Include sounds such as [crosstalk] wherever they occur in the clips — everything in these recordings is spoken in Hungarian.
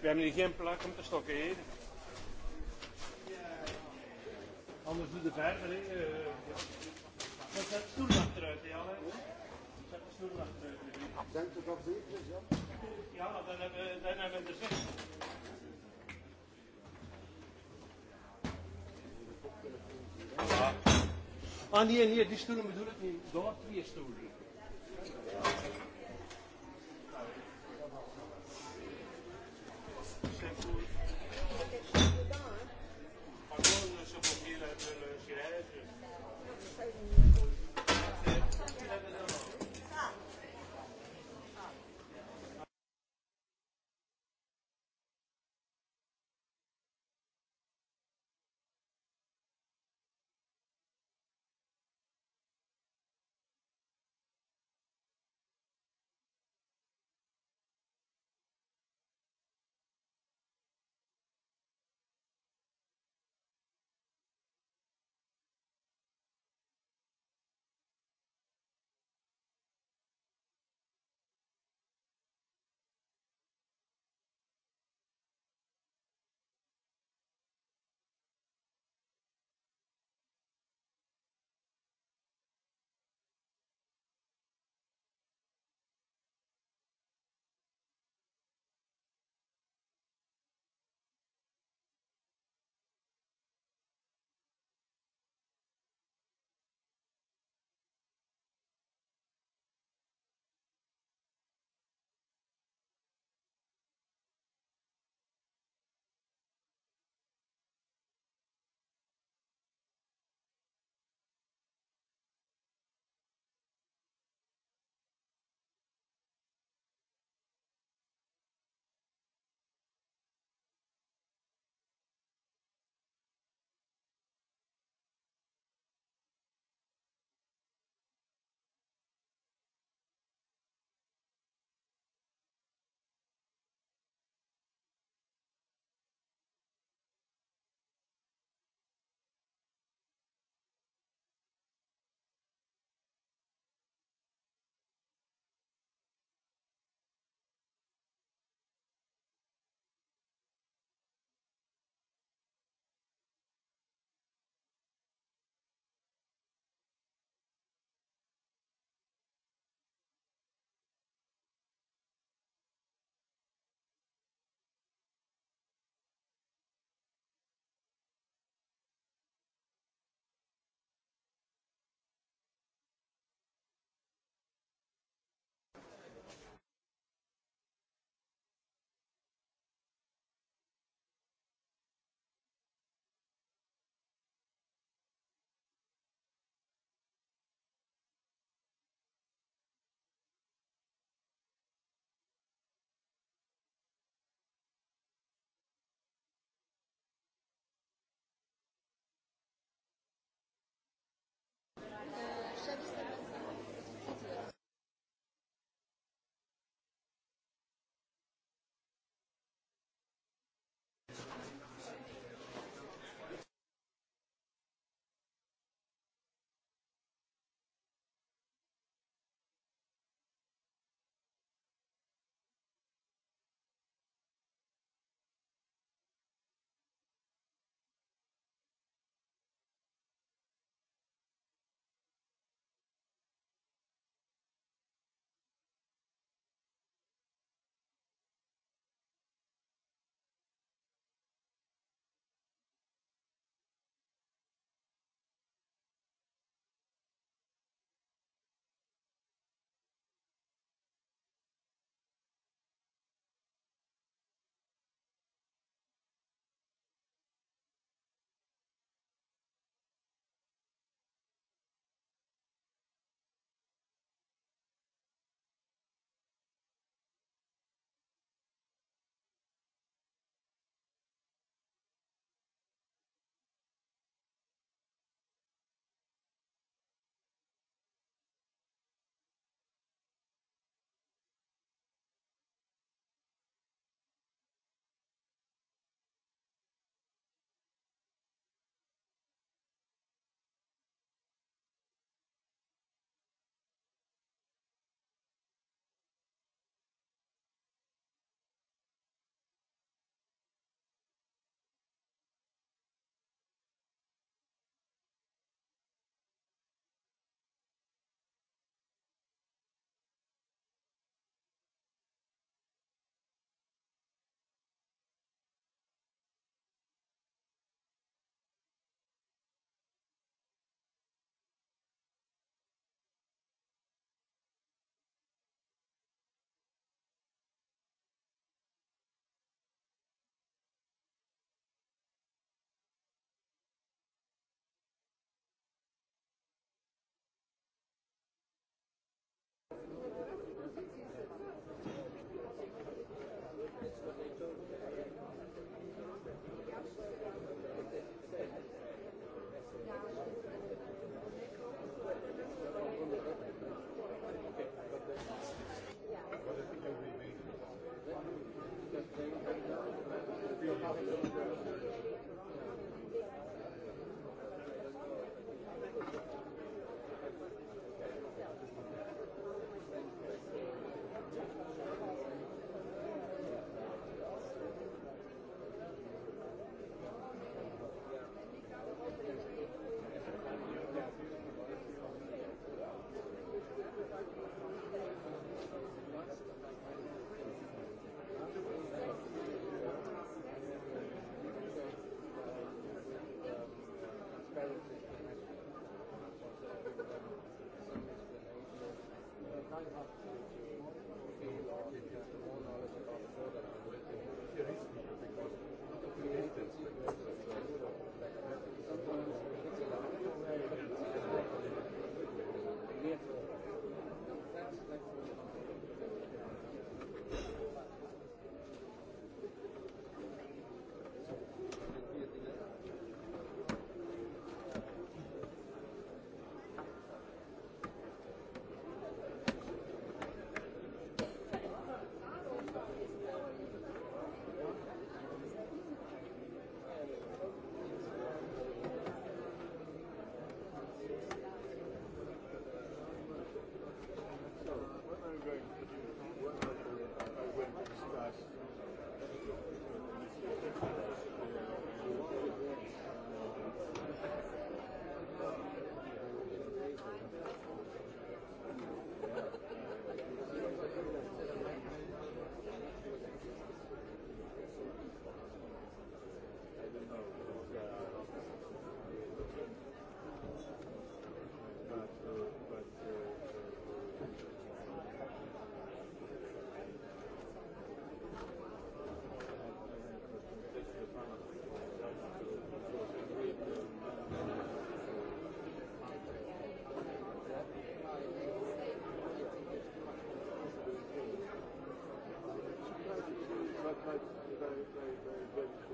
We hebben hier geen plak om te stokken hier. Anders doe de verder. Uh, Zet de stoel achteruit, ja. Zet de stoel achteruit. Denk dat beter is, ja? Ja, dan hebben, we de ah. ah, nee, nee, die stoelen bedoel ik niet. Door twee stoelen.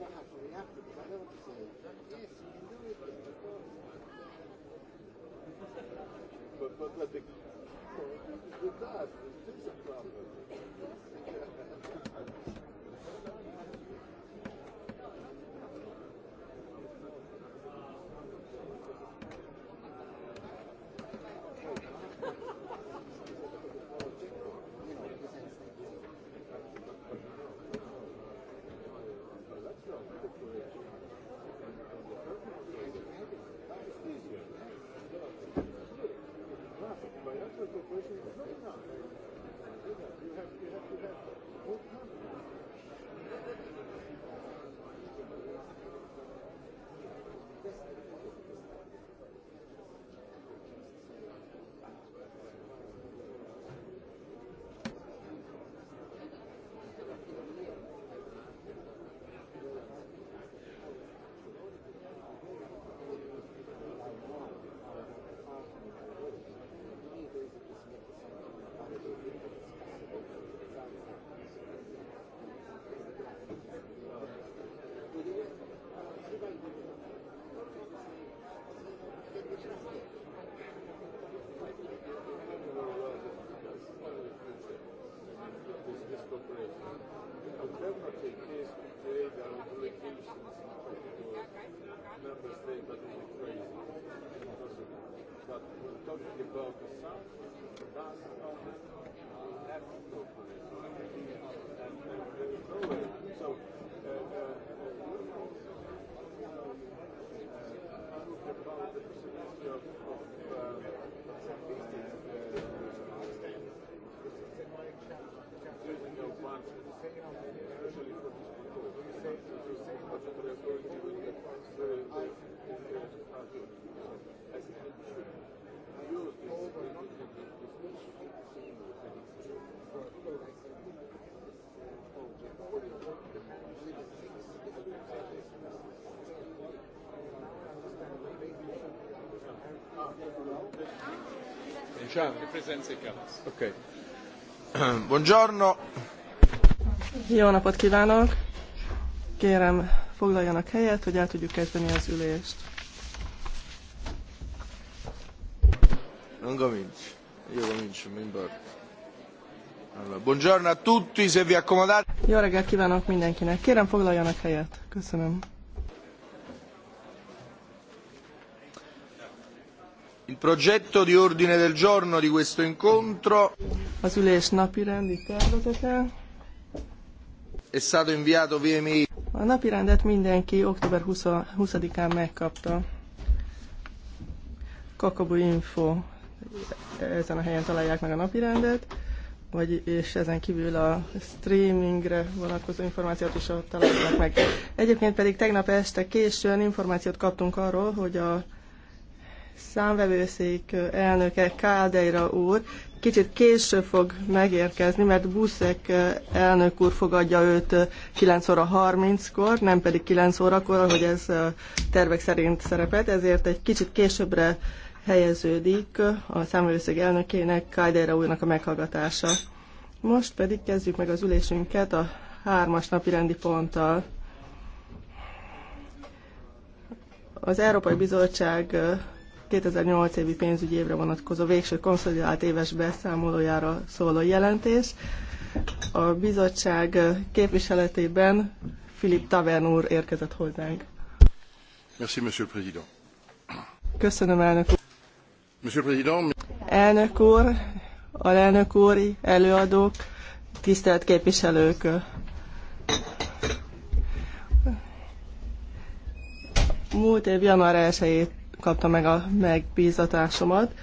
but, but, but the, the, the, the, the, the, member state doesn't look crazy. But when talking about the South, that's not we have to go for it. And, and there is no way. So, uh, uh, uh, I look about the possibility of, of uh, uh, using your funds, especially Okay. Buongiorno. Jó napot kívánok! Kérem, foglaljanak helyet, hogy el tudjuk kezdeni az ülést. Non cominci. Io comincio, mi Buongiorno a tutti, se vi accomodate. Jó reggelt kívánok mindenkinek. Kérem, foglaljanak helyet. Köszönöm. Il progetto di ordine del giorno di questo incontro Az ülés napirendi tervezete è stato inviato via email. A rendet mindenki október 20-án megkapta. Kakabu Info ezen a helyen találják meg a rendet, vagy, és ezen kívül a streamingre vonatkozó információt is ott találják meg. Egyébként pedig tegnap este későn információt kaptunk arról, hogy a számvevőszék elnöke Káldeira úr kicsit később fog megérkezni, mert Buszek eh, elnök úr fogadja őt 9 eh, óra 30-kor, nem pedig 9 órakor, ahogy ez eh, tervek szerint szerepelt, ezért egy kicsit későbbre helyeződik a számvevőszék elnökének, Kajdera úrnak a meghallgatása. Most pedig kezdjük meg az ülésünket a hármas napi rendi ponttal. Az Európai Bizottság 2008 évi pénzügyi évre vonatkozó végső konszolidált éves beszámolójára szóló jelentés. A bizottság képviseletében Filip Tavern úr érkezett hozzánk. Merci, monsieur le président. Köszönöm, elnök úr. Monsieur le président. Elnök úr, alelnök úr, előadók, tisztelt képviselők, múlt év január 1 kapta meg a megbízatásomat,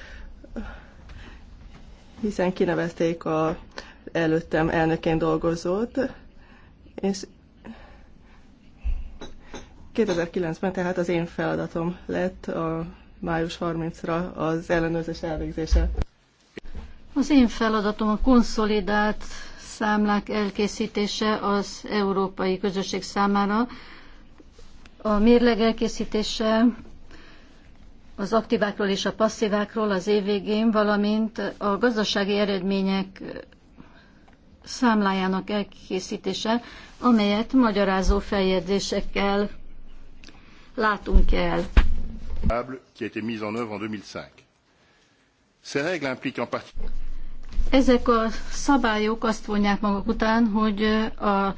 hiszen kinevezték a előttem elnökén dolgozót, és 2009-ben tehát az én feladatom lett a május 30-ra az ellenőrzés elvégzése. Az én feladatom a konszolidált számlák elkészítése az európai közösség számára, a mérleg elkészítése, az aktívákról és a passzívákról az év végén, valamint a gazdasági eredmények számlájának elkészítése, amelyet magyarázó feljegyzésekkel látunk el. ezek a szabályok azt vonják maguk után, hogy a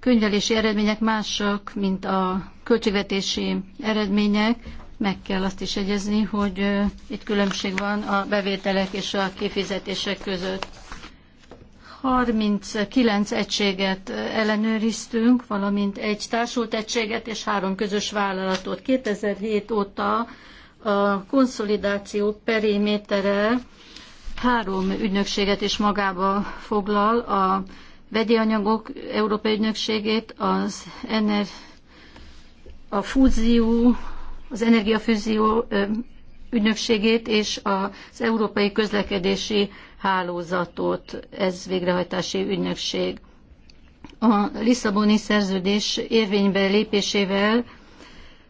könyvelési eredmények mások, mint a költségvetési eredmények, meg kell azt is egyezni, hogy itt különbség van a bevételek és a kifizetések között. 39 egységet ellenőriztünk, valamint egy társult egységet és három közös vállalatot. 2007 óta a konszolidáció perimétere három ügynökséget is magába foglal, a vegyi anyagok Európai Ügynökségét, az NR, a fúzió az energiafűzió ügynökségét és az Európai Közlekedési Hálózatot, ez végrehajtási ügynökség. A Lisszaboni szerződés érvénybe lépésével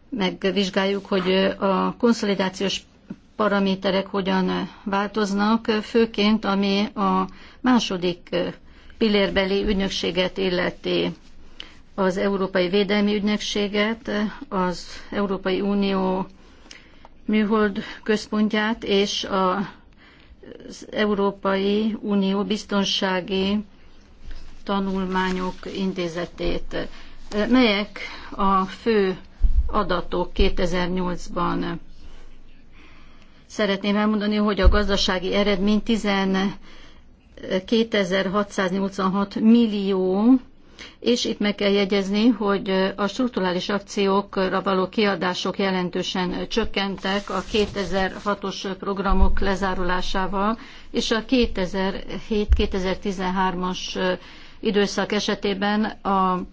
megvizsgáljuk, hogy a konszolidációs paraméterek hogyan változnak, főként ami a második pillérbeli ügynökséget illeti az Európai Védelmi Ügynökséget, az Európai Unió műhold központját és az Európai Unió biztonsági tanulmányok intézetét. Melyek a fő adatok 2008-ban? Szeretném elmondani, hogy a gazdasági eredmény 12.686 millió és itt meg kell jegyezni, hogy a strukturális akciókra való kiadások jelentősen csökkentek a 2006-os programok lezárulásával, és a 2007-2013-as időszak esetében a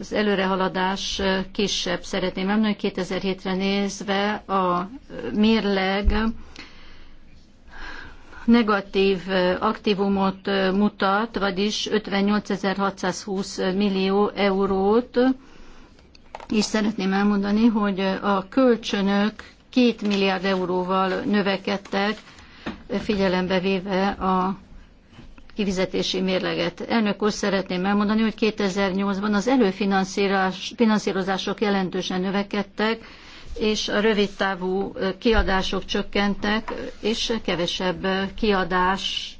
az előrehaladás kisebb. Szeretném említeni, 2007-re nézve a mérleg negatív aktívumot mutat, vagyis 58.620 millió eurót, és szeretném elmondani, hogy a kölcsönök 2 milliárd euróval növekedtek, figyelembe véve a kivizetési mérleget. Elnök úr, szeretném elmondani, hogy 2008-ban az előfinanszírozások jelentősen növekedtek, és a rövidtávú kiadások csökkentek, és kevesebb kiadást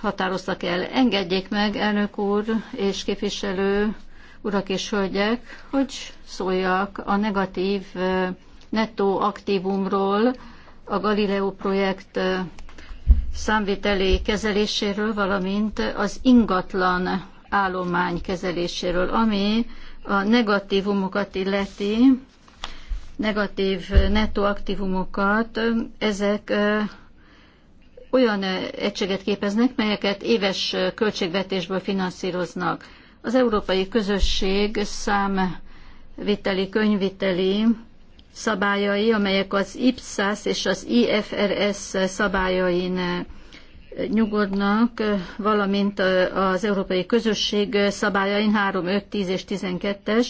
határoztak el. Engedjék meg, elnök úr és képviselő urak és hölgyek, hogy szóljak a negatív nettó aktívumról, a Galileo projekt számviteli kezeléséről, valamint az ingatlan állomány kezeléséről, ami a negatívumokat illeti, negatív netto aktívumokat, ezek olyan egységet képeznek, melyeket éves költségvetésből finanszíroznak. Az Európai Közösség számviteli, könyviteli szabályai, amelyek az IPSAS és az IFRS szabályain nyugodnak, valamint az európai közösség szabályain 3, 5, 10 és 12-es.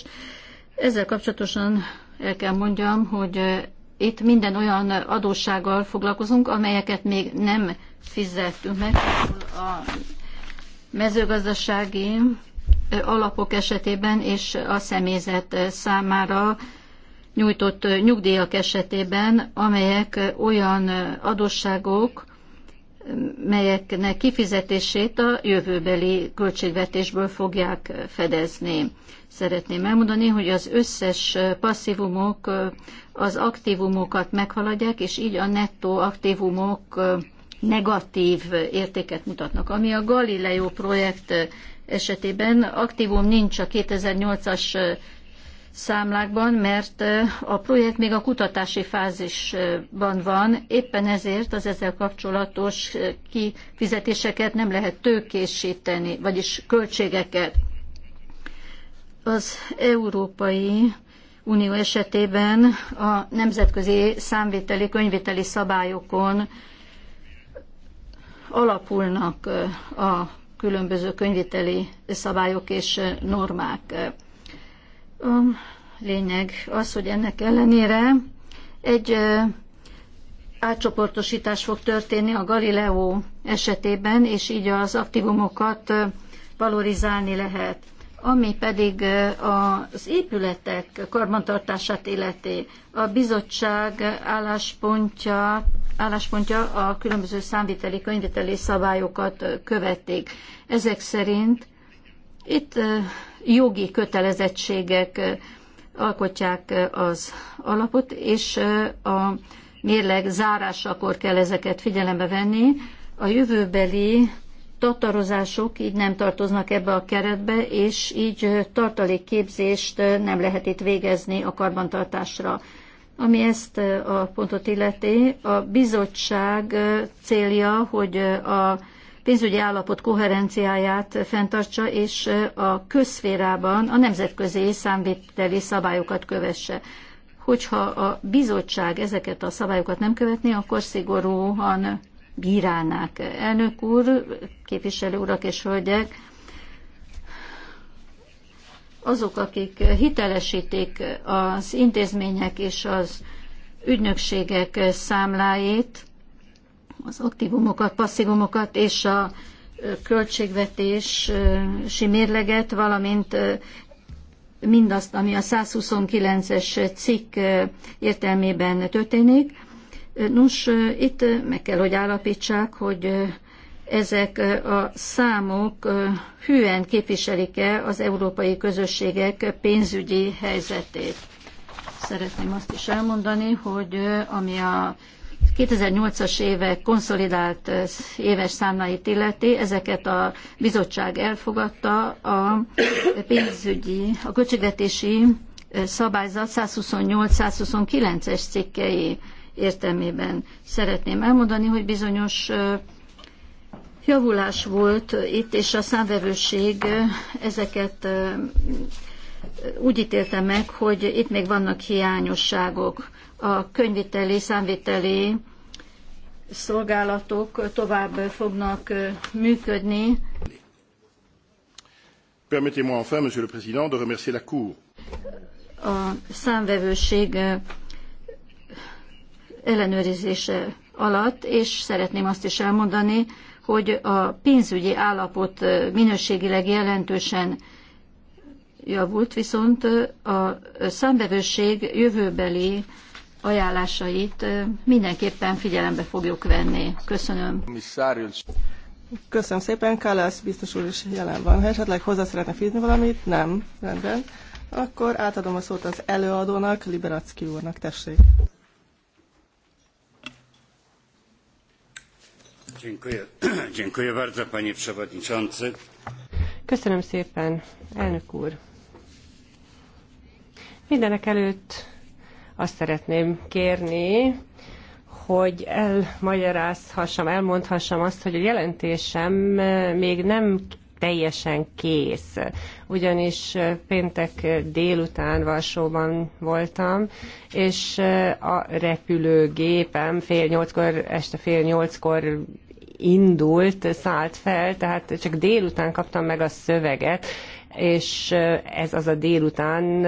Ezzel kapcsolatosan el kell mondjam, hogy itt minden olyan adóssággal foglalkozunk, amelyeket még nem fizettünk meg. A mezőgazdasági alapok esetében és a személyzet számára nyújtott nyugdíjak esetében, amelyek olyan adósságok, melyeknek kifizetését a jövőbeli költségvetésből fogják fedezni. Szeretném elmondani, hogy az összes passzívumok az aktívumokat meghaladják, és így a nettó aktívumok negatív értéket mutatnak. Ami a Galileo projekt esetében aktívum nincs a 2008-as számlákban, mert a projekt még a kutatási fázisban van, éppen ezért az ezzel kapcsolatos kifizetéseket nem lehet tőkésíteni, vagyis költségeket. Az Európai Unió esetében a nemzetközi számviteli, könyviteli szabályokon alapulnak a különböző könyviteli szabályok és normák a lényeg az, hogy ennek ellenére egy átcsoportosítás fog történni a Galileo esetében, és így az aktívumokat valorizálni lehet. Ami pedig az épületek karbantartását illeti, a bizottság álláspontja, álláspontja a különböző számviteli, könyviteli szabályokat követik. Ezek szerint itt jogi kötelezettségek alkotják az alapot, és a mérleg zárásakor kell ezeket figyelembe venni. A jövőbeli tatarozások így nem tartoznak ebbe a keretbe, és így tartalékképzést nem lehet itt végezni a karbantartásra. Ami ezt a pontot illeti, a bizottság célja, hogy a pénzügyi állapot koherenciáját fenntartsa, és a közszférában a nemzetközi számviteli szabályokat kövesse. Hogyha a bizottság ezeket a szabályokat nem követné, akkor szigorúan bírálnák. Elnök úr, képviselő urak és hölgyek, azok, akik hitelesítik az intézmények és az ügynökségek számláit, az aktívumokat, passzívumokat és a költségvetési mérleget, valamint mindazt, ami a 129-es cikk értelmében történik. Nos, itt meg kell, hogy állapítsák, hogy ezek a számok hűen képviselik-e az európai közösségek pénzügyi helyzetét. Szeretném azt is elmondani, hogy ami a 2008-as évek konszolidált éves számláit illeti, ezeket a bizottság elfogadta a pénzügyi, a költségvetési szabályzat 128-129-es cikkei értelmében szeretném elmondani, hogy bizonyos javulás volt itt, és a számvevőség ezeket úgy ítélte meg, hogy itt még vannak hiányosságok a könyviteli, számviteli szolgálatok tovább fognak működni. Permettez-moi enfin, Monsieur le Président, de remercier la Cour. A számvevőség ellenőrizése alatt, és szeretném azt is elmondani, hogy a pénzügyi állapot minőségileg jelentősen javult, viszont a számvevőség jövőbeli ajánlásait mindenképpen figyelembe fogjuk venni. Köszönöm. Köszönöm szépen, Kálász biztos úr is jelen van. Ha esetleg hozzá szeretne fűzni valamit? Nem. Rendben. Akkor átadom a szót az előadónak, Liberacki úrnak. Tessék. [clears throat] Köszönöm szépen, elnök úr. Mindenek előtt azt szeretném kérni, hogy elmagyarázhassam, elmondhassam azt, hogy a jelentésem eh, még nem teljesen kész. Ugyanis eh, péntek délután Varsóban voltam, és eh, a repülőgépem fél nyolckor, este fél nyolckor indult, szállt fel, tehát csak délután kaptam meg a szöveget, és ez az a délután,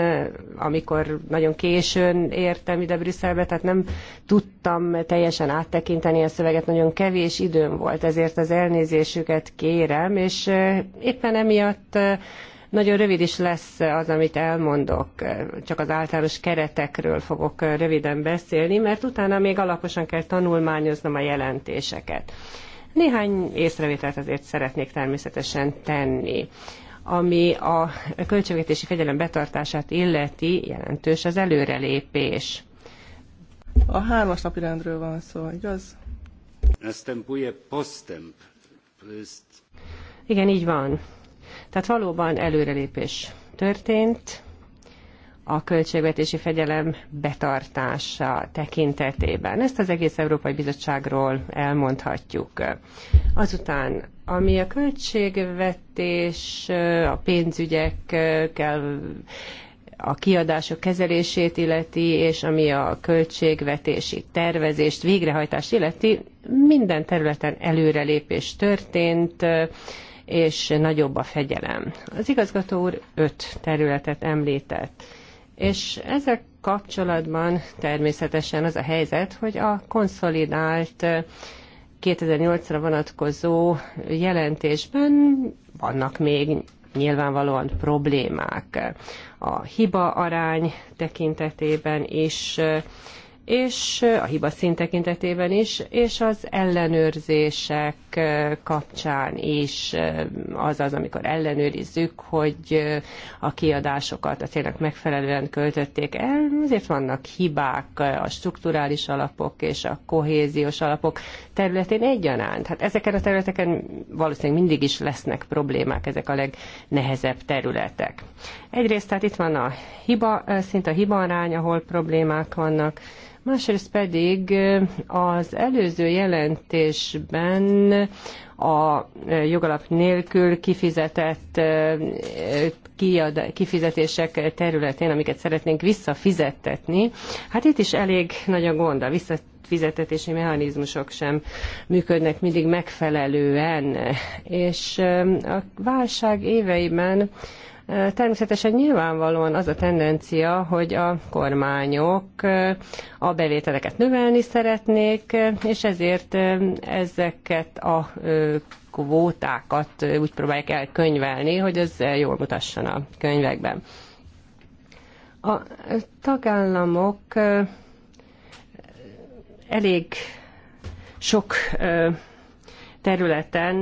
amikor nagyon későn értem ide Brüsszelbe, tehát nem tudtam teljesen áttekinteni a szöveget, nagyon kevés időm volt, ezért az elnézésüket kérem, és éppen emiatt nagyon rövid is lesz az, amit elmondok, csak az általános keretekről fogok röviden beszélni, mert utána még alaposan kell tanulmányoznom a jelentéseket. Néhány észrevételt azért szeretnék természetesen tenni ami a költségvetési fegyelem betartását illeti, jelentős az előrelépés. A hármas napi rendről van szó, igaz? Igen, így van. Tehát valóban előrelépés történt a költségvetési fegyelem betartása tekintetében. Ezt az egész Európai Bizottságról elmondhatjuk. Azután, ami a költségvetés, a pénzügyekkel, a kiadások kezelését illeti, és ami a költségvetési tervezést, végrehajtást illeti, minden területen előrelépés történt és nagyobb a fegyelem. Az igazgató úr öt területet említett. És ezek kapcsolatban természetesen az a helyzet, hogy a konszolidált 2008-ra vonatkozó jelentésben vannak még nyilvánvalóan problémák. A hiba arány tekintetében is és a hiba szint tekintetében is, és az ellenőrzések kapcsán is, azaz, amikor ellenőrizzük, hogy a kiadásokat a tényleg megfelelően költötték el, azért vannak hibák a strukturális alapok és a kohéziós alapok területén egyaránt. Hát ezeken a területeken valószínűleg mindig is lesznek problémák, ezek a legnehezebb területek. Egyrészt tehát itt van a hiba, szint a hiba arány, ahol problémák vannak, Másrészt pedig az előző jelentésben a jogalap nélkül kifizetett kiad, kifizetések területén, amiket szeretnénk visszafizettetni, hát itt is elég nagy a gond, a vissza fizetetési mechanizmusok sem működnek mindig megfelelően. És a válság éveiben Természetesen nyilvánvalóan az a tendencia, hogy a kormányok a bevételeket növelni szeretnék, és ezért ezeket a kvótákat úgy próbálják elkönyvelni, hogy ez jól mutasson a könyvekben. A tagállamok elég sok területen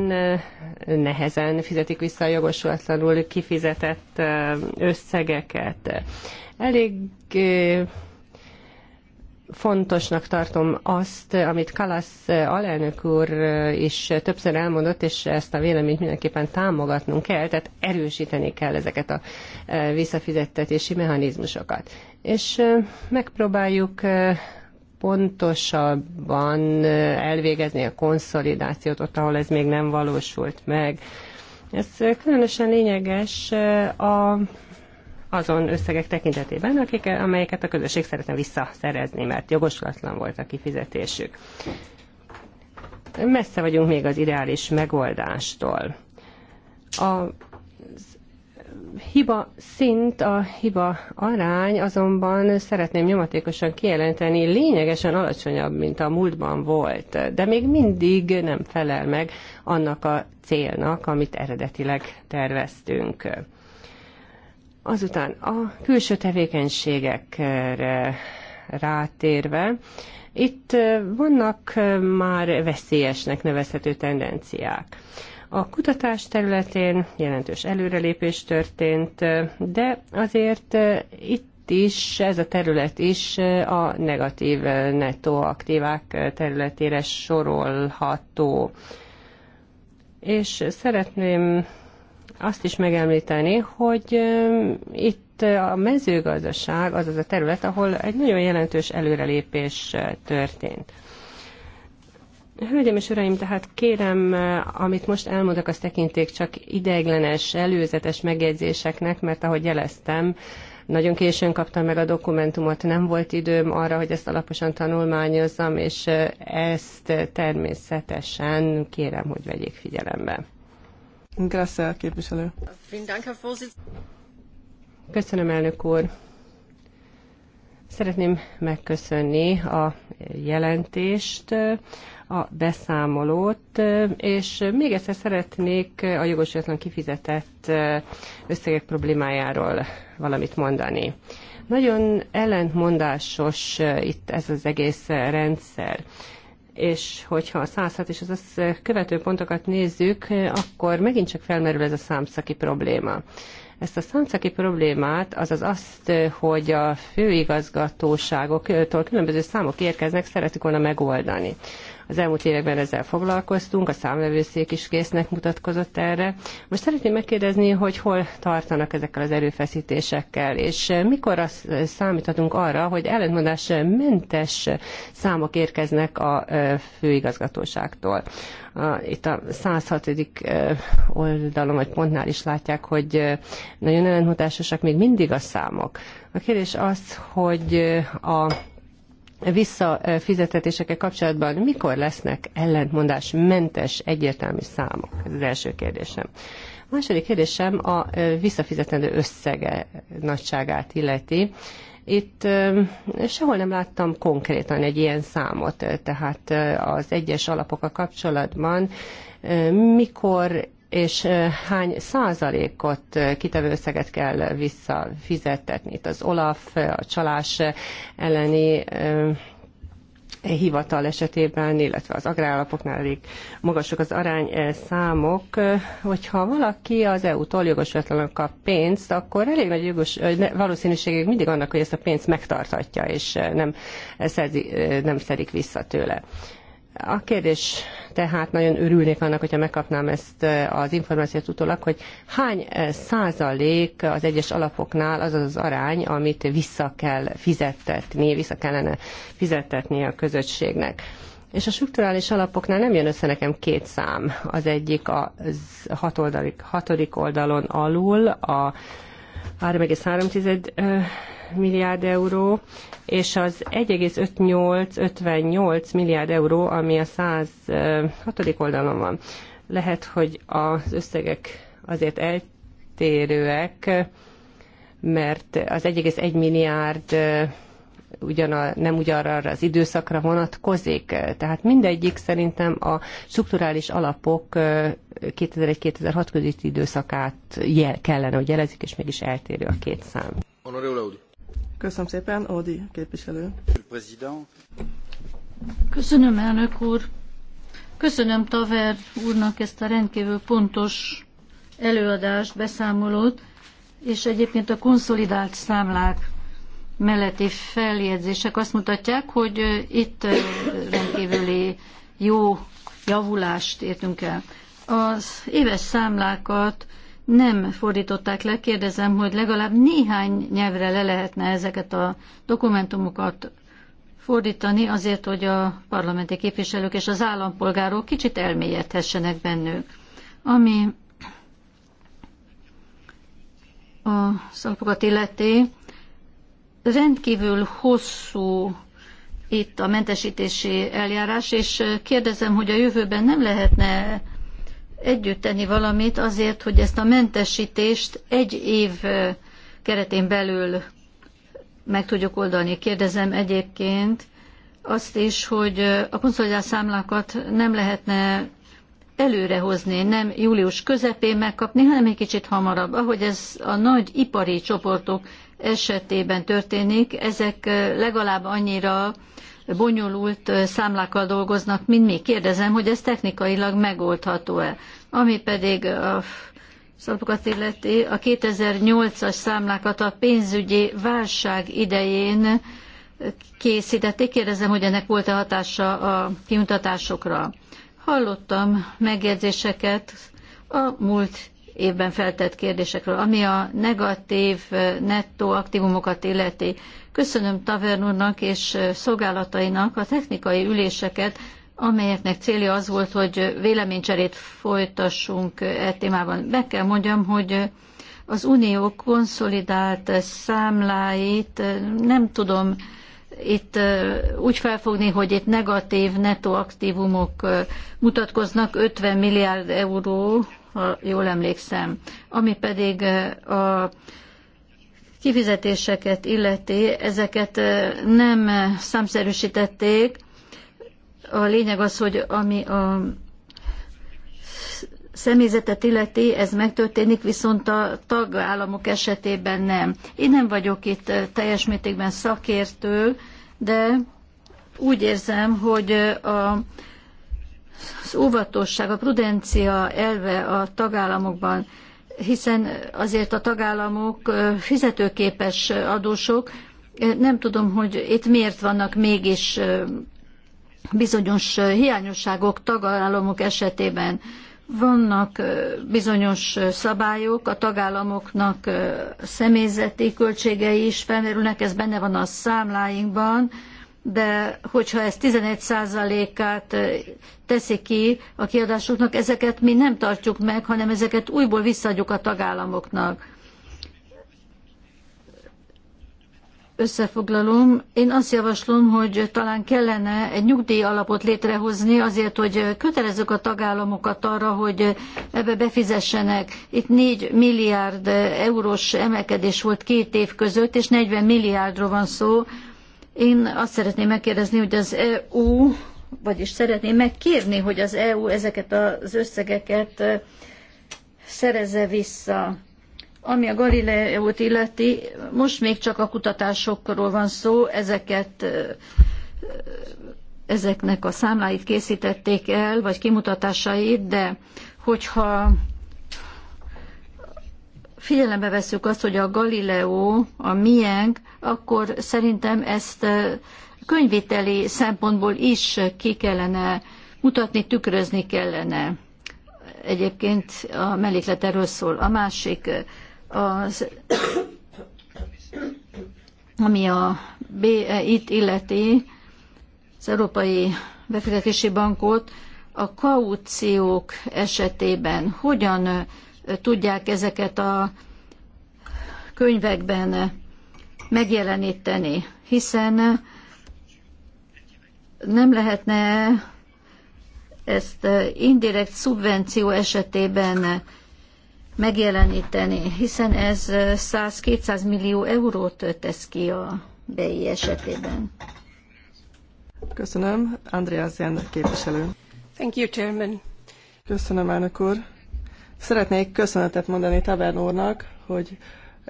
nehezen fizetik vissza a jogosulatlanul kifizetett összegeket. Elég fontosnak tartom azt, amit Kalasz alelnök úr is többször elmondott, és ezt a véleményt mindenképpen támogatnunk kell, tehát erősíteni kell ezeket a visszafizettetési mechanizmusokat. És megpróbáljuk pontosabban eh, elvégezni a konszolidációt ott, ahol ez még nem valósult meg. Ez eh, különösen lényeges eh, a, azon összegek tekintetében, akik, amelyeket a közösség szeretne visszaszerezni, mert jogosulatlan volt a kifizetésük. Messze vagyunk még az ideális megoldástól. A az hiba szint, a hiba arány azonban szeretném nyomatékosan kijelenteni, lényegesen alacsonyabb, mint a múltban volt, de még mindig nem felel meg annak a célnak, amit eredetileg terveztünk. Azután a külső tevékenységekre rátérve, itt vannak már veszélyesnek nevezhető tendenciák. A kutatás területén jelentős előrelépés történt, de azért eh, itt is, ez a terület is eh, a negatív eh, netto aktívák területére sorolható. És szeretném azt is megemlíteni, hogy itt a mezőgazdaság az az a terület, ahol egy nagyon jelentős előrelépés történt. Hölgyeim és Uraim, tehát kérem, amit most elmondok, azt tekinték csak ideiglenes, előzetes megjegyzéseknek, mert ahogy jeleztem, nagyon későn kaptam meg a dokumentumot, nem volt időm arra, hogy ezt alaposan tanulmányozzam, és ezt természetesen kérem, hogy vegyék figyelembe. Grasszel képviselő. Köszönöm, elnök úr. Szeretném megköszönni a jelentést a beszámolót, és még egyszer szeretnék a jogosítatlan kifizetett összegek problémájáról valamit mondani. Nagyon ellentmondásos itt ez az egész rendszer és hogyha a 106 és az azt követő pontokat nézzük, akkor megint csak felmerül ez a számszaki probléma. Ezt a számszaki problémát, azaz azt, hogy a főigazgatóságoktól különböző számok érkeznek, szeretük volna megoldani. Az elmúlt években ezzel foglalkoztunk, a számvevőszék is késznek mutatkozott erre. Most szeretném megkérdezni, hogy hol tartanak ezekkel az erőfeszítésekkel, és mikor azt számíthatunk arra, hogy ellentmondás mentes számok érkeznek a főigazgatóságtól. Itt a 106. oldalon vagy pontnál is látják, hogy nagyon ellentmondásosak még mindig a számok. A kérdés az, hogy a visszafizetetésekkel kapcsolatban mikor lesznek ellentmondásmentes egyértelmű számok? Ez az első kérdésem. A második kérdésem a visszafizetendő összege nagyságát illeti. Itt sehol nem láttam konkrétan egy ilyen számot, tehát az egyes alapok a kapcsolatban mikor és hány százalékot kitevő összeget kell visszafizettetni. Itt az OLAF, a csalás elleni hivatal esetében, illetve az agrárlapoknál elég magasok az arány számok. Hogyha valaki az EU-tól jogosvetlenül kap pénzt, akkor elég nagy jogos, valószínűségek mindig annak, hogy ezt a pénzt megtartatja, és nem, szerzi, nem szedik vissza tőle. A kérdés tehát nagyon örülnék annak, hogyha megkapnám ezt eh, az információt utólag, hogy hány eh, százalék az egyes alapoknál az az arány, amit vissza kell fizettetni, vissza kellene fizettetni a közösségnek. És a strukturális alapoknál nem jön össze nekem két szám. Az egyik a hat oldalik, hatodik oldalon alul a 3,3 milliárd euró, és az 1,58 milliárd euró, ami a 106. oldalon van. Lehet, hogy az összegek azért eltérőek, mert az 1,1 milliárd ugyana, nem ugyanarra az időszakra vonatkozik. Tehát mindegyik szerintem a strukturális alapok 2001-2006 közötti időszakát jel, kellene, hogy jelezik, és mégis eltérő a két szám. Honoré Audi. Köszönöm szépen, Ódi képviselő. Köszönöm, elnök úr. Köszönöm Taver úrnak ezt a rendkívül pontos előadást, beszámolót, és egyébként a konszolidált számlák melletti feljegyzések azt mutatják, hogy itt rendkívüli jó javulást értünk el. Az éves számlákat nem fordították le. Kérdezem, hogy legalább néhány nyelvre le lehetne ezeket a dokumentumokat fordítani azért, hogy a parlamenti képviselők és az állampolgárok kicsit elmélyedhessenek bennük. Ami a szalapokat illeti, rendkívül hosszú itt a mentesítési eljárás, és kérdezem, hogy a jövőben nem lehetne együtt tenni valamit azért, hogy ezt a mentesítést egy év keretén belül meg tudjuk oldani. Kérdezem egyébként azt is, hogy a konszolidált számlákat nem lehetne előrehozni, nem július közepén megkapni, hanem egy kicsit hamarabb. Ahogy ez a nagy ipari csoportok esetében történik, ezek legalább annyira bonyolult számlákkal dolgoznak, mint mi. Kérdezem, hogy ez technikailag megoldható-e. Ami pedig a szalapokat illeti, a 2008-as számlákat a pénzügyi válság idején készítették. Kérdezem, hogy ennek volt-e hatása a kimutatásokra. Hallottam megjegyzéseket a múlt évben feltett kérdésekről, ami a negatív nettó aktívumokat illeti. Köszönöm Tavern úrnak és szolgálatainak a technikai üléseket, amelyeknek célja az volt, hogy véleménycserét folytassunk e témában. Be kell mondjam, hogy az unió konszolidált számláit nem tudom itt úgy felfogni, hogy itt negatív aktívumok mutatkoznak, 50 milliárd euró, ha jól emlékszem, ami pedig a kifizetéseket illeti, ezeket nem számszerűsítették. A lényeg az, hogy ami a személyzetet illeti, ez megtörténik, viszont a tagállamok esetében nem. Én nem vagyok itt teljes mértékben szakértő, de úgy érzem, hogy a, az óvatosság, a prudencia elve a tagállamokban hiszen azért a tagállamok fizetőképes adósok. Nem tudom, hogy itt miért vannak mégis bizonyos hiányosságok tagállamok esetében. Vannak bizonyos szabályok, a tagállamoknak személyzeti költségei is felmerülnek, ez benne van a számláinkban, de hogyha ez 11%-át teszi ki a kiadásoknak, ezeket mi nem tartjuk meg, hanem ezeket újból visszaadjuk a tagállamoknak. Összefoglalom, én azt javaslom, hogy talán kellene egy nyugdíj alapot létrehozni azért, hogy kötelezzük a tagállamokat arra, hogy ebbe befizessenek. Itt 4 milliárd eurós emelkedés volt két év között, és 40 milliárdról van szó én azt szeretném megkérdezni, hogy az EU, vagyis szeretném megkérni, hogy az EU ezeket az összegeket szerezze vissza. Ami a Galileót illeti, most még csak a kutatásokról van szó, ezeket ezeknek a számláit készítették el, vagy kimutatásait, de hogyha figyelembe veszük azt, hogy a Galileo a miénk, akkor szerintem ezt könyvételi szempontból is ki kellene mutatni, tükrözni kellene. Egyébként a melléklet erről szól. A másik, az, ami a BE itt illeti, az Európai Befektetési Bankot, a kauciók esetében hogyan tudják ezeket a könyvekben megjeleníteni, hiszen nem lehetne ezt indirekt szubvenció esetében megjeleníteni, hiszen ez 100-200 millió eurót tesz ki a BEI esetében. Köszönöm. Andreas Jan képviselő. Thank you, Chairman. Köszönöm, elnök úr. Szeretnék köszönetet mondani Tavern úrnak, hogy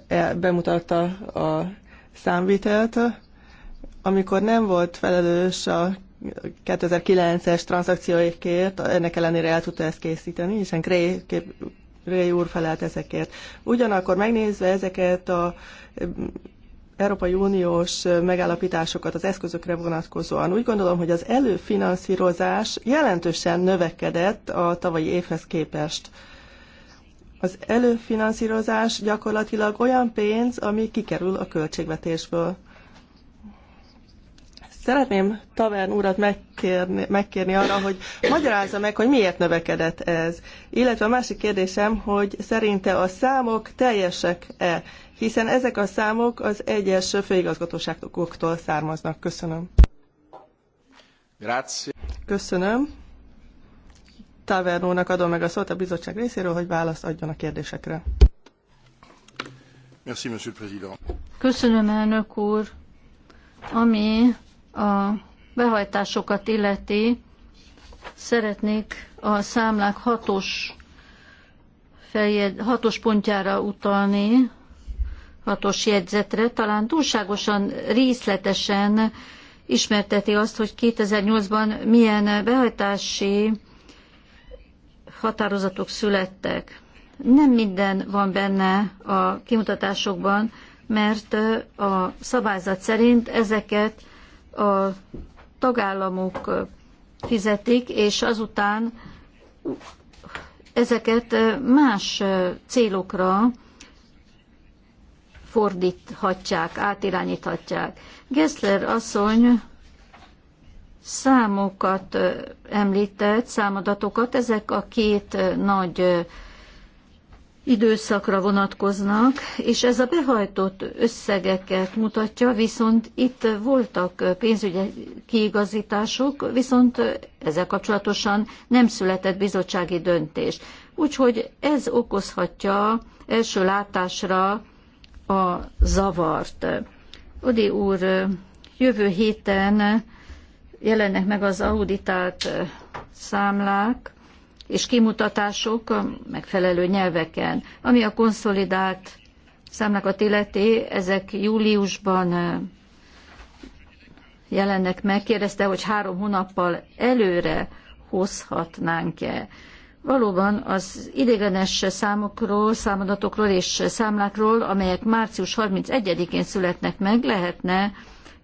e- bemutatta a számvitelt. Amikor nem volt felelős a 2009-es tranzakcióikért, ennek ellenére el tudta ezt készíteni, hiszen Gray, Gray úr felelt ezekért. Ugyanakkor megnézve ezeket a Európai Uniós megállapításokat az eszközökre vonatkozóan. Úgy gondolom, hogy az előfinanszírozás jelentősen növekedett a tavalyi évhez képest. Az előfinanszírozás gyakorlatilag olyan pénz, ami kikerül a költségvetésből. Szeretném Tavern urat megkérni, megkérni arra, hogy magyarázza meg, hogy miért növekedett ez. Illetve a másik kérdésem, hogy szerinte a számok teljesek-e, hiszen ezek a számok az egyes főigazgatóságoktól származnak. Köszönöm. Grazie. Köszönöm. Tavernónak adom meg a szót a bizottság részéről, hogy választ adjon a kérdésekre. Merci, monsieur le président. Köszönöm, elnök úr. Ami a behajtásokat illeti, szeretnék a számlák hatos, feljed, hatos pontjára utalni, hatos jegyzetre. Talán túlságosan részletesen ismerteti azt, hogy 2008-ban milyen behajtási határozatok születtek. Nem minden van benne a kimutatásokban, mert a szabályzat szerint ezeket a tagállamok fizetik, és azután ezeket más célokra fordíthatják, átirányíthatják. Gessler asszony számokat említett, számadatokat. Ezek a két nagy időszakra vonatkoznak, és ez a behajtott összegeket mutatja, viszont itt voltak pénzügyi kiigazítások, viszont ezzel kapcsolatosan nem született bizottsági döntés. Úgyhogy ez okozhatja első látásra a zavart. Odi úr, jövő héten jelennek meg az auditált számlák és kimutatások megfelelő nyelveken. Ami a konszolidált számlákat illeti, ezek júliusban jelennek meg. Kérdezte, hogy három hónappal előre hozhatnánk-e. Valóban az idegenes számokról, számadatokról és számlákról, amelyek március 31-én születnek meg, lehetne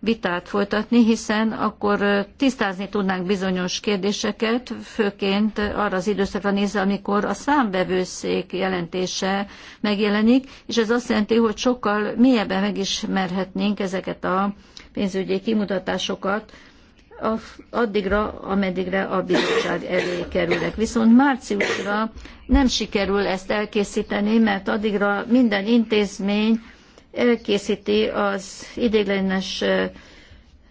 vitát folytatni, hiszen akkor tisztázni tudnánk bizonyos kérdéseket, főként arra az időszakra nézve, amikor a számbevőszék jelentése megjelenik, és ez azt jelenti, hogy sokkal mélyebben megismerhetnénk ezeket a pénzügyi kimutatásokat, addigra, ameddigre a bizottság elé kerülnek. Viszont márciusra nem sikerül ezt elkészíteni, mert addigra minden intézmény elkészíti az idéglenes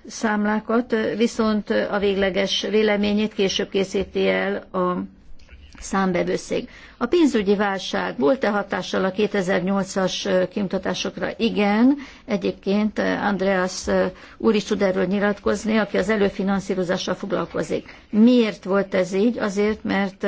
számlákat, viszont a végleges véleményét később készíti el a számbevőszék. A pénzügyi válság volt-e hatással a 2008-as kimutatásokra? Igen. Egyébként Andreas úr is tud erről nyilatkozni, aki az előfinanszírozással foglalkozik. Miért volt ez így? Azért, mert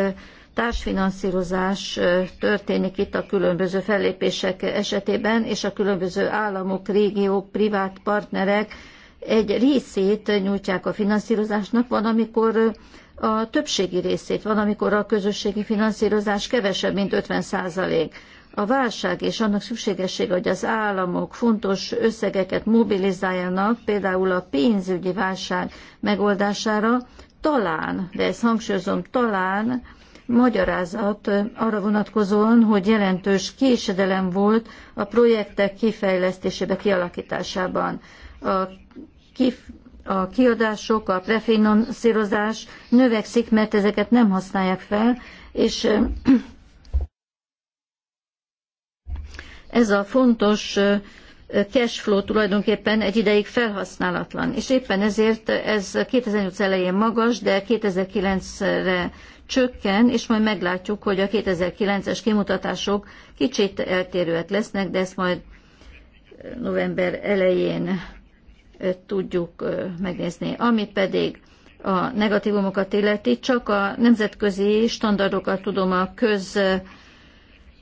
társfinanszírozás történik itt a különböző fellépések esetében, és a különböző államok, régiók, privát partnerek egy részét nyújtják a finanszírozásnak, van, amikor a többségi részét, van, amikor a közösségi finanszírozás kevesebb, mint 50 százalék. A válság és annak szükségessége, hogy az államok fontos összegeket mobilizáljanak, például a pénzügyi válság megoldására, talán, de ezt hangsúlyozom, talán magyarázat arra vonatkozóan, hogy jelentős késedelem volt a projektek kifejlesztésébe, kialakításában. A, kif, a kiadások, a prefinanszírozás növekszik, mert ezeket nem használják fel, és ez a fontos cash flow tulajdonképpen egy ideig felhasználatlan. És éppen ezért ez 2008 elején magas, de 2009-re csökken, és majd meglátjuk, hogy a 2009-es kimutatások kicsit eltérőek lesznek, de ezt majd november elején tudjuk megnézni. Ami pedig a negatívumokat illeti, csak a nemzetközi standardokat tudom a köz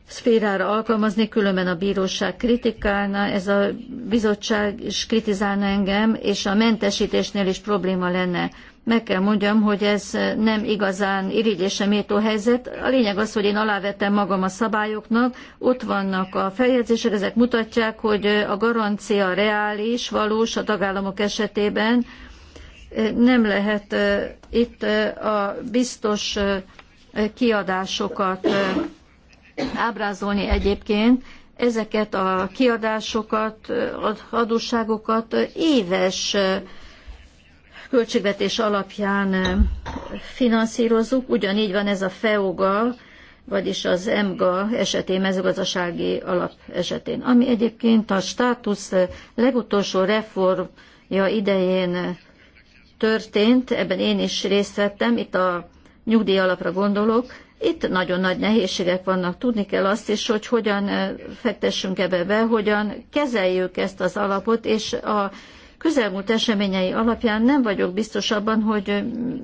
szférára alkalmazni, különben a bíróság kritikálna, ez a bizottság is kritizálna engem, és a mentesítésnél is probléma lenne meg kell mondjam, hogy ez nem igazán irigyése méltó helyzet. A lényeg az, hogy én alávetem magam a szabályoknak, ott vannak a feljegyzések, ezek mutatják, hogy a garancia reális, valós a tagállamok esetében. Nem lehet itt a biztos kiadásokat ábrázolni egyébként, ezeket a kiadásokat, adósságokat éves költségvetés alapján finanszírozunk, ugyanígy van ez a FEOGA, vagyis az EMGA esetén, mezőgazdasági alap esetén, ami egyébként a státusz legutolsó reformja idején történt, ebben én is részt vettem, itt a nyugdíj alapra gondolok, itt nagyon nagy nehézségek vannak, tudni kell azt is, hogy hogyan fektessünk ebbe be, hogyan kezeljük ezt az alapot, és a közelmúlt eseményei alapján nem vagyok biztos abban, hogy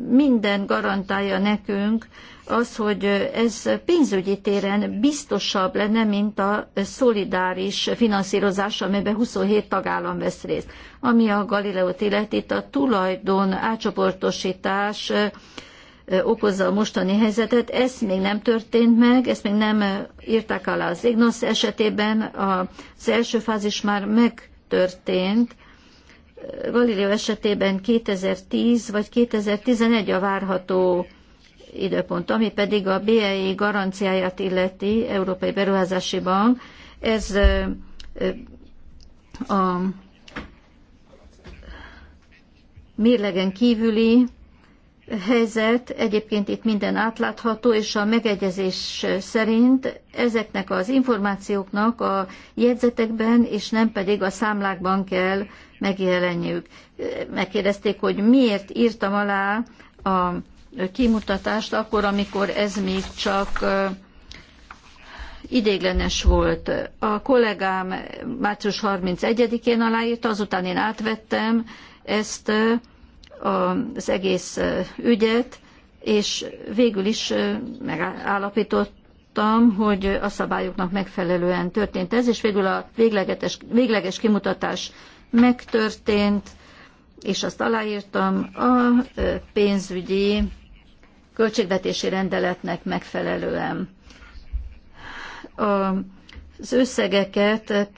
minden garantálja nekünk az, hogy ez pénzügyi téren biztosabb lenne, mint a szolidáris finanszírozás, amiben 27 tagállam vesz részt. Ami a Galileót illeti, a tulajdon átcsoportosítás okozza a mostani helyzetet. Ez még nem történt meg, ezt még nem írták alá az Ignosz esetében. Az első fázis már megtörtént, Galileo esetében 2010 vagy 2011 a várható időpont, ami pedig a BEI garanciáját illeti, Európai Beruházási Bank, ez a mérlegen kívüli helyzet, egyébként itt minden átlátható, és a megegyezés szerint ezeknek az információknak a jegyzetekben, és nem pedig a számlákban kell megjelenniük. Megkérdezték, hogy miért írtam alá a kimutatást akkor, amikor ez még csak idéglenes volt. A kollégám március 31-én aláírta, azután én átvettem ezt az egész ügyet, és végül is megállapítottam, hogy a szabályoknak megfelelően történt ez, és végül a végleges, végleges kimutatás megtörtént, és azt aláírtam a pénzügyi költségvetési rendeletnek megfelelően. Az összegeket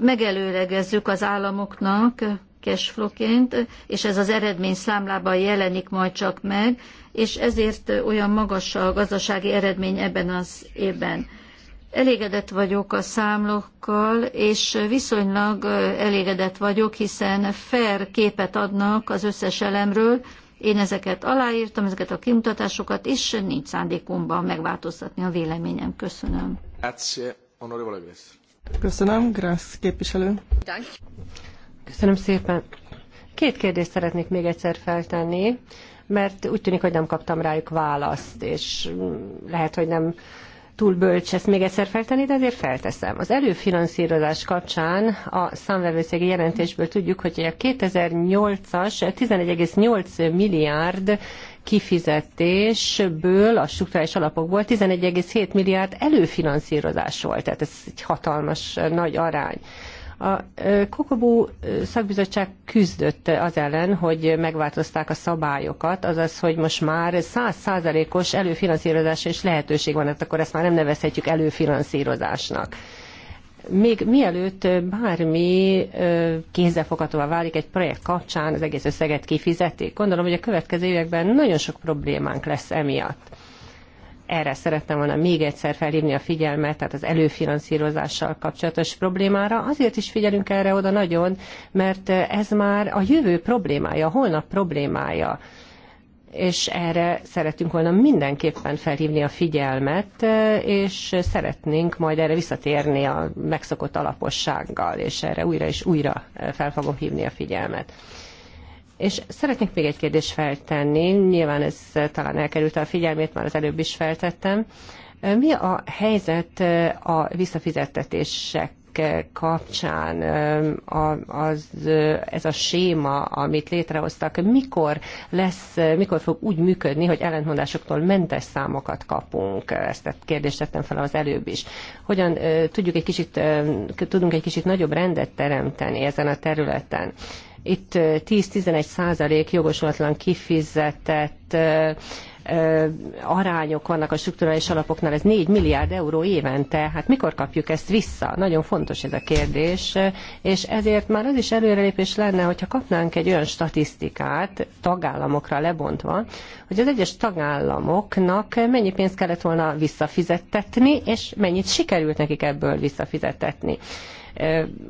megelőlegezzük az államoknak, cash flowként, és ez az eredmény számlában jelenik majd csak meg, és ezért olyan magas a gazdasági eredmény ebben az évben. Elégedett vagyok a számlokkal, és viszonylag elégedett vagyok, hiszen fair képet adnak az összes elemről. Én ezeket aláírtam, ezeket a kimutatásokat, és nincs szándékomban megváltoztatni a véleményem. Köszönöm. Köszönöm, Grász képviselő. Köszönöm szépen. Két kérdést szeretnék még egyszer feltenni, mert úgy tűnik, hogy nem kaptam rájuk választ, és lehet, hogy nem túl bölcs ezt még egyszer feltenni, de azért felteszem. Az előfinanszírozás kapcsán a számvevőszegi jelentésből tudjuk, hogy a 2008-as 11,8 milliárd kifizetésből, a struktúrális alapokból 11,7 milliárd előfinanszírozás volt. Tehát ez egy hatalmas nagy arány. A Kokobú szakbizottság küzdött az ellen, hogy megváltozták a szabályokat, azaz, hogy most már százszázalékos előfinanszírozásra is lehetőség van, hát akkor ezt már nem nevezhetjük előfinanszírozásnak még mielőtt bármi kézzelfoghatóvá válik egy projekt kapcsán, az egész összeget kifizetik. Gondolom, hogy a következő években nagyon sok problémánk lesz emiatt erre szerettem volna még egyszer felhívni a figyelmet, tehát az előfinanszírozással kapcsolatos problémára. Azért is figyelünk erre oda nagyon, mert ez már a jövő problémája, a holnap problémája és erre szeretünk volna mindenképpen felhívni a figyelmet, és szeretnénk majd erre visszatérni a megszokott alapossággal, és erre újra és újra fel fogom hívni a figyelmet. És szeretnék még egy kérdést feltenni, nyilván ez talán elkerült a figyelmét, már az előbb is feltettem. Mi a helyzet a visszafizettetések kapcsán az, ez a séma, amit létrehoztak, mikor lesz, mikor fog úgy működni, hogy ellentmondásoktól mentes számokat kapunk? Ezt a kérdést tettem fel az előbb is. Hogyan eh, tudjuk egy kicsit, eh, tudunk egy kicsit nagyobb rendet teremteni ezen a területen? Itt 10-11 százalék jogosulatlan kifizetett arányok vannak a strukturális alapoknál, ez 4 milliárd euró évente, hát mikor kapjuk ezt vissza? Nagyon fontos ez a kérdés, és ezért már az is előrelépés lenne, hogyha kapnánk egy olyan statisztikát, tagállamokra lebontva, hogy az egyes tagállamoknak mennyi pénzt kellett volna visszafizettetni, és mennyit sikerült nekik ebből visszafizettetni.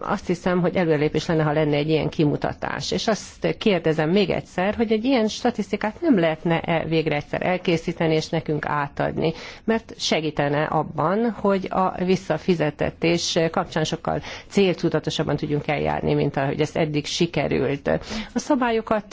Azt hiszem, hogy előrelépés lenne, ha lenne egy ilyen kimutatás. És azt kérdezem még egyszer, hogy egy ilyen statisztikát nem lehetne -e végre egyszer elkészíteni és nekünk átadni, mert segítene abban, hogy a visszafizetetés kapcsán sokkal céltudatosabban tudjunk eljárni, mint ahogy ezt eddig sikerült. A szabályokat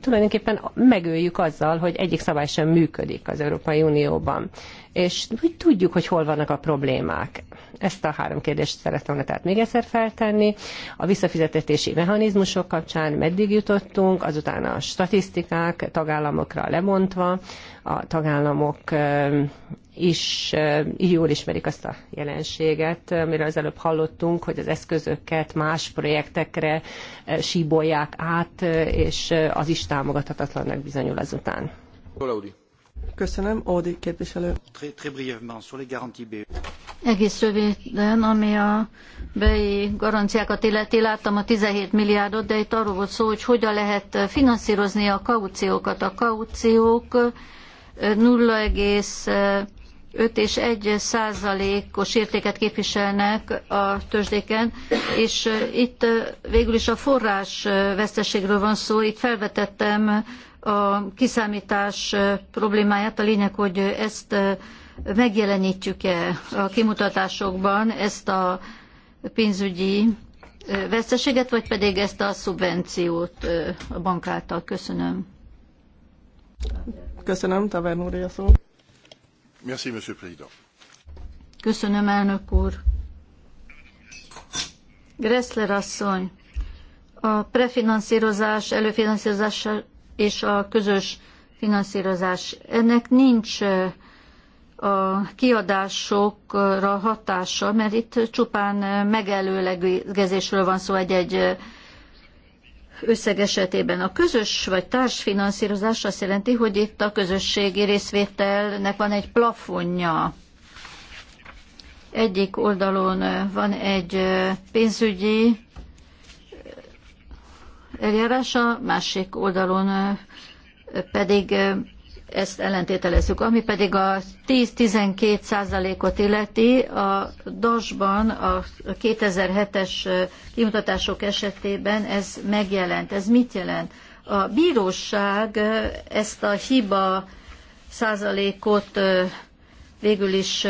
tulajdonképpen megöljük azzal, hogy egyik szabály sem működik az Európai Unióban és úgy tudjuk, hogy hol vannak a problémák. Ezt a három kérdést szerettem volna tehát még egyszer feltenni. A visszafizetési mechanizmusok kapcsán meddig jutottunk, azután a statisztikák tagállamokra lemondva, a tagállamok ehm, is ehm, jól ismerik azt a jelenséget, amiről az előbb hallottunk, hogy az eszközöket más projektekre ehm, síbolják át, és az is támogathatatlannak bizonyul azután. Valódi. Köszönöm, Ódi képviselő. Très, très brièvement, sur les garanties BE. Egész röviden, ami a BEI garanciákat illeti, láttam a 17 milliárdot, de itt arról volt szó, hogy hogyan lehet finanszírozni a kauciókat. A kauciók 0,5 és 1 százalékos értéket képviselnek a tőzsdéken, és itt végül is a forrás veszteségről van szó. Itt felvetettem a kiszámítás problémáját. A lényeg, hogy ezt megjelenítjük-e a kimutatásokban, ezt a pénzügyi veszteséget, vagy pedig ezt a szubvenciót a bank által. Köszönöm. Köszönöm, Tavern úr, a szó. Merci, monsieur président. Köszönöm, elnök úr. Gressler asszony, a prefinanszírozás, előfinanszírozás és a közös finanszírozás. Ennek nincs a kiadásokra hatása, mert itt csupán megelőlegezésről van szó egy-egy összeg esetében. A közös vagy társfinanszírozás azt jelenti, hogy itt a közösségi részvételnek van egy plafonja. Egyik oldalon van egy pénzügyi eljárása, másik oldalon pedig ezt ellentételezzük. Ami pedig a 10-12 százalékot illeti, a DAS-ban a 2007-es kimutatások esetében ez megjelent. Ez mit jelent? A bíróság ezt a hiba százalékot végül is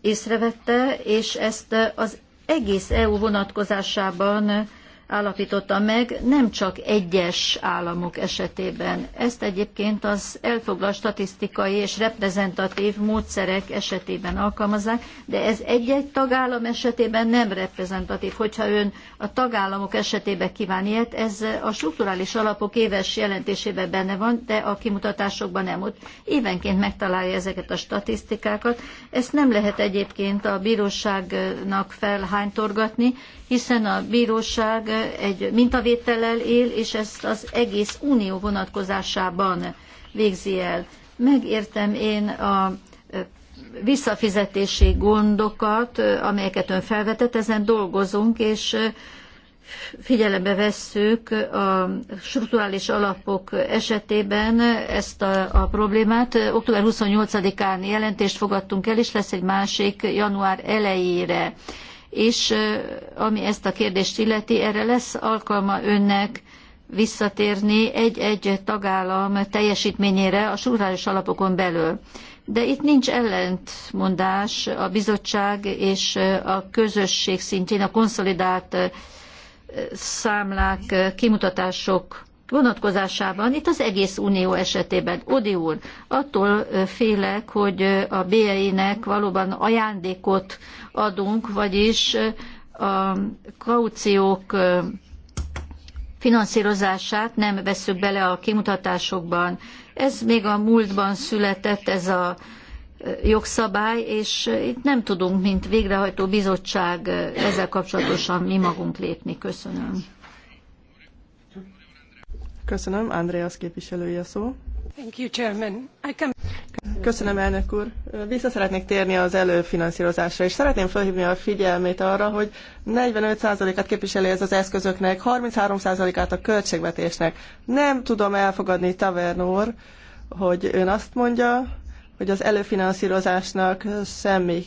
észrevette, és ezt az egész EU vonatkozásában állapította meg, nem csak egyes államok esetében. Ezt egyébként az elfoglalt statisztikai és reprezentatív módszerek esetében alkalmazzák, de ez egy-egy tagállam esetében nem reprezentatív. Hogyha ön a tagállamok esetében kíván ilyet, ez a strukturális alapok éves jelentésében benne van, de a kimutatásokban nem ott. Évenként megtalálja ezeket a statisztikákat. Ezt nem lehet egyébként a bíróságnak felhánytorgatni, hiszen a bíróság egy mintavétellel él, és ezt az egész unió vonatkozásában végzi el. Megértem én a visszafizetési gondokat, amelyeket ön felvetett, ezen dolgozunk, és figyelembe vesszük a strukturális alapok esetében ezt a, a problémát. Október 28-án jelentést fogadtunk el, és lesz egy másik január elejére és ami ezt a kérdést illeti, erre lesz alkalma önnek visszatérni egy-egy tagállam teljesítményére a strukturális alapokon belül. De itt nincs ellentmondás a bizottság és a közösség szintjén a konszolidált számlák, kimutatások vonatkozásában, itt az egész unió esetében. Odi úr, attól félek, hogy a BEI-nek valóban ajándékot adunk, vagyis a kauciók finanszírozását nem veszük bele a kimutatásokban. Ez még a múltban született, ez a jogszabály, és itt nem tudunk, mint végrehajtó bizottság ezzel kapcsolatosan mi magunk lépni. Köszönöm. Köszönöm, Andreas képviselője szó. Thank you, Chairman. I can... Köszönöm, elnök úr. Vissza szeretnék térni az előfinanszírozásra, és szeretném felhívni a figyelmét arra, hogy 45%-át képviseli ez az eszközöknek, 33%-át a költségvetésnek. Nem tudom elfogadni, Tavernor, hogy ön azt mondja, hogy az előfinanszírozásnak semmi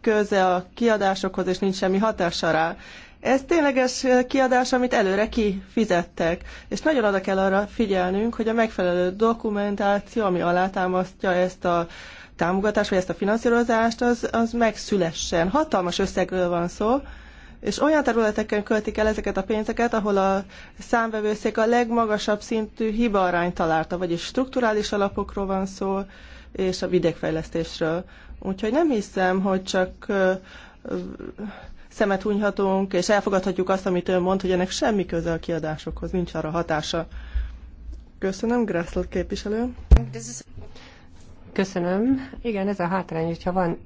köze a kiadásokhoz, és nincs semmi hatása rá. Ez tényleges kiadás, amit előre kifizettek. És nagyon oda kell arra figyelnünk, hogy a megfelelő dokumentáció, ami alátámasztja ezt a támogatást, vagy ezt a finanszírozást, az, az megszülessen. Hatalmas összegről van szó, és olyan területeken költik el ezeket a pénzeket, ahol a számvevőszék a legmagasabb szintű hibaarányt találta, vagyis strukturális alapokról van szó, és a vidékfejlesztésről. Úgyhogy nem hiszem, hogy csak szemet hunyhatunk, és elfogadhatjuk azt, amit ön mond, hogy ennek semmi köze a kiadásokhoz, nincs arra hatása. Köszönöm, Grasslot képviselő. Köszönöm. Igen, ez a hátrány, hogyha van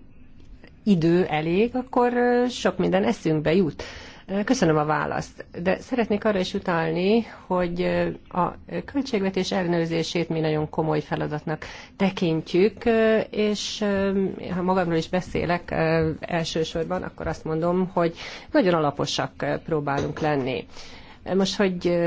idő elég, akkor sok minden eszünkbe jut. Köszönöm a választ, de szeretnék arra is utalni, hogy a költségvetés ellenőrzését mi nagyon komoly feladatnak tekintjük, és ha magamról is beszélek elsősorban, akkor azt mondom, hogy nagyon alaposak próbálunk lenni. Most, hogy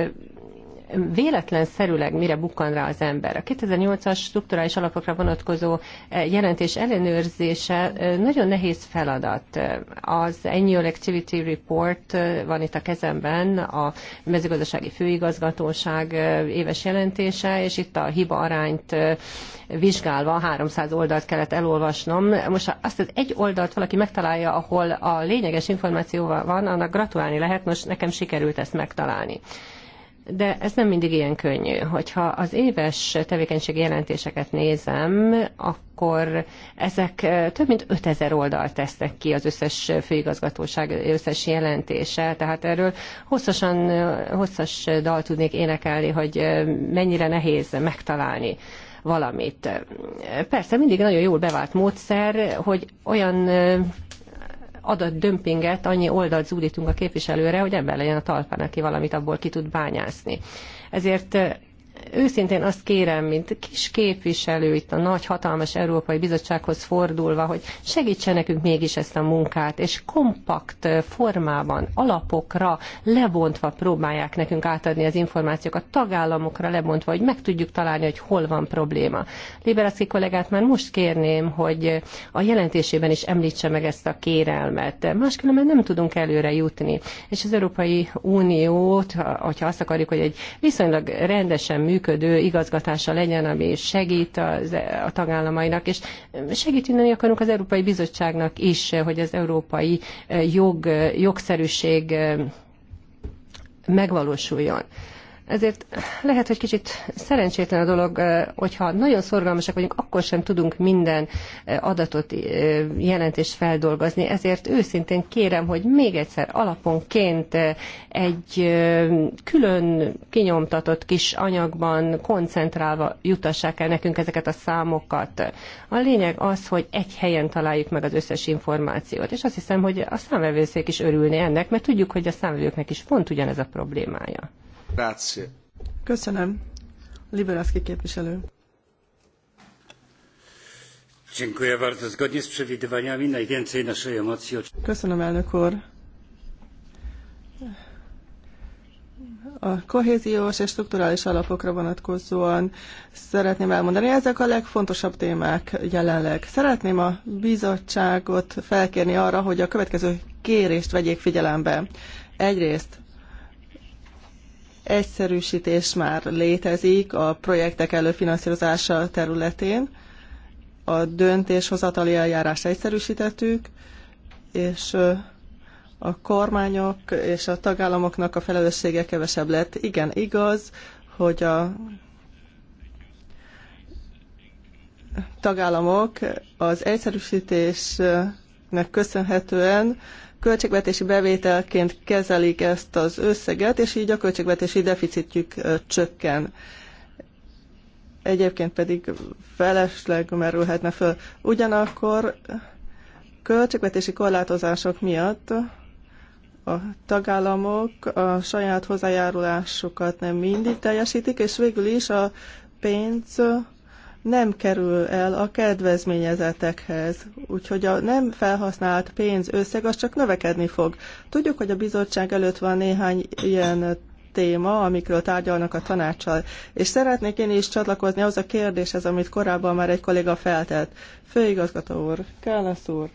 véletlen szerűleg mire bukkan rá az ember. A 2008-as strukturális alapokra vonatkozó e, jelentés ellenőrzése e, nagyon nehéz feladat. E, az Annual Activity Report van itt a kezemben, a mezőgazdasági főigazgatóság éves jelentése, és itt a hiba arányt vizsgálva 300 oldalt kellett elolvasnom. Most azt az egy oldalt valaki megtalálja, ahol a lényeges információ van, annak gratulálni lehet, most nekem sikerült ezt megtalálni de ez nem mindig ilyen könnyű. Hogyha az éves tevékenységi jelentéseket nézem, akkor ezek több mint 5000 oldalt tesznek ki az összes főigazgatóság összes jelentése, tehát erről hosszasan, hosszas dal tudnék énekelni, hogy mennyire nehéz megtalálni valamit. Persze mindig nagyon jól bevált módszer, hogy olyan dömpinget, annyi oldalt zúdítunk a képviselőre, hogy ember legyen a talpán, aki valamit abból ki tud bányászni. Ezért őszintén azt kérem, mint kis képviselő itt a nagy, hatalmas Európai Bizottsághoz fordulva, hogy segítsen nekünk mégis ezt a munkát, és kompakt formában, alapokra lebontva próbálják nekünk átadni az információkat, tagállamokra lebontva, hogy meg tudjuk találni, hogy hol van probléma. Liberacki kollégát már most kérném, hogy a jelentésében is említse meg ezt a kérelmet. Máskülönben nem tudunk előre jutni. És az Európai Uniót, hogyha azt akarjuk, hogy egy viszonylag rendesen működő igazgatása legyen, ami segít az, a tagállamainak, és segíteni akarunk az Európai Bizottságnak is, hogy az európai eh, jog, eh, jogszerűség eh, megvalósuljon. Ezért lehet, hogy kicsit szerencsétlen a dolog, hogyha nagyon szorgalmasak vagyunk, akkor sem tudunk minden adatot, jelentést feldolgozni. Ezért őszintén kérem, hogy még egyszer alaponként egy külön kinyomtatott kis anyagban koncentrálva jutassák el nekünk ezeket a számokat. A lényeg az, hogy egy helyen találjuk meg az összes információt. És azt hiszem, hogy a számvevőszék is örülni ennek, mert tudjuk, hogy a számvevőknek is pont ugyanez a problémája. Köszönöm. Liberaszki képviselő. Dziękuję bardzo. Zgodnie z przewidywaniami najwięcej naszej emocji... Köszönöm, elnök úr. a kohéziós és strukturális alapokra vonatkozóan szeretném elmondani. Ezek a legfontosabb témák jelenleg. Szeretném a bizottságot felkérni arra, hogy a következő kérést vegyék figyelembe. Egyrészt egyszerűsítés már létezik a projektek előfinanszírozása területén. A döntéshozatali eljárást egyszerűsítettük, és a kormányok és a tagállamoknak a felelőssége kevesebb lett. Igen, igaz, hogy a tagállamok az egyszerűsítésnek köszönhetően költségvetési bevételként kezelik ezt az összeget, és így a költségvetési deficitjük csökken. Egyébként pedig felesleg merülhetne föl. Ugyanakkor költségvetési korlátozások miatt a tagállamok a saját hozzájárulásukat nem mindig teljesítik, és végül is a pénz nem kerül el a kedvezményezetekhez. Úgyhogy a nem felhasznált pénz összeg az csak növekedni fog. Tudjuk, hogy a bizottság előtt van néhány ilyen téma, amikről tárgyalnak a tanácssal. És szeretnék én is csatlakozni az a kérdéshez, amit korábban már egy kolléga feltett. Főigazgató úr, Kálasz úr.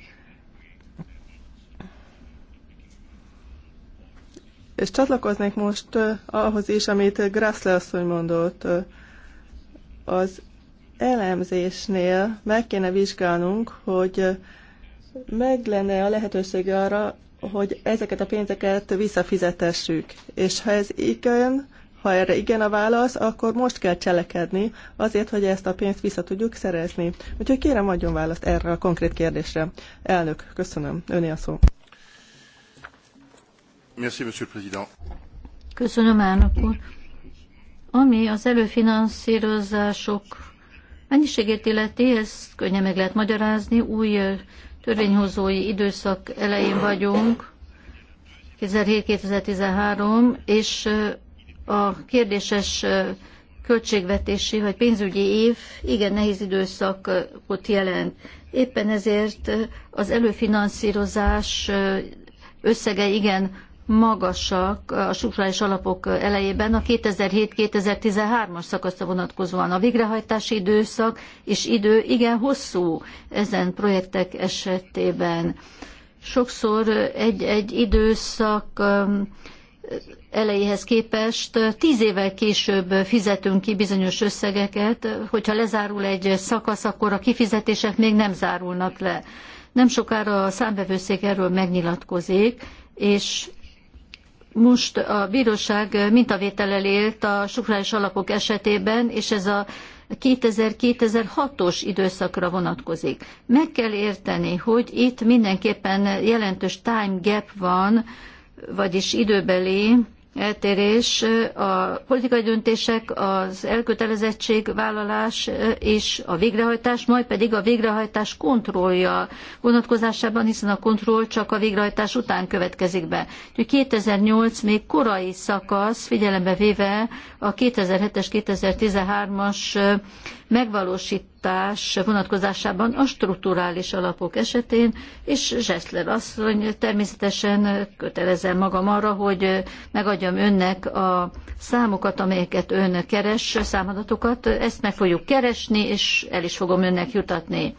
És csatlakoznék most eh, ahhoz is, amit Grassle asszony mondott. Eh, az elemzésnél meg kéne vizsgálnunk, hogy meg lenne a lehetőség arra, hogy ezeket a pénzeket visszafizetessük. És ha ez igen, ha erre igen a válasz, akkor most kell cselekedni azért, hogy ezt a pénzt vissza tudjuk szerezni. Úgyhogy kérem adjon választ erre a konkrét kérdésre. Elnök, köszönöm. Öné a szó. Merci, monsieur président. Köszönöm, elnök úr. Ami az előfinanszírozások Mennyiségét illeti, ezt könnyen meg lehet magyarázni, új törvényhozói időszak elején vagyunk, 2007-2013, és a kérdéses költségvetési vagy pénzügyi év igen nehéz időszakot jelent. Éppen ezért az előfinanszírozás összege igen magasak a strukturális alapok elejében a 2007-2013-as szakaszra vonatkozóan. A végrehajtási időszak és idő igen hosszú ezen projektek esetében. Sokszor egy-egy időszak um, elejéhez képest tíz évvel később fizetünk ki bizonyos összegeket, hogyha lezárul egy szakasz, akkor a kifizetések még nem zárulnak le. Nem sokára a számbevőszék erről megnyilatkozik, és most a bíróság mintavétellel élt a sukrális alapok esetében, és ez a 2006 os időszakra vonatkozik. Meg kell érteni, hogy itt mindenképpen jelentős time gap van, vagyis időbeli eltérés a politikai döntések, az elkötelezettségvállalás és a végrehajtás, majd pedig a végrehajtás kontrollja vonatkozásában, hiszen a kontroll csak a végrehajtás után következik be. 2008 még korai szakasz, figyelembe véve a 2007-es, 2013-as megvalósítás vonatkozásában a strukturális alapok esetén, és Zseszler asszony természetesen kötelezem magam arra, hogy megadjam önnek a számokat, amelyeket ön keres, számadatokat, ezt meg fogjuk keresni, és el is fogom önnek jutatni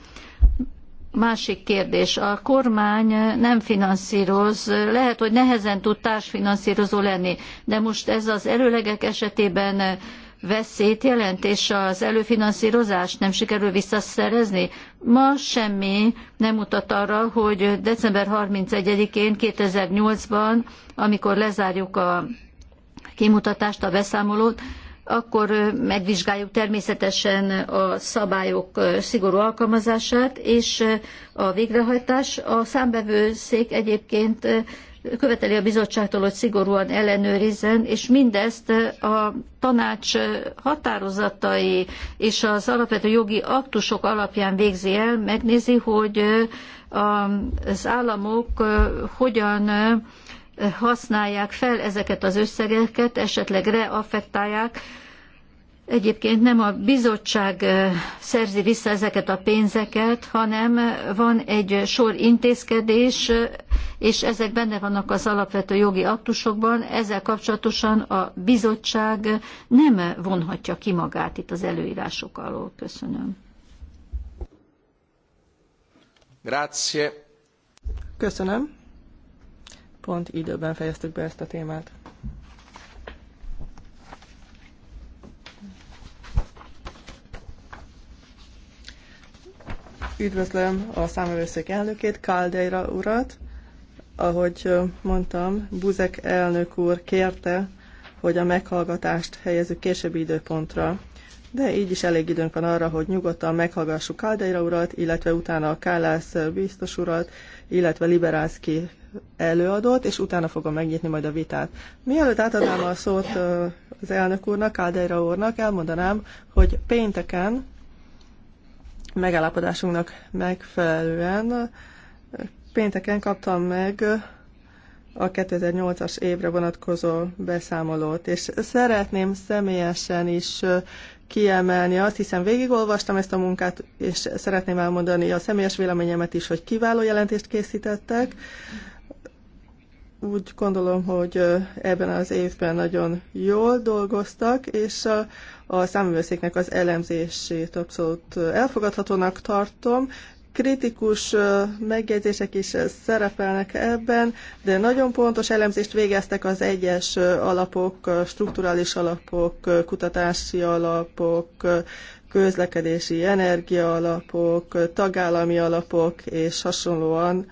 másik kérdés. A kormány nem finanszíroz, lehet, hogy nehezen tud társfinanszírozó lenni, de most ez az előlegek esetében veszélyt jelent, és az előfinanszírozást nem sikerül visszaszerezni. Ma semmi nem mutat arra, hogy december 31-én 2008-ban, amikor lezárjuk a kimutatást, a beszámolót, akkor megvizsgáljuk természetesen a szabályok szigorú alkalmazását, és a végrehajtás. A számbevőszék egyébként követeli a bizottságtól, hogy szigorúan ellenőrizzen, és mindezt a tanács határozatai és az alapvető jogi aktusok alapján végzi el, megnézi, hogy az államok hogyan használják fel ezeket az összegeket, esetleg reaffektálják. Egyébként nem a bizottság szerzi vissza ezeket a pénzeket, hanem van egy sor intézkedés, és ezek benne vannak az alapvető jogi aktusokban. Ezzel kapcsolatosan a bizottság nem vonhatja ki magát itt az előírások alól. Köszönöm. Grazie. Köszönöm. Pont időben fejeztük be ezt a témát. Üdvözlöm a számövőszék elnökét, Káldeira urat. Ahogy mondtam, Buzek elnök úr kérte, hogy a meghallgatást helyezzük későbbi időpontra, de így is elég időnk van arra, hogy nyugodtan meghallgassuk Káldeira urat, illetve utána a Kállász biztos urat, illetve Liberászki előadót, és utána fogom megnyitni majd a vitát. Mielőtt átadnám a szót az elnök úrnak, Áldeira úrnak, elmondanám, hogy pénteken megállapodásunknak megfelelően pénteken kaptam meg a 2008-as évre vonatkozó beszámolót, és szeretném személyesen is kiemelni azt, hiszen végigolvastam ezt a munkát, és szeretném elmondani a személyes véleményemet is, hogy kiváló jelentést készítettek úgy gondolom, hogy ebben az évben nagyon jól dolgoztak, és a, a számvevőszéknek az elemzését abszolút elfogadhatónak tartom. Kritikus megjegyzések is szerepelnek ebben, de nagyon pontos elemzést végeztek az egyes alapok, strukturális alapok, kutatási alapok, közlekedési energia alapok, tagállami alapok és hasonlóan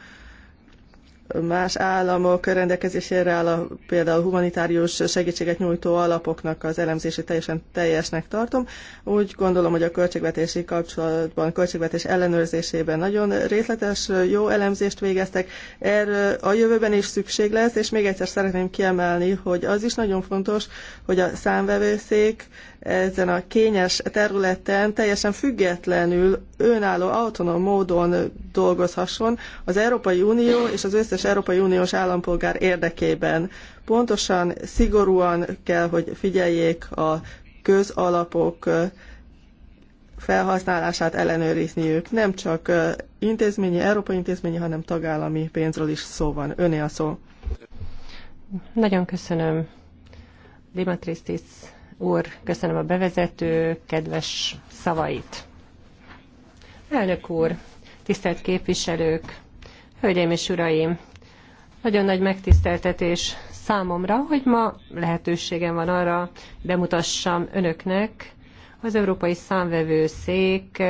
más államok rendelkezésére áll a például humanitárius segítséget nyújtó alapoknak az elemzését teljesen teljesnek tartom. Úgy gondolom, hogy a költségvetési kapcsolatban, költségvetés ellenőrzésében nagyon részletes, jó elemzést végeztek. Erre a jövőben is szükség lesz, és még egyszer szeretném kiemelni, hogy az is nagyon fontos, hogy a számvevőszék ezen a kényes területen teljesen függetlenül, önálló, autonóm módon dolgozhasson az Európai Unió és az összes Európai Uniós állampolgár érdekében. Pontosan, szigorúan kell, hogy figyeljék a közalapok felhasználását ellenőrizniük. Nem csak intézményi, európai intézményi, hanem tagállami pénzről is szó van. Öné a szó. Nagyon köszönöm. Dimitristis úr, köszönöm a bevezető kedves szavait. Elnök úr, tisztelt képviselők, hölgyeim és uraim, nagyon nagy megtiszteltetés számomra, hogy ma lehetőségem van arra, bemutassam önöknek az Európai Számvevőszék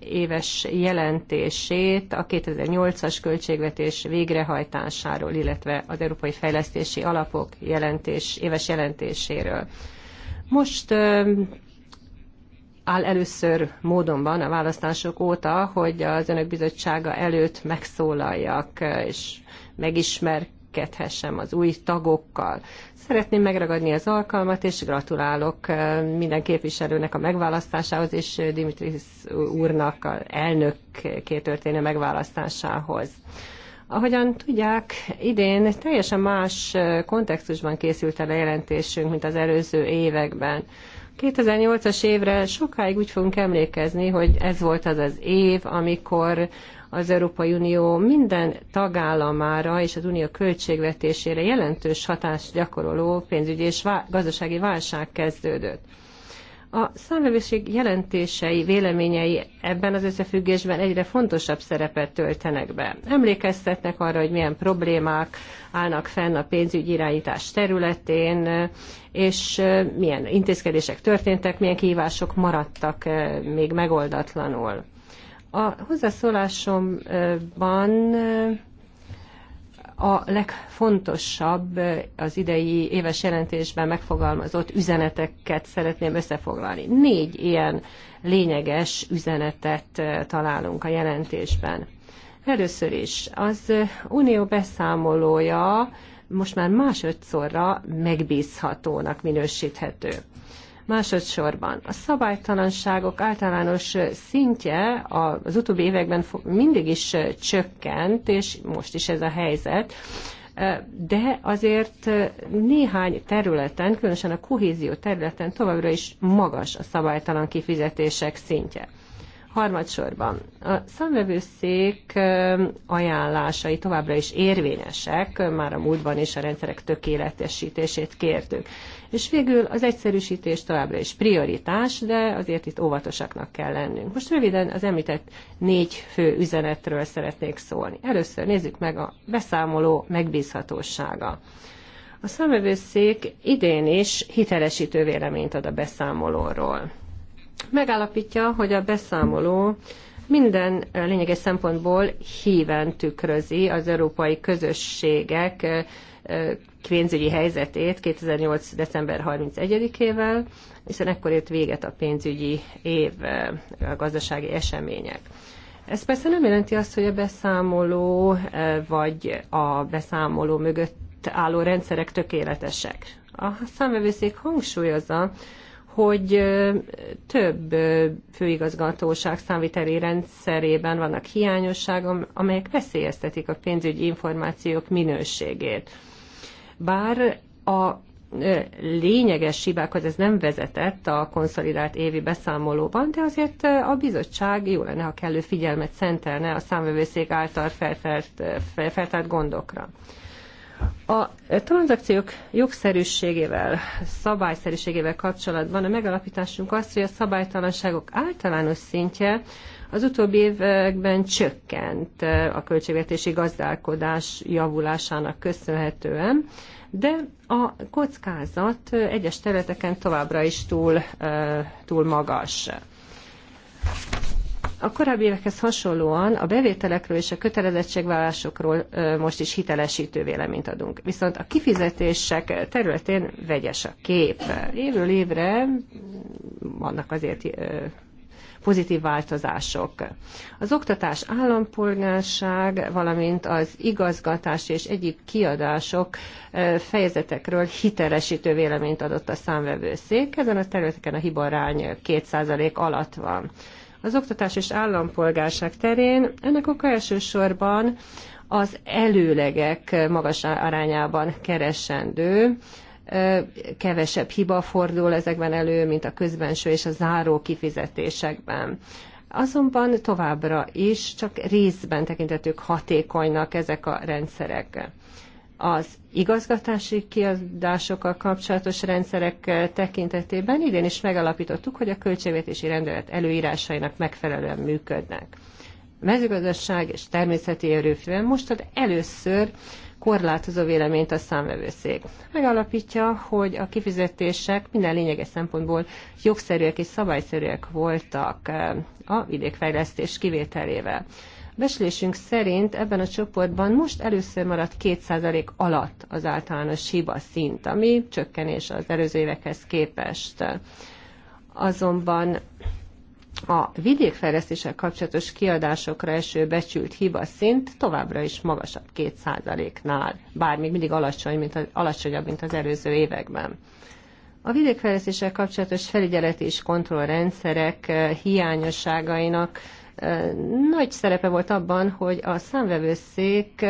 éves jelentését a 2008-as költségvetés végrehajtásáról, illetve az Európai Fejlesztési Alapok jelentés, éves jelentéséről. Most áll először módonban a választások óta, hogy az önök bizottsága előtt megszólaljak, és megismerkedhessem az új tagokkal. Szeretném megragadni az alkalmat, és gratulálok minden képviselőnek a megválasztásához, és Dimitris úrnak elnökké történő megválasztásához. Ahogyan tudják, idén teljesen más kontextusban készült el a jelentésünk, mint az előző években. 2008-as évre sokáig úgy fogunk emlékezni, hogy ez volt az az év, amikor az Európai Unió minden tagállamára és az unió költségvetésére jelentős hatást gyakoroló pénzügyi és gazdasági válság kezdődött. A számvevőség jelentései, véleményei ebben az összefüggésben egyre fontosabb szerepet töltenek be. Emlékeztetnek arra, hogy milyen problémák állnak fenn a pénzügyi irányítás területén, és milyen intézkedések történtek, milyen kihívások maradtak még megoldatlanul. A hozzászólásomban a legfontosabb az idei éves jelentésben megfogalmazott üzeneteket szeretném összefoglalni. Négy ilyen lényeges üzenetet találunk a jelentésben. Először is az unió beszámolója most már másodszorra megbízhatónak minősíthető. Másodszorban a szabálytalanságok általános szintje az utóbbi években mindig is csökkent, és most is ez a helyzet de azért néhány területen, különösen a kohézió területen továbbra is magas a szabálytalan kifizetések szintje. Harmadsorban a szemvevőszék ajánlásai továbbra is érvényesek, már a múltban is a rendszerek tökéletesítését kértük. És végül az egyszerűsítés továbbra is prioritás, de azért itt óvatosaknak kell lennünk. Most röviden az említett négy fő üzenetről szeretnék szólni. Először nézzük meg a beszámoló megbízhatósága. A szemvevőszék idén is hitelesítő véleményt ad a beszámolóról megállapítja, hogy a beszámoló minden lényeges szempontból híven tükrözi az európai közösségek pénzügyi helyzetét 2008. december 31-ével, hiszen ekkor ért véget a pénzügyi év a gazdasági események. Ez persze nem jelenti azt, hogy a beszámoló vagy a beszámoló mögött álló rendszerek tökéletesek. A számvevőszék hangsúlyozza, hogy több főigazgatóság számviteli rendszerében vannak hiányosságok, amelyek veszélyeztetik a pénzügyi információk minőségét. Bár a lényeges hibákhoz ez nem vezetett a konszolidált évi beszámolóban, de azért a bizottság jó lenne, ha kellő figyelmet szentelne a számvevőszék által feltárt, feltárt gondokra. A tranzakciók jogszerűségével, szabályszerűségével kapcsolatban a megalapításunk az, hogy a szabálytalanságok általános szintje az utóbbi években csökkent a költségvetési gazdálkodás javulásának köszönhetően, de a kockázat egyes területeken továbbra is túl, túl magas. A korábbi évekhez hasonlóan a bevételekről és a kötelezettségvállásokról most is hitelesítő véleményt adunk. Viszont a kifizetések területén vegyes a kép. Évről évre vannak azért pozitív változások. Az oktatás állampolgárság, valamint az igazgatás és egyéb kiadások fejezetekről hitelesítő véleményt adott a számvevőszék. Ezen a területeken a hibarány 2% alatt van. Az oktatás és állampolgárság terén ennek oka elsősorban az előlegek magas arányában keresendő, kevesebb hiba fordul ezekben elő, mint a közbenső és a záró kifizetésekben. Azonban továbbra is csak részben tekintetők hatékonynak ezek a rendszerek. Az igazgatási kiadásokkal kapcsolatos rendszerek eh, tekintetében idén is megalapítottuk, hogy a költségvetési rendelet előírásainak megfelelően működnek. A mezőgazdaság és természeti erőfően most ad először korlátozó véleményt a számvevőszék. Megalapítja, hogy a kifizetések minden lényeges szempontból jogszerűek és szabályszerűek voltak eh, a vidékfejlesztés kivételével. Beslésünk szerint ebben a csoportban most először maradt 2% alatt az általános hiba szint, ami csökkenés az előző évekhez képest. Azonban a vidékfejlesztéssel kapcsolatos kiadásokra eső becsült hiba szint továbbra is magasabb 2%-nál, bár még mindig alacsony, mint az, alacsonyabb, mint az előző években. A vidékfejlesztéssel kapcsolatos felügyeleti és kontrollrendszerek eh, hiányosságainak nagy szerepe volt abban, hogy a számvevőszék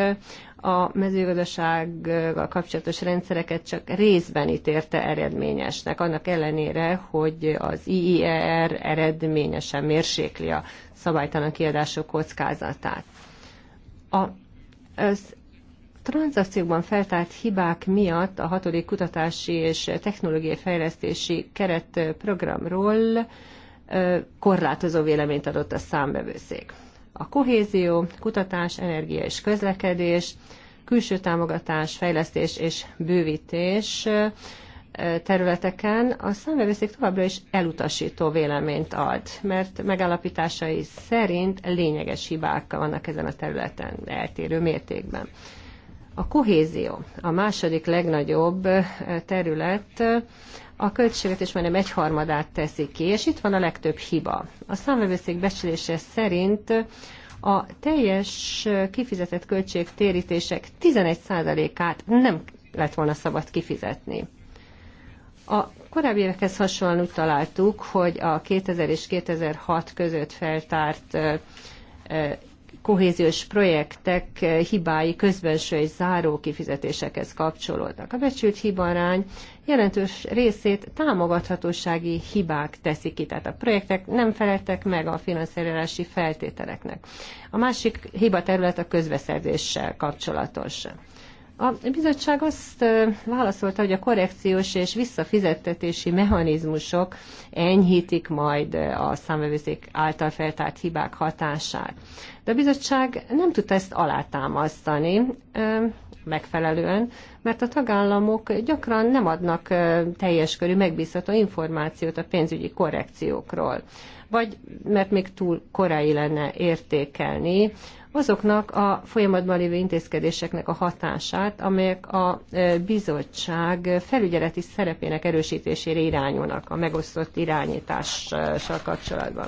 a mezőgazdasággal kapcsolatos rendszereket csak részben ítérte eredményesnek, annak ellenére, hogy az IIER eredményesen mérsékli a szabálytalan kiadások kockázatát. A, az tranzakciókban feltárt hibák miatt a hatodik kutatási és technológiai fejlesztési keretprogramról korlátozó véleményt adott a számbevőszék. A kohézió, kutatás, energia és közlekedés, külső támogatás, fejlesztés és bővítés területeken a számbevőszék továbbra is elutasító véleményt ad, mert megállapításai szerint lényeges hibák vannak ezen a területen eltérő mértékben. A kohézió, a második legnagyobb terület, a költséget is majdnem egyharmadát teszik ki, és itt van a legtöbb hiba. A számvevőszék becslése szerint a teljes kifizetett költség térítések 11%-át nem lett volna szabad kifizetni. A korábbi évekhez hasonlóan úgy találtuk, hogy a 2000 és 2006 között feltárt kohéziós projektek eh, hibái közbenső és záró kifizetésekhez kapcsolódnak. A becsült hibarány jelentős részét támogathatósági hibák teszik ki, tehát a projektek nem feleltek meg a finanszírozási feltételeknek. A másik hiba terület a közbeszerzéssel kapcsolatos. A bizottság azt válaszolta, hogy a korrekciós és visszafizettetési mechanizmusok enyhítik majd a számövőzék által feltárt hibák hatását. De a bizottság nem tudta ezt alátámasztani megfelelően, mert a tagállamok gyakran nem adnak teljes körű megbízható információt a pénzügyi korrekciókról, vagy mert még túl korai lenne értékelni azoknak a folyamatban lévő intézkedéseknek a hatását, amelyek a e, bizottság felügyeleti szerepének erősítésére irányulnak a megosztott irányítással kapcsolatban.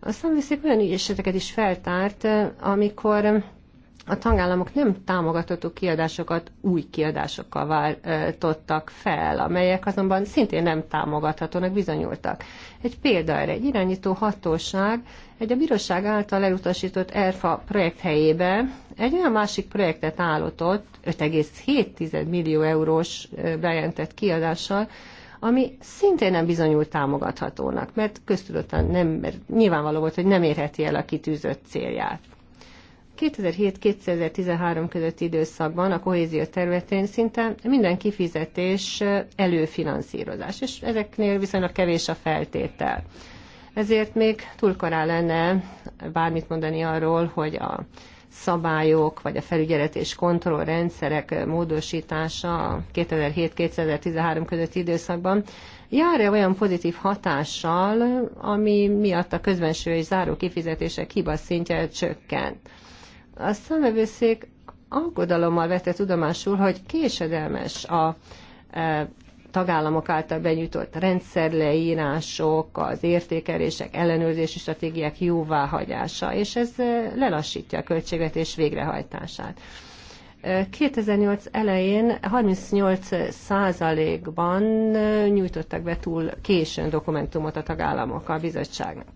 A számvészék olyan ügyeseteket is feltárt, amikor a tagállamok nem támogatható kiadásokat új kiadásokkal váltottak fel, amelyek azonban szintén nem támogathatónak bizonyultak. Egy példa erre, egy irányító hatóság egy a bíróság által elutasított ERFA projekt helyébe egy olyan másik projektet állított 5,7 millió eurós bejelentett kiadással, ami szintén nem bizonyult támogathatónak, mert köztudottan nem, mert nyilvánvaló volt, hogy nem érheti el a kitűzött célját. 2007-2013 közötti időszakban a kohézió területén szinte minden kifizetés előfinanszírozás, és ezeknél viszonylag kevés a feltétel. Ezért még túl korán lenne bármit mondani arról, hogy a szabályok, vagy a felügyelet és kontrollrendszerek módosítása 2007-2013 közötti időszakban jár-e olyan pozitív hatással, ami miatt a közbenső és záró kifizetések hiba szintje csökken? A szemevőszék aggodalommal vette tudomásul, hogy késedelmes a e, tagállamok által benyújtott rendszerleírások, az értékelések, ellenőrzési stratégiák jóváhagyása, és ez e, lelassítja a költségvetés végrehajtását. 2008 e, elején 38 százalékban nyújtottak be túl későn dokumentumot a tagállamok a bizottságnak.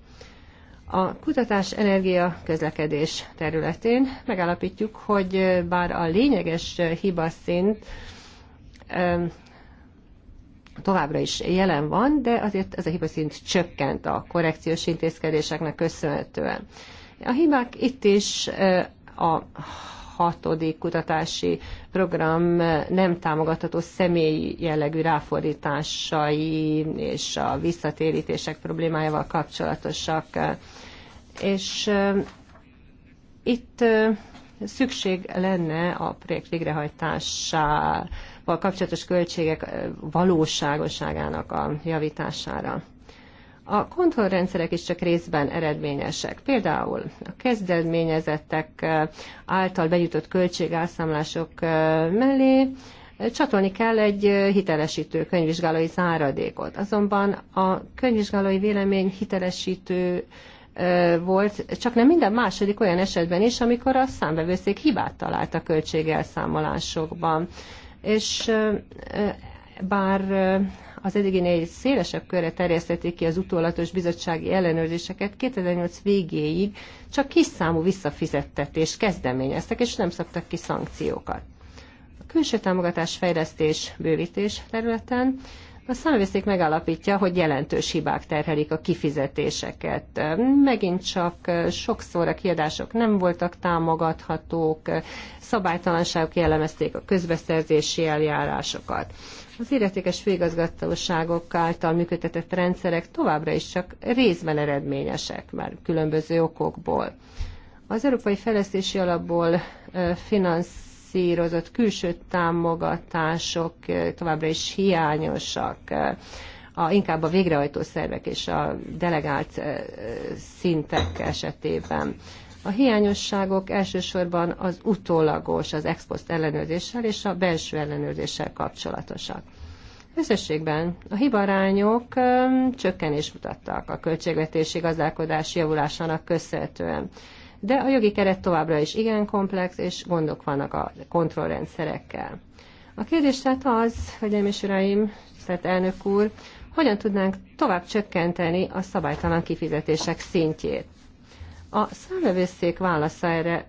A kutatás energia közlekedés területén megállapítjuk, hogy bár a lényeges hiba szint továbbra is jelen van, de azért ez a hiba szint csökkent a korrekciós intézkedéseknek köszönhetően. A hibák itt is a hatodik kutatási program nem támogatható személyi jellegű ráfordításai és a visszatérítések problémájával kapcsolatosak. És itt szükség lenne a projekt végrehajtásával kapcsolatos költségek valóságosságának a javítására. A kontrollrendszerek is csak részben eredményesek. Például a kezdeményezettek által benyújtott költségelszámlások mellé csatolni kell egy hitelesítő könyvvizsgálói záradékot. Azonban a könyvvizsgálói vélemény hitelesítő volt, csak nem minden második olyan esetben is, amikor a számbevőszék hibát talált a költségelszámolásokban. És bár az eddiginél szélesebb körre terjesztették ki az utólatos bizottsági ellenőrzéseket, 2008 végéig csak kis számú visszafizettetést kezdeményeztek, és nem szabtak ki szankciókat. A külső támogatás fejlesztés bővítés területen a számvészék megállapítja, hogy jelentős hibák terhelik a kifizetéseket. Megint csak sokszor a kiadások nem voltak támogathatók, szabálytalanságok jellemezték a közbeszerzési eljárásokat az illetékes főigazgatóságok által működtetett rendszerek továbbra is csak részben eredményesek már különböző okokból. Az Európai Fejlesztési Alapból finanszírozott külső támogatások továbbra is hiányosak. A, inkább a végrehajtó szervek és a delegált szintek esetében. A hiányosságok elsősorban az utólagos, az ex post ellenőrzéssel és a belső ellenőrzéssel kapcsolatosak. Összességben a hibarányok csökkenés mutattak a költségvetési gazdálkodás javulásának köszönhetően. De a jogi keret továbbra is igen komplex, és gondok vannak a kontrollrendszerekkel. A kérdés tehát az, én és uraim, tisztelt elnök úr, hogyan tudnánk tovább csökkenteni a szabálytalan kifizetések szintjét. A számvevőszék válasza erre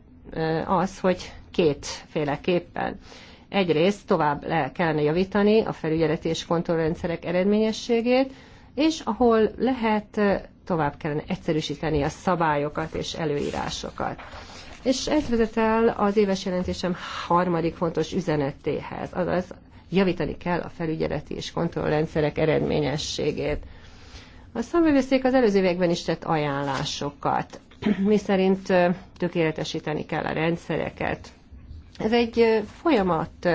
az, hogy kétféleképpen. Egyrészt tovább le kellene javítani a felügyeleti és kontrollrendszerek eredményességét, és ahol lehet, tovább kellene egyszerűsíteni a szabályokat és előírásokat. És ez vezet el az éves jelentésem harmadik fontos üzenetéhez, azaz javítani kell a felügyeleti és kontrollrendszerek eredményességét. A szabályvészék az előző években is tett ajánlásokat mi szerint tökéletesíteni kell a rendszereket. Ez egy folyamat,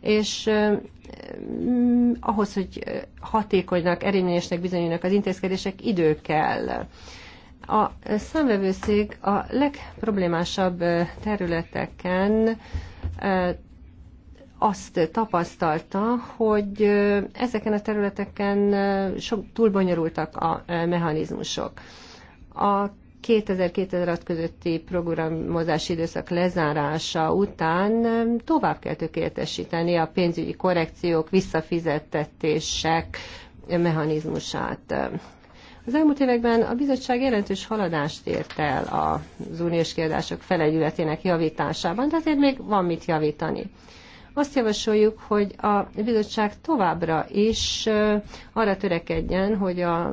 és mm, ahhoz, hogy hatékonynak, erényesnek bizonyulnak az intézkedések, idő kell. A számvevőszék a legproblémásabb területeken azt tapasztalta, hogy ezeken a területeken sok túl bonyolultak a mechanizmusok. A 2000-2006 közötti programozási időszak lezárása után tovább kell tökéletesíteni a pénzügyi korrekciók, visszafizettetések mechanizmusát. Az elmúlt években a bizottság jelentős haladást ért el az uniós kiadások felegyületének javításában, de azért még van mit javítani. Azt javasoljuk, hogy a bizottság továbbra is arra törekedjen, hogy a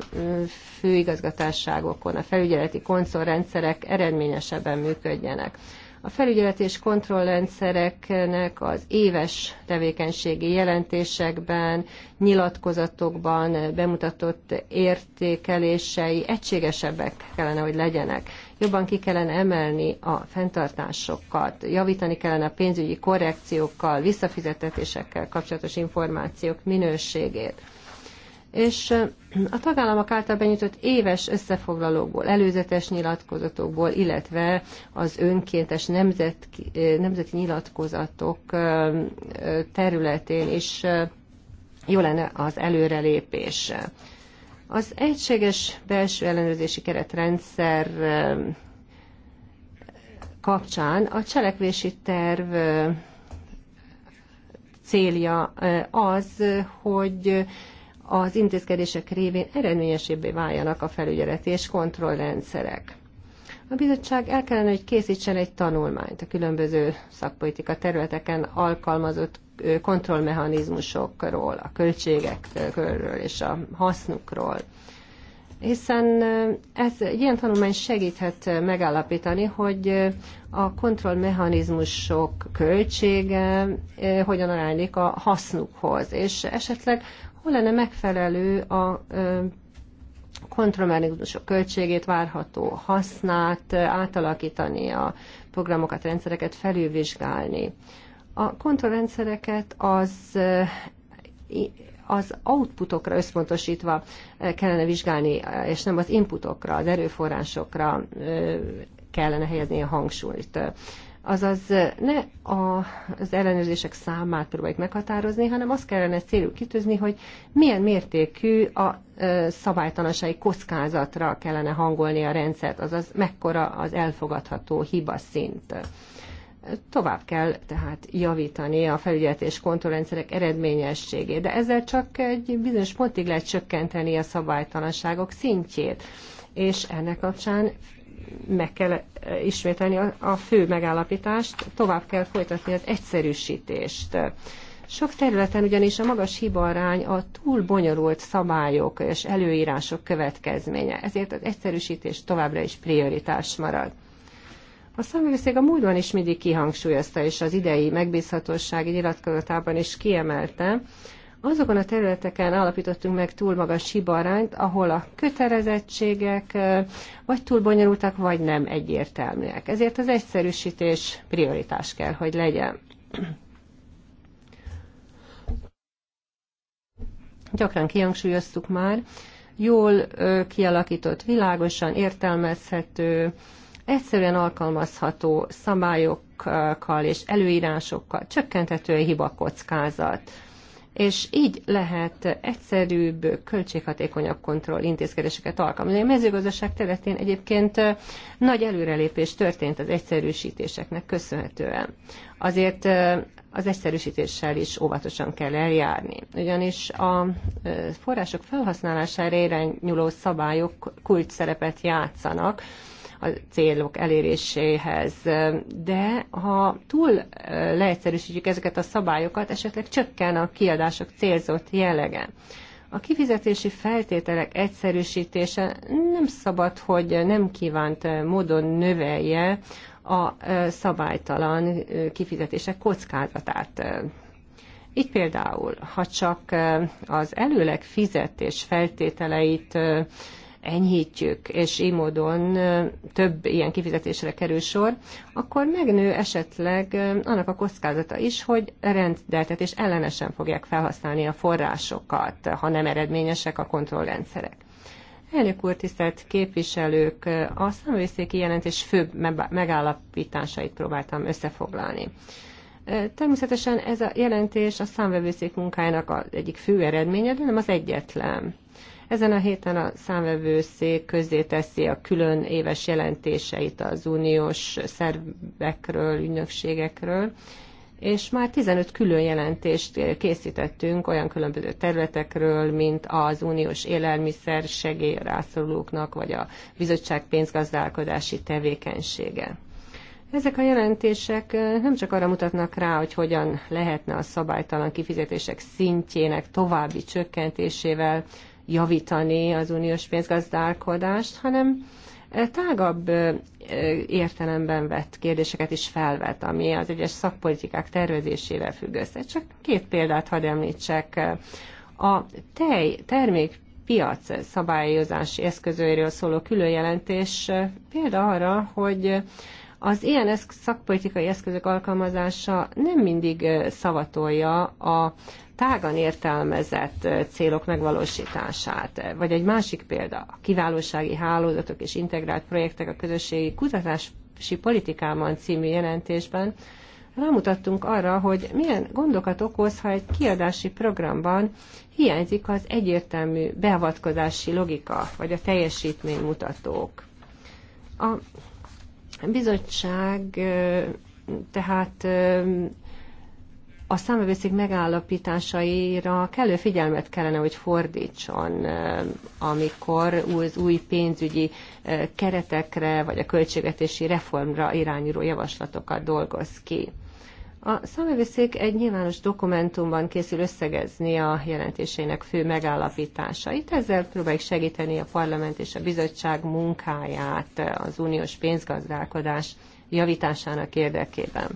főigazgatásságokon, a felügyeleti konzolrendszerek eredményesebben működjenek. A felügyeleti és kontrollrendszereknek az éves tevékenységi jelentésekben, nyilatkozatokban bemutatott értékelései egységesebbek kellene, hogy legyenek jobban ki kellene emelni a fenntartásokat, javítani kellene a pénzügyi korrekciókkal, visszafizetetésekkel kapcsolatos információk minőségét. És a tagállamok által benyújtott éves összefoglalókból, előzetes nyilatkozatokból, illetve az önkéntes nemzet, nemzeti nyilatkozatok területén is jó lenne az előrelépés. Az egységes belső ellenőrzési keretrendszer kapcsán a cselekvési terv célja az, hogy az intézkedések révén eredményesebbé váljanak a felügyeleti és kontrollrendszerek. A bizottság el kellene, hogy készítsen egy tanulmányt a különböző szakpolitika területeken alkalmazott kontrollmechanizmusokról, a költségekről és a hasznukról. Hiszen ez, egy ilyen tanulmány segíthet megállapítani, hogy a kontrollmechanizmusok költsége hogyan aránylik a hasznukhoz, és esetleg hol lenne megfelelő a kontrollmechanizmusok költségét, várható hasznát átalakítani, a programokat, rendszereket felülvizsgálni. A kontrollrendszereket az eh, az outputokra összpontosítva eh, kellene vizsgálni, eh, és nem az inputokra, az erőforrásokra kellene helyezni a hangsúlyt. Azaz ne a, az ellenőrzések számát próbáljuk meghatározni, hanem azt kellene célul kitűzni, hogy milyen mértékű a szabálytalansági kockázatra kellene hangolni a rendszert, azaz mekkora az elfogadható hiba szint. Tovább kell tehát javítani a felügyelet és kontrollrendszerek eredményességét, de ezzel csak egy bizonyos pontig lehet csökkenteni a szabálytalanságok szintjét, és ennek kapcsán meg kell eh, ismételni a fő megállapítást, tovább kell folytatni az egyszerűsítést. Sok területen ugyanis a magas hibarány a túl bonyolult szabályok és előírások következménye, ezért az egyszerűsítés továbbra is prioritás marad. A számvevőszék a múltban is mindig kihangsúlyozta, és az idei megbízhatósági nyilatkozatában is kiemelte, azokon a területeken alapítottunk meg túl magas hibarányt, ahol a kötelezettségek vagy túl bonyolultak, vagy nem egyértelműek. Ezért az egyszerűsítés prioritás kell, hogy legyen. Gyakran kihangsúlyoztuk már, jól kialakított, világosan értelmezhető, egyszerűen alkalmazható szabályokkal és előírásokkal csökkenthető a hibakockázat. és így lehet egyszerűbb, költséghatékonyabb kontroll intézkedéseket alkalmazni. A mezőgazdaság területén egyébként nagy előrelépés történt az egyszerűsítéseknek köszönhetően. Azért az egyszerűsítéssel is óvatosan kell eljárni, ugyanis a források felhasználására irányuló szabályok kulcs szerepet játszanak, a célok eléréséhez. De ha túl leegyszerűsítjük ezeket a szabályokat, esetleg csökken a kiadások célzott jellege. A kifizetési feltételek egyszerűsítése nem szabad, hogy nem kívánt módon növelje a szabálytalan kifizetések kockázatát. Így például, ha csak az előleg fizetés feltételeit enyhítjük, és így módon több ilyen kifizetésre kerül sor, akkor megnő esetleg annak a kockázata is, hogy rendeltetés ellenesen fogják felhasználni a forrásokat, ha nem eredményesek a kontrollrendszerek. Elnök úr, tisztelt képviselők, a számvészéki jelentés főbb megállapításait próbáltam összefoglalni. Természetesen ez a jelentés a számvevőszék munkájának az egyik fő eredménye, de nem az egyetlen. Ezen a héten a számvevőszék teszi a külön éves jelentéseit az uniós szervekről, ügynökségekről, és már 15 külön jelentést készítettünk olyan különböző területekről, mint az uniós élelmiszer segély rászorulóknak, vagy a bizottság pénzgazdálkodási tevékenysége. Ezek a jelentések nem csak arra mutatnak rá, hogy hogyan lehetne a szabálytalan kifizetések szintjének további csökkentésével javítani az uniós pénzgazdálkodást, hanem eh, tágabb eh, értelemben vett kérdéseket is felvet, ami az egyes szakpolitikák tervezésével függ össze. Csak két példát hadd említsek. Eh, a tej termék piac szabályozási eszközőiről szóló különjelentés példa arra, hogy az ilyen eszk- szakpolitikai eszközök alkalmazása nem mindig szavatolja a tágan értelmezett célok megvalósítását. Vagy egy másik példa, a kiválósági hálózatok és integrált projektek a közösségi kutatási politikában című jelentésben rámutattunk arra, hogy milyen gondokat okoz, ha egy kiadási programban hiányzik az egyértelmű beavatkozási logika, vagy a teljesítménymutatók. A bizottság tehát a számövőszék megállapításaira kellő figyelmet kellene, hogy fordítson, eh, amikor az új pénzügyi eh, keretekre vagy a költségvetési reformra irányuló javaslatokat dolgoz ki. A számövőszék egy nyilvános dokumentumban készül összegezni a jelentésének fő megállapításait, ezzel próbáljuk segíteni a parlament és a bizottság munkáját az uniós pénzgazdálkodás javításának érdekében.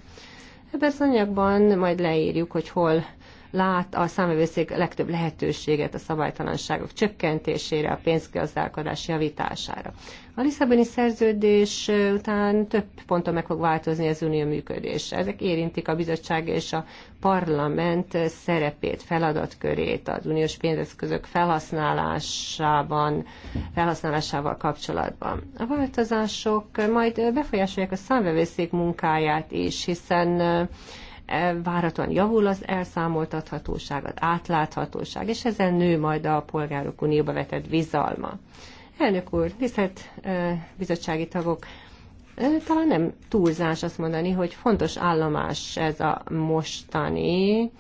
Hát Ebben az anyagban majd leírjuk, hogy hol lát a számövőszék legtöbb lehetőséget a szabálytalanságok csökkentésére, a pénzgazdálkodás javítására. A Lisszaboni szerződés után több ponton meg fog változni az unió működése. Ezek érintik a bizottság és a parlament szerepét, feladatkörét az uniós pénzeszközök felhasználásában, felhasználásával kapcsolatban. A változások majd befolyásolják a számvevőszék munkáját is, hiszen E, várhatóan javul az elszámoltathatóság, az átláthatóság, és ezen nő majd a polgárok unióba vetett bizalma. Elnök úr, tisztelt e, bizottsági tagok, e, talán nem túlzás azt mondani, hogy fontos állomás ez a mostani,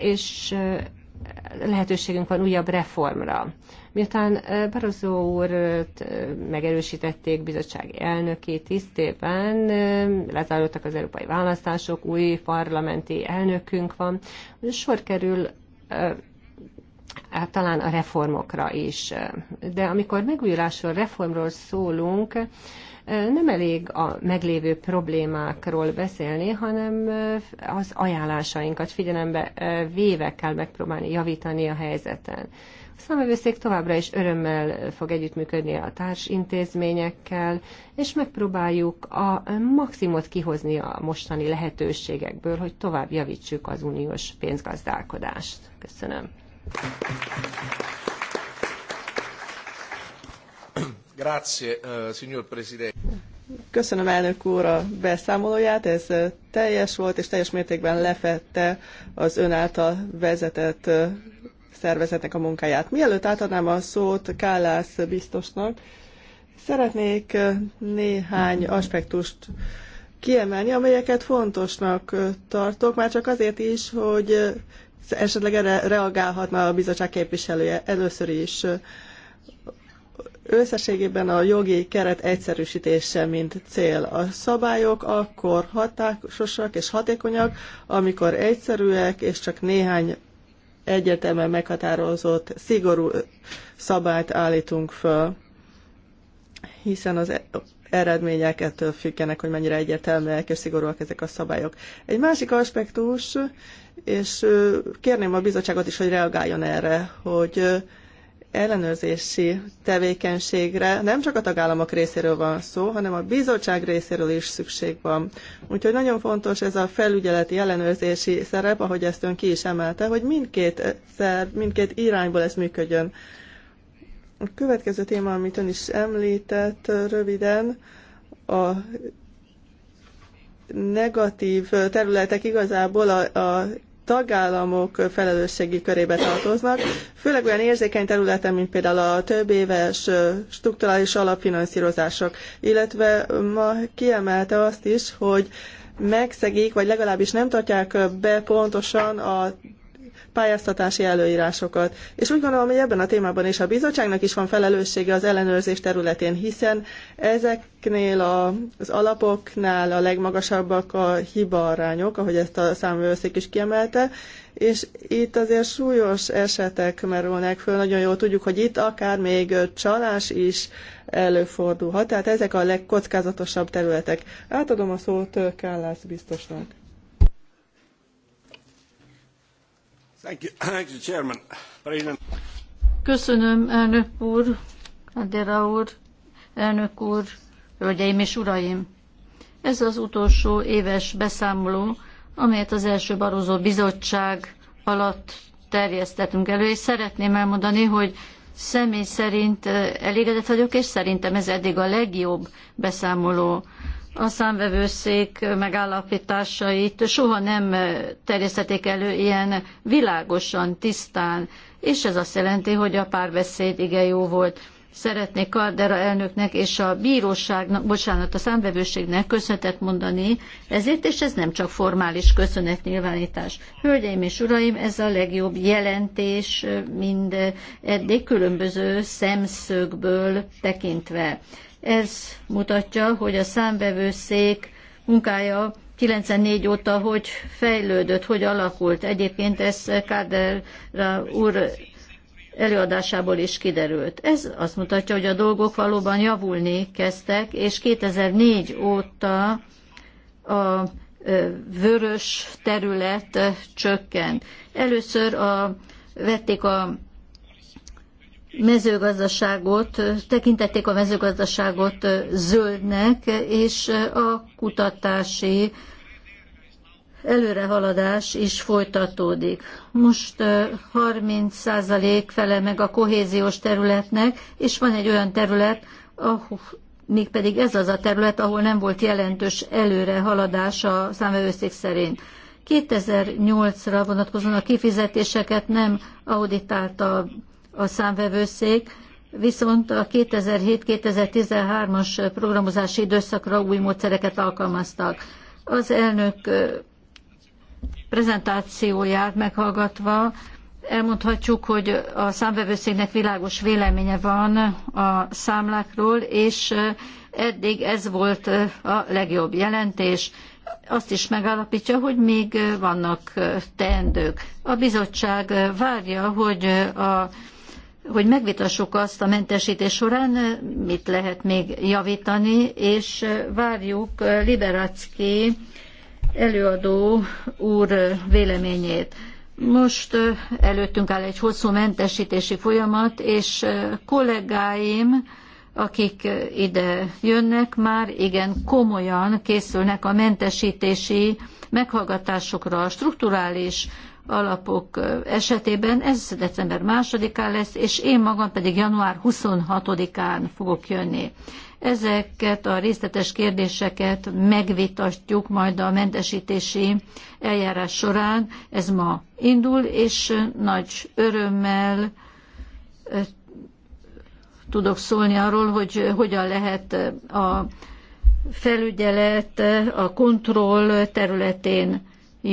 és lehetőségünk van újabb reformra. Miután Barozó úr megerősítették bizottság elnöki tisztében, lezárultak az európai választások, új parlamenti elnökünk van, sor kerül hát talán a reformokra is. De amikor megújulásról, reformról szólunk, nem elég a meglévő problémákról beszélni, hanem az ajánlásainkat figyelembe véve kell megpróbálni javítani a helyzeten számövőszék továbbra is örömmel fog együttműködni a társintézményekkel, és megpróbáljuk a maximumot kihozni a mostani lehetőségekből, hogy tovább javítsuk az uniós pénzgazdálkodást. Köszönöm. Grazie, eh, signor Presidente. Köszönöm elnök úr a beszámolóját, ez eh, teljes volt, és teljes mértékben lefette az ön által vezetett eh, szervezetnek a munkáját. Mielőtt átadnám a szót Kállász biztosnak, szeretnék néhány aspektust kiemelni, amelyeket fontosnak tartok, már csak azért is, hogy esetleg erre reagálhatna a bizottság képviselője először is. Összességében a jogi keret egyszerűsítése, mint cél. A szabályok akkor hatásosak és hatékonyak, amikor egyszerűek, és csak néhány egyértelműen meghatározott, szigorú szabályt állítunk föl, hiszen az eredmények ettől függenek, hogy mennyire egyértelműek és szigorúak ezek a szabályok. Egy másik aspektus, és kérném a bizottságot is, hogy reagáljon erre, hogy ellenőrzési tevékenységre nem csak a tagállamok részéről van szó, hanem a bizottság részéről is szükség van. Úgyhogy nagyon fontos ez a felügyeleti ellenőrzési szerep, ahogy ezt ön ki is emelte, hogy mindkét, szerv, mindkét irányból ez működjön. A következő téma, amit ön is említett röviden, a negatív területek igazából a, a tagállamok felelősségi körébe tartoznak, főleg olyan érzékeny területen, mint például a több éves strukturális alapfinanszírozások, illetve ma kiemelte azt is, hogy megszegik, vagy legalábbis nem tartják be pontosan a pályáztatási előírásokat. És úgy gondolom, hogy ebben a témában is a bizottságnak is van felelőssége az ellenőrzés területén, hiszen ezeknél a, az alapoknál a legmagasabbak a hibaarányok, ahogy ezt a számvőszék is kiemelte, és itt azért súlyos esetek merülnek föl, nagyon jól tudjuk, hogy itt akár még csalás is előfordulhat, tehát ezek a legkockázatosabb területek. Átadom a szót Kállász biztosnak. Thank you. Thank you, Chairman. President. Köszönöm, elnök úr, Adera úr, elnök úr, hölgyeim és uraim. Ez az utolsó éves beszámoló, amelyet az első Barozó Bizottság alatt terjesztettünk elő, és szeretném elmondani, hogy személy szerint elégedett vagyok, és szerintem ez eddig a legjobb beszámoló a számvevőszék megállapításait soha nem terjesztették elő ilyen világosan, tisztán, és ez azt jelenti, hogy a párbeszéd igen jó volt. Szeretnék Kardera elnöknek és a bíróságnak, bocsánat, a számvevőségnek köszönetet mondani ezért, és ez nem csak formális köszönetnyilvánítás. Hölgyeim és uraim, ez a legjobb jelentés mind eddig különböző szemszögből tekintve. Ez mutatja, hogy a számvevőszék munkája 94 óta hogy fejlődött, hogy alakult. Egyébként ez Káderra úr előadásából is kiderült. Ez azt mutatja, hogy a dolgok valóban javulni kezdtek, és 2004 óta a vörös terület csökkent. Először a, vették a mezőgazdaságot, tekintették a mezőgazdaságot zöldnek, és a kutatási előrehaladás is folytatódik. Most 30% fele meg a kohéziós területnek, és van egy olyan terület, ahol, mégpedig ez az a terület, ahol nem volt jelentős előrehaladás a számvevőszék szerint. 2008-ra vonatkozóan a kifizetéseket nem auditálta a számvevőszék, viszont a 2007-2013-as programozási időszakra új módszereket alkalmaztak. Az elnök prezentációját meghallgatva elmondhatjuk, hogy a számvevőszéknek világos véleménye van a számlákról, és eddig ez volt a legjobb jelentés. Azt is megállapítja, hogy még vannak teendők. A bizottság várja, hogy a hogy megvitassuk azt a mentesítés során, eh, mit lehet még javítani, és eh, várjuk eh, Liberacki előadó úr véleményét. Most előttünk áll egy hosszú mentesítési folyamat, és kollégáim, akik ide jönnek, már igen komolyan készülnek a mentesítési meghallgatásokra, a strukturális alapok esetében. Ez december másodikán lesz, és én magam pedig január 26-án fogok jönni. Ezeket a részletes kérdéseket megvitatjuk majd a mentesítési eljárás során. Ez ma indul, és nagy örömmel tudok szólni arról, hogy hogyan lehet a felügyelet a kontroll területén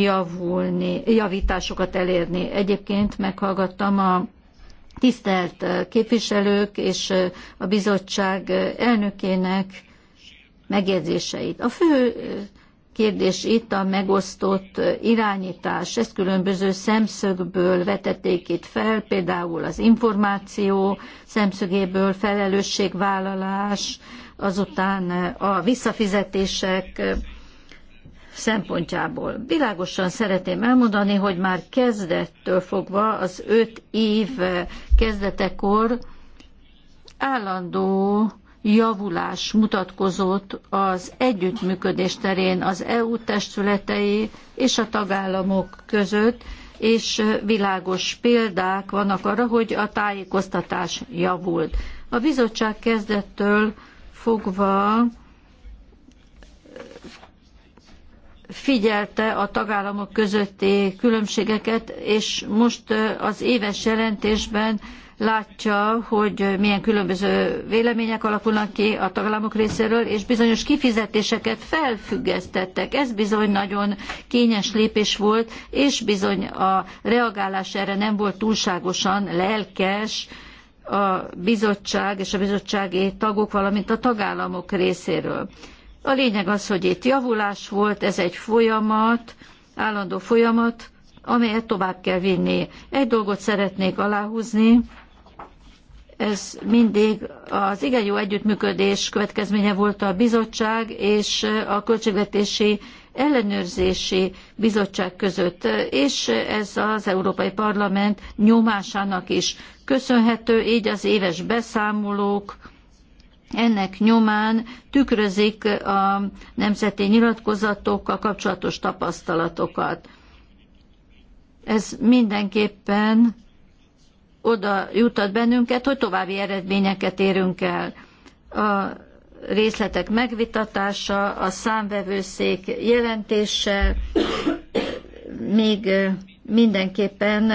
javulni, javításokat elérni. Egyébként meghallgattam a tisztelt képviselők és a bizottság elnökének megjegyzéseit. A fő kérdés itt a megosztott irányítás. Ezt különböző szemszögből vetették itt fel, például az információ szemszögéből felelősségvállalás, azután a visszafizetések szempontjából. Világosan szeretném elmondani, hogy már kezdettől fogva, az öt év kezdetekor állandó javulás mutatkozott az együttműködés terén az EU testületei és a tagállamok között, és világos példák vannak arra, hogy a tájékoztatás javult. A bizottság kezdettől fogva figyelte a tagállamok közötti különbségeket, és most az éves jelentésben látja, hogy milyen különböző vélemények alakulnak ki a tagállamok részéről, és bizonyos kifizetéseket felfüggesztettek. Ez bizony nagyon kényes lépés volt, és bizony a reagálás erre nem volt túlságosan lelkes a bizottság és a bizottsági tagok, valamint a tagállamok részéről. A lényeg az, hogy itt javulás volt, ez egy folyamat, állandó folyamat, amelyet tovább kell vinni. Egy dolgot szeretnék aláhúzni, ez mindig az igen jó együttműködés következménye volt a bizottság és a költségvetési ellenőrzési bizottság között, és ez az Európai Parlament nyomásának is köszönhető, így az éves beszámolók ennek nyomán tükrözik a nemzeti nyilatkozatokkal kapcsolatos tapasztalatokat. Ez mindenképpen oda jutat bennünket, hogy további eredményeket érünk el. A részletek megvitatása, a számvevőszék jelentése még mindenképpen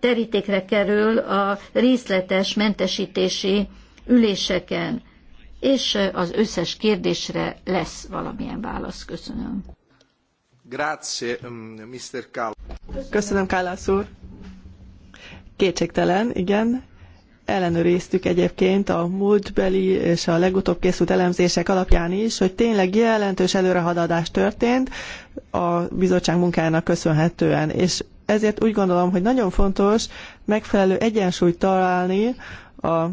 terítékre kerül a részletes mentesítési üléseken és az összes kérdésre lesz valamilyen válasz. Köszönöm. Grazie, Mr. Mm, Kall. Köszönöm, Kállász úr. Kétségtelen, igen. Ellenőriztük egyébként a múltbeli és a legutóbb készült elemzések alapján is, hogy tényleg jelentős előrehaladás történt a bizottság munkájának köszönhetően, és ezért úgy gondolom, hogy nagyon fontos megfelelő egyensúlyt találni a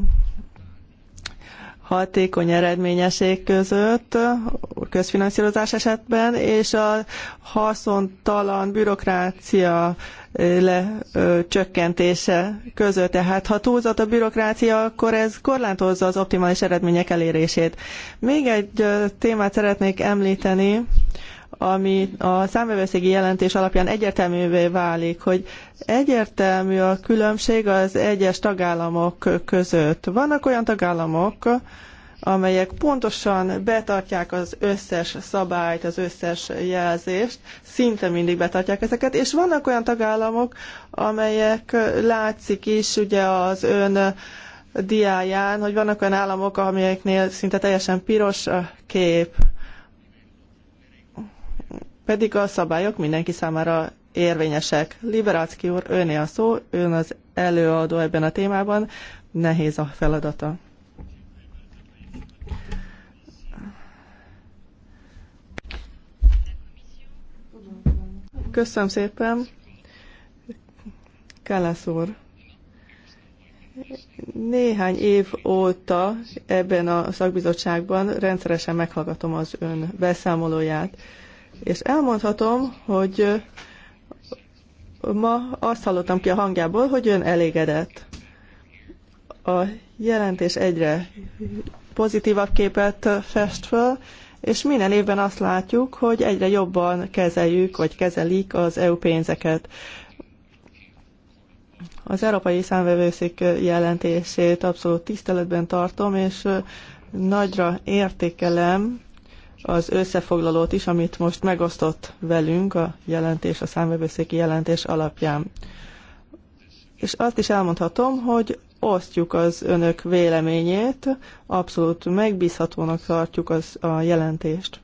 hatékony eredményesség között közfinanszírozás esetben, és a haszontalan bürokrácia eh, le, ö, csökkentése között. Tehát ha túlzott a bürokrácia, akkor ez korlátozza az optimális eredmények elérését. Még egy ö, témát szeretnék említeni, ami a számvevőszégi jelentés alapján egyértelművé válik, hogy egyértelmű a különbség az egyes tagállamok között. Vannak olyan tagállamok, amelyek pontosan betartják az összes szabályt, az összes jelzést, szinte mindig betartják ezeket, és vannak olyan tagállamok, amelyek látszik is ugye az ön diáján, hogy vannak olyan államok, amelyeknél szinte teljesen piros a kép pedig a szabályok mindenki számára érvényesek. Liberácki úr, öné a szó, ön az előadó ebben a témában, nehéz a feladata. Köszönöm szépen. Kálász úr. Néhány év óta ebben a szakbizottságban rendszeresen meghallgatom az ön beszámolóját és elmondhatom, hogy ma azt hallottam ki a hangjából, hogy ön elégedett. A jelentés egyre pozitívabb képet fest föl, és minden évben azt látjuk, hogy egyre jobban kezeljük, vagy kezelik az EU pénzeket. Az Európai Számvevőszék jelentését abszolút tiszteletben tartom, és nagyra értékelem az összefoglalót is, amit most megosztott velünk a jelentés, a számvevőszéki jelentés alapján. És azt is elmondhatom, hogy osztjuk az önök véleményét, abszolút megbízhatónak tartjuk az, a jelentést.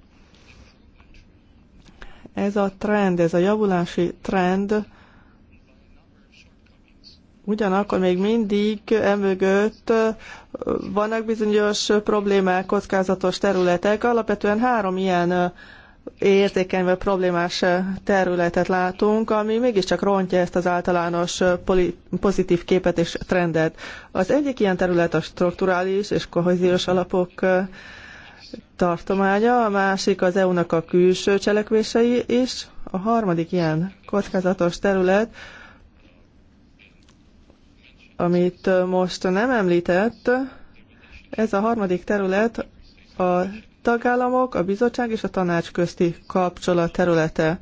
Ez a trend, ez a javulási trend Ugyanakkor még mindig emögött vannak bizonyos problémák, kockázatos területek. Alapvetően három ilyen érzékeny vagy problémás területet látunk, ami mégiscsak rontja ezt az általános pozitív képet és trendet. Az egyik ilyen terület a strukturális és kohéziós alapok tartománya, a másik az EU-nak a külső cselekvései is, a harmadik ilyen kockázatos terület amit most nem említett, ez a harmadik terület a tagállamok, a bizottság és a tanács közti kapcsolat területe.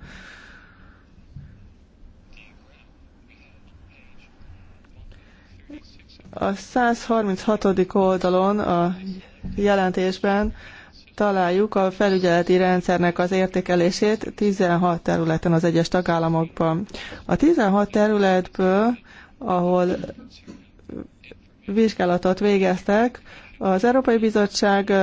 A 136. oldalon a jelentésben találjuk a felügyeleti rendszernek az értékelését 16 területen az egyes tagállamokban. A 16 területből ahol vizsgálatot végeztek. Az Európai Bizottság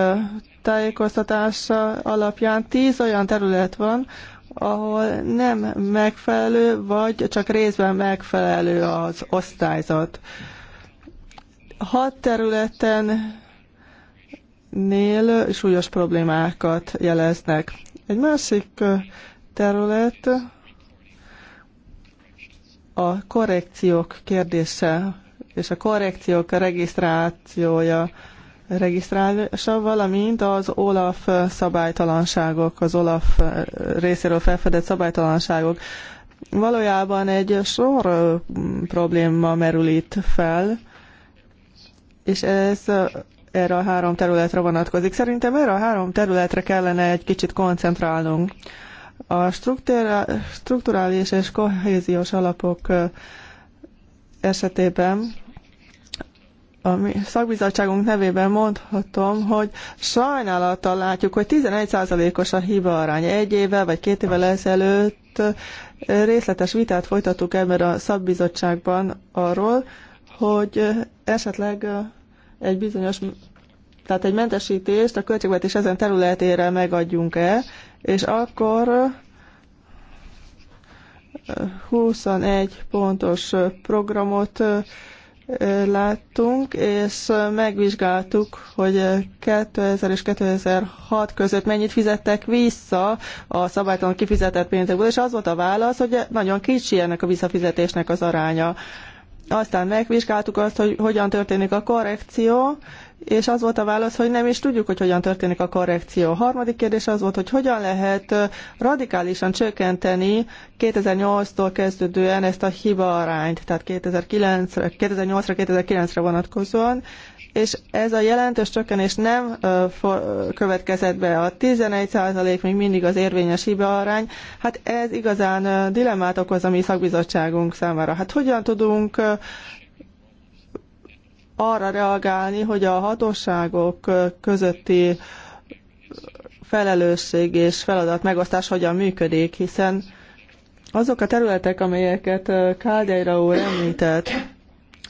tájékoztatása alapján tíz olyan terület van, ahol nem megfelelő, vagy csak részben megfelelő az osztályzat. Hat területen nél súlyos problémákat jeleznek. Egy másik terület a korrekciók kérdése és a korrekciók a regisztrációja regisztrálása, valamint az OLAF szabálytalanságok, az OLAF részéről felfedett szabálytalanságok. Valójában egy sor probléma merül itt fel, és ez erre a három területre vonatkozik. Szerintem erre a három területre kellene egy kicsit koncentrálnunk. A strukturális és kohéziós alapok esetében a mi szakbizottságunk nevében mondhatom, hogy sajnálattal látjuk, hogy 11%-os a hiba arány. Egy évvel vagy két évvel ezelőtt részletes vitát folytattuk ebben a szakbizottságban arról, hogy esetleg egy bizonyos, tehát egy mentesítést a költségvetés ezen területére megadjunk-e, és akkor 21 eh, pontos eh, programot eh, láttunk, és megvizsgáltuk, hogy 2000 és 2006 között mennyit fizettek vissza a szabálytalan kifizetett pénzekből, és az volt a válasz, hogy nagyon kicsi ennek a visszafizetésnek az aránya. Aztán megvizsgáltuk azt, hogy hogyan történik a korrekció, és az volt a válasz, hogy nem is tudjuk, hogy hogyan történik a korrekció. A harmadik kérdés az volt, hogy hogyan lehet radikálisan csökkenteni 2008-tól kezdődően ezt a hiba arányt, tehát 2009-re, 2008-ra, 2009-re vonatkozóan, és ez a jelentős csökkenés nem következett be. A 11% még mindig az érvényes hibaarány. Hát ez igazán dilemmát okoz a mi szakbizottságunk számára. Hát hogyan tudunk arra reagálni, hogy a hatóságok közötti felelősség és feladat megosztás hogyan működik, hiszen azok a területek, amelyeket Káldeira úr említett,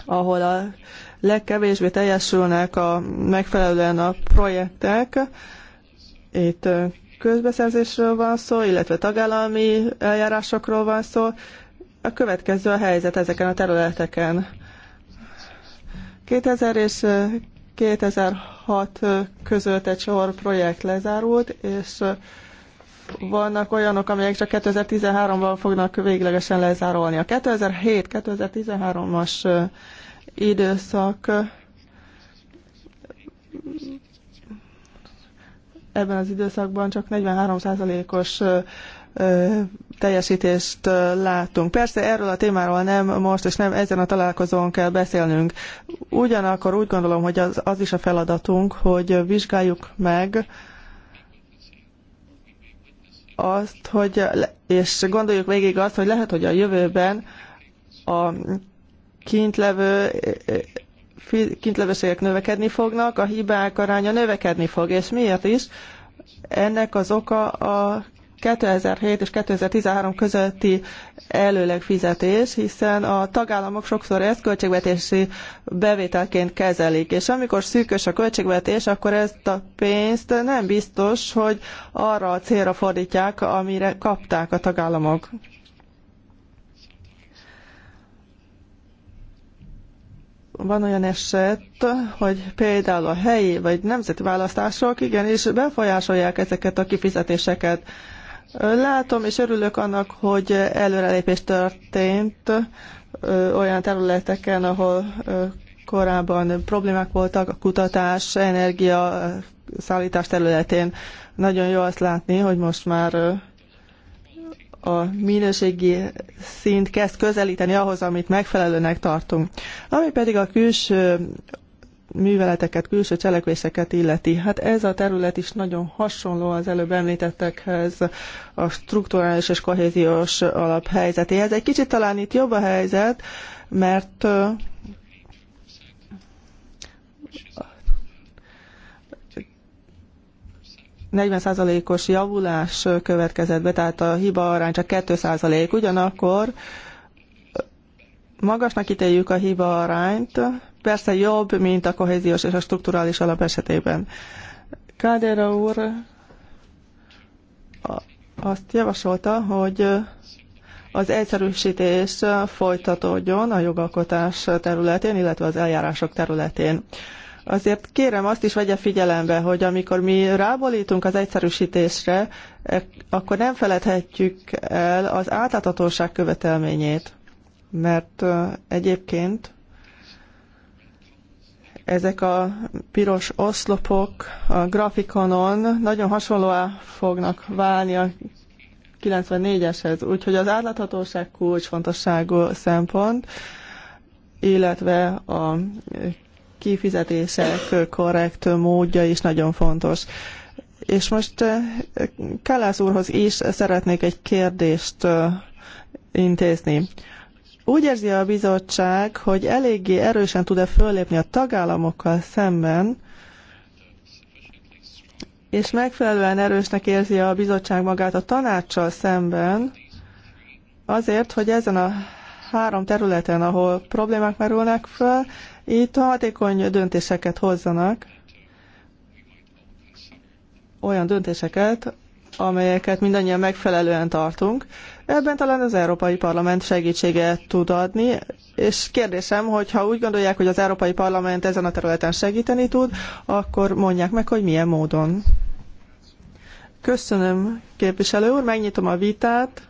ahol a legkevésbé teljesülnek a megfelelően a projektek, itt közbeszerzésről van szó, illetve tagállami eljárásokról van szó. A következő a helyzet ezeken a területeken 2000 és 2006 között egy sor projekt lezárult, és vannak olyanok, amelyek csak 2013-ban fognak véglegesen lezárolni. A 2007-2013-as időszak ebben az időszakban csak 43%-os teljesítést látunk. Persze erről a témáról nem most, és nem ezen a találkozón kell beszélnünk. Ugyanakkor úgy gondolom, hogy az, az is a feladatunk, hogy vizsgáljuk meg, azt, hogy, és gondoljuk végig azt, hogy lehet, hogy a jövőben a kintlevő kintlevőségek növekedni fognak, a hibák aránya növekedni fog, és miért is? Ennek az oka a 2007 és 2013 közötti előleg fizetés, hiszen a tagállamok sokszor ezt költségvetési bevételként kezelik, és amikor szűkös a költségvetés, akkor ezt a pénzt nem biztos, hogy arra a célra fordítják, amire kapták a tagállamok. van olyan eset, hogy például a helyi vagy nemzeti választások igenis befolyásolják ezeket a kifizetéseket. Látom és örülök annak, hogy előrelépés történt olyan területeken, ahol korábban problémák voltak, a kutatás, energia, szállítás területén. Nagyon jó azt látni, hogy most már a minőségi szint kezd közelíteni ahhoz, amit megfelelőnek tartunk. Ami pedig a külső műveleteket, külső cselekvéseket illeti. Hát ez a terület is nagyon hasonló az előbb említettekhez, a strukturális és kohéziós alap Egy kicsit talán itt jobb a helyzet, mert uh, 40%-os javulás következett be, tehát a hiba arány csak 2%, ugyanakkor magasnak ítéljük a hiba arányt, persze jobb, mint a kohéziós és a strukturális alap esetében. Kádéra úr azt javasolta, hogy az egyszerűsítés folytatódjon a jogalkotás területén, illetve az eljárások területén. Azért kérem azt is vegye figyelembe, hogy amikor mi rábolítunk az egyszerűsítésre, e- akkor nem feledhetjük el az átláthatóság követelményét mert egyébként ezek a piros oszlopok a grafikonon nagyon hasonlóan fognak válni a 94-eshez, úgyhogy az átláthatóság kulcsfontosságú szempont, illetve a kifizetések korrekt módja is nagyon fontos. És most Kalász úrhoz is szeretnék egy kérdést intézni. Úgy érzi a bizottság, hogy eléggé erősen tud-e föllépni a tagállamokkal szemben, és megfelelően erősnek érzi a bizottság magát a tanácssal szemben, azért, hogy ezen a három területen, ahol problémák merülnek föl, itt hatékony döntéseket hozzanak, olyan döntéseket, amelyeket mindannyian megfelelően tartunk, Ebben talán az Európai Parlament segítséget tud adni, és kérdésem, hogy ha úgy gondolják, hogy az Európai Parlament ezen a területen segíteni tud, akkor mondják meg, hogy milyen módon. Köszönöm, képviselő úr, megnyitom a vitát.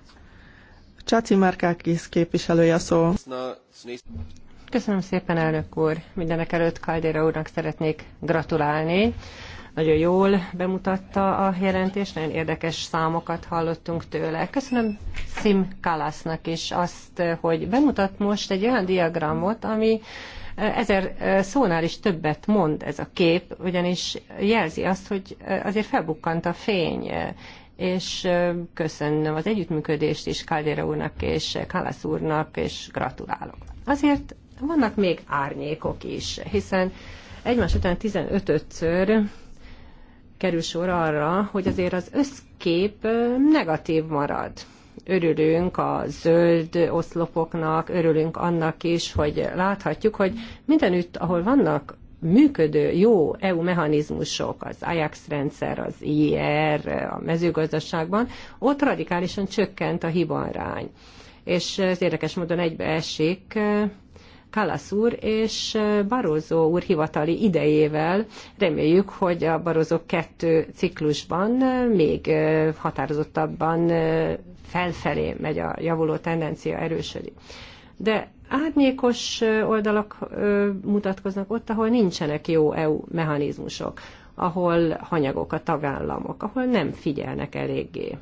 Csáci Márkákis képviselője szó. Köszönöm szépen, elnök úr. Mindenek előtt Kaldéra úrnak szeretnék gratulálni nagyon jól bemutatta a jelentést, nagyon érdekes számokat hallottunk tőle. Köszönöm Sim Kalasznak is azt, hogy bemutat most egy olyan diagramot, ami eh, ezer eh, szónál is többet mond ez a kép, ugyanis jelzi azt, hogy eh, azért felbukkant a fény, és köszönöm az együttműködést is Caldera úrnak és Kalasz úrnak, és gratulálok. Azért vannak még árnyékok is, hiszen egymás után 15-ször kerül sor arra, hogy azért az összkép negatív marad. Örülünk a zöld oszlopoknak, örülünk annak is, hogy láthatjuk, hogy mindenütt, ahol vannak működő jó EU mechanizmusok, az Ajax rendszer, az IR, e a mezőgazdaságban, ott radikálisan csökkent a hibarány. És ez érdekes módon egybeesik Kalasz úr és Barozó úr hivatali idejével. Reméljük, hogy a Barozó kettő ciklusban még határozottabban felfelé megy a javuló tendencia, erősödik. De árnyékos oldalak mutatkoznak ott, ahol nincsenek jó EU mechanizmusok, ahol hanyagok a tagállamok, ahol nem figyelnek eléggé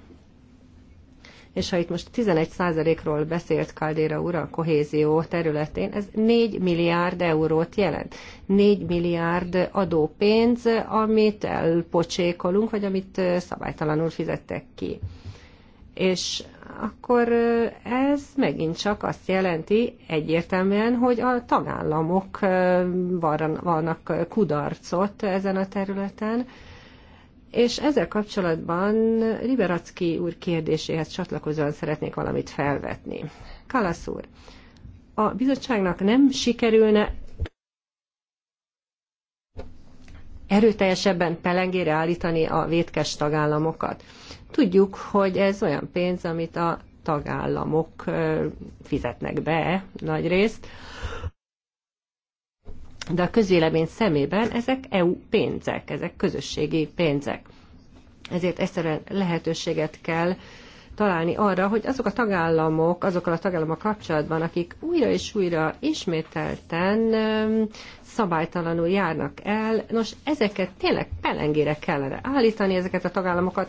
és ha itt most 11%-ról beszélt Caldera úr a kohézió területén, ez 4 milliárd eurót jelent. 4 milliárd adópénz, amit elpocsékolunk, vagy amit szabálytalanul fizettek ki. És akkor ez megint csak azt jelenti egyértelműen, hogy a tagállamok vannak kudarcot ezen a területen, és ezzel kapcsolatban Liberacki úr kérdéséhez csatlakozóan szeretnék valamit felvetni. Kalasz úr, a bizottságnak nem sikerülne erőteljesebben pelengére állítani a vétkes tagállamokat. Tudjuk, hogy ez olyan pénz, amit a tagállamok fizetnek be nagy részt de a közvélemény szemében ezek EU pénzek, ezek közösségi pénzek. Ezért egyszerűen lehetőséget kell találni arra, hogy azok a tagállamok, azokkal a tagállamok kapcsolatban, akik újra és újra ismételten szabálytalanul járnak el, nos, ezeket tényleg pelengére kellene állítani, ezeket a tagállamokat.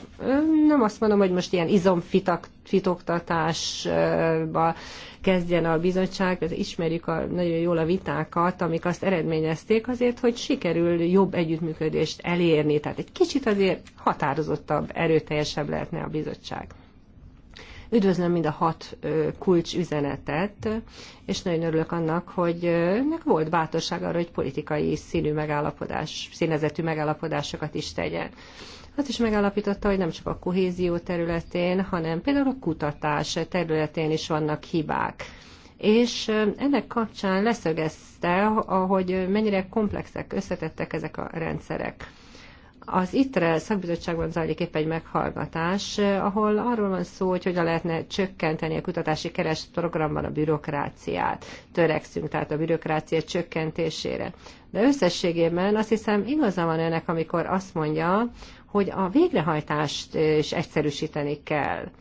Nem azt mondom, hogy most ilyen izomfitoktatásba kezdjen a bizottság, az ismerjük a, nagyon jól a vitákat, amik azt eredményezték azért, hogy sikerül jobb együttműködést elérni. Tehát egy kicsit azért határozottabb, erőteljesebb lehetne a bizottság. Üdvözlöm mind a hat kulcs üzenetet, és nagyon örülök annak, hogy nek volt bátorság arra, hogy politikai színű megállapodás, színezetű megállapodásokat is tegyen azt hát is megállapította, hogy nem csak a kohézió területén, hanem például a kutatás területén is vannak hibák. És ennek kapcsán leszögezte, ahogy mennyire komplexek, összetettek ezek a rendszerek. Az ITRE szakbizottságban zajlik épp egy meghallgatás, ahol arról van szó, hogy hogyan lehetne csökkenteni a kutatási keres programban a bürokráciát. Törekszünk tehát a bürokrácia csökkentésére. De összességében azt hiszem igaza van önnek, amikor azt mondja, hogy a végrehajtást is egyszerűsíteni kell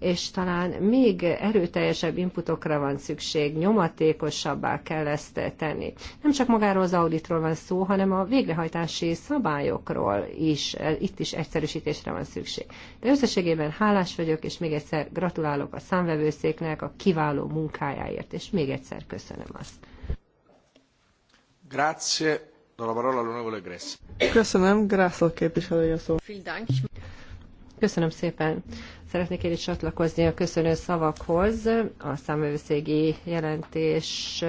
és talán még erőteljesebb inputokra van szükség, nyomatékosabbá kell ezt tenni. Nem csak magáról az auditról van szó, hanem a végrehajtási szabályokról is, itt is egyszerűsítésre van szükség. De összességében hálás vagyok, és még egyszer gratulálok a számvevőszéknek a kiváló munkájáért, és még egyszer köszönöm azt. Grazie. Köszönöm, Grászl képviselője szó. Köszönöm szépen. Szeretnék én is csatlakozni a köszönő szavakhoz. A számövőszégi jelentés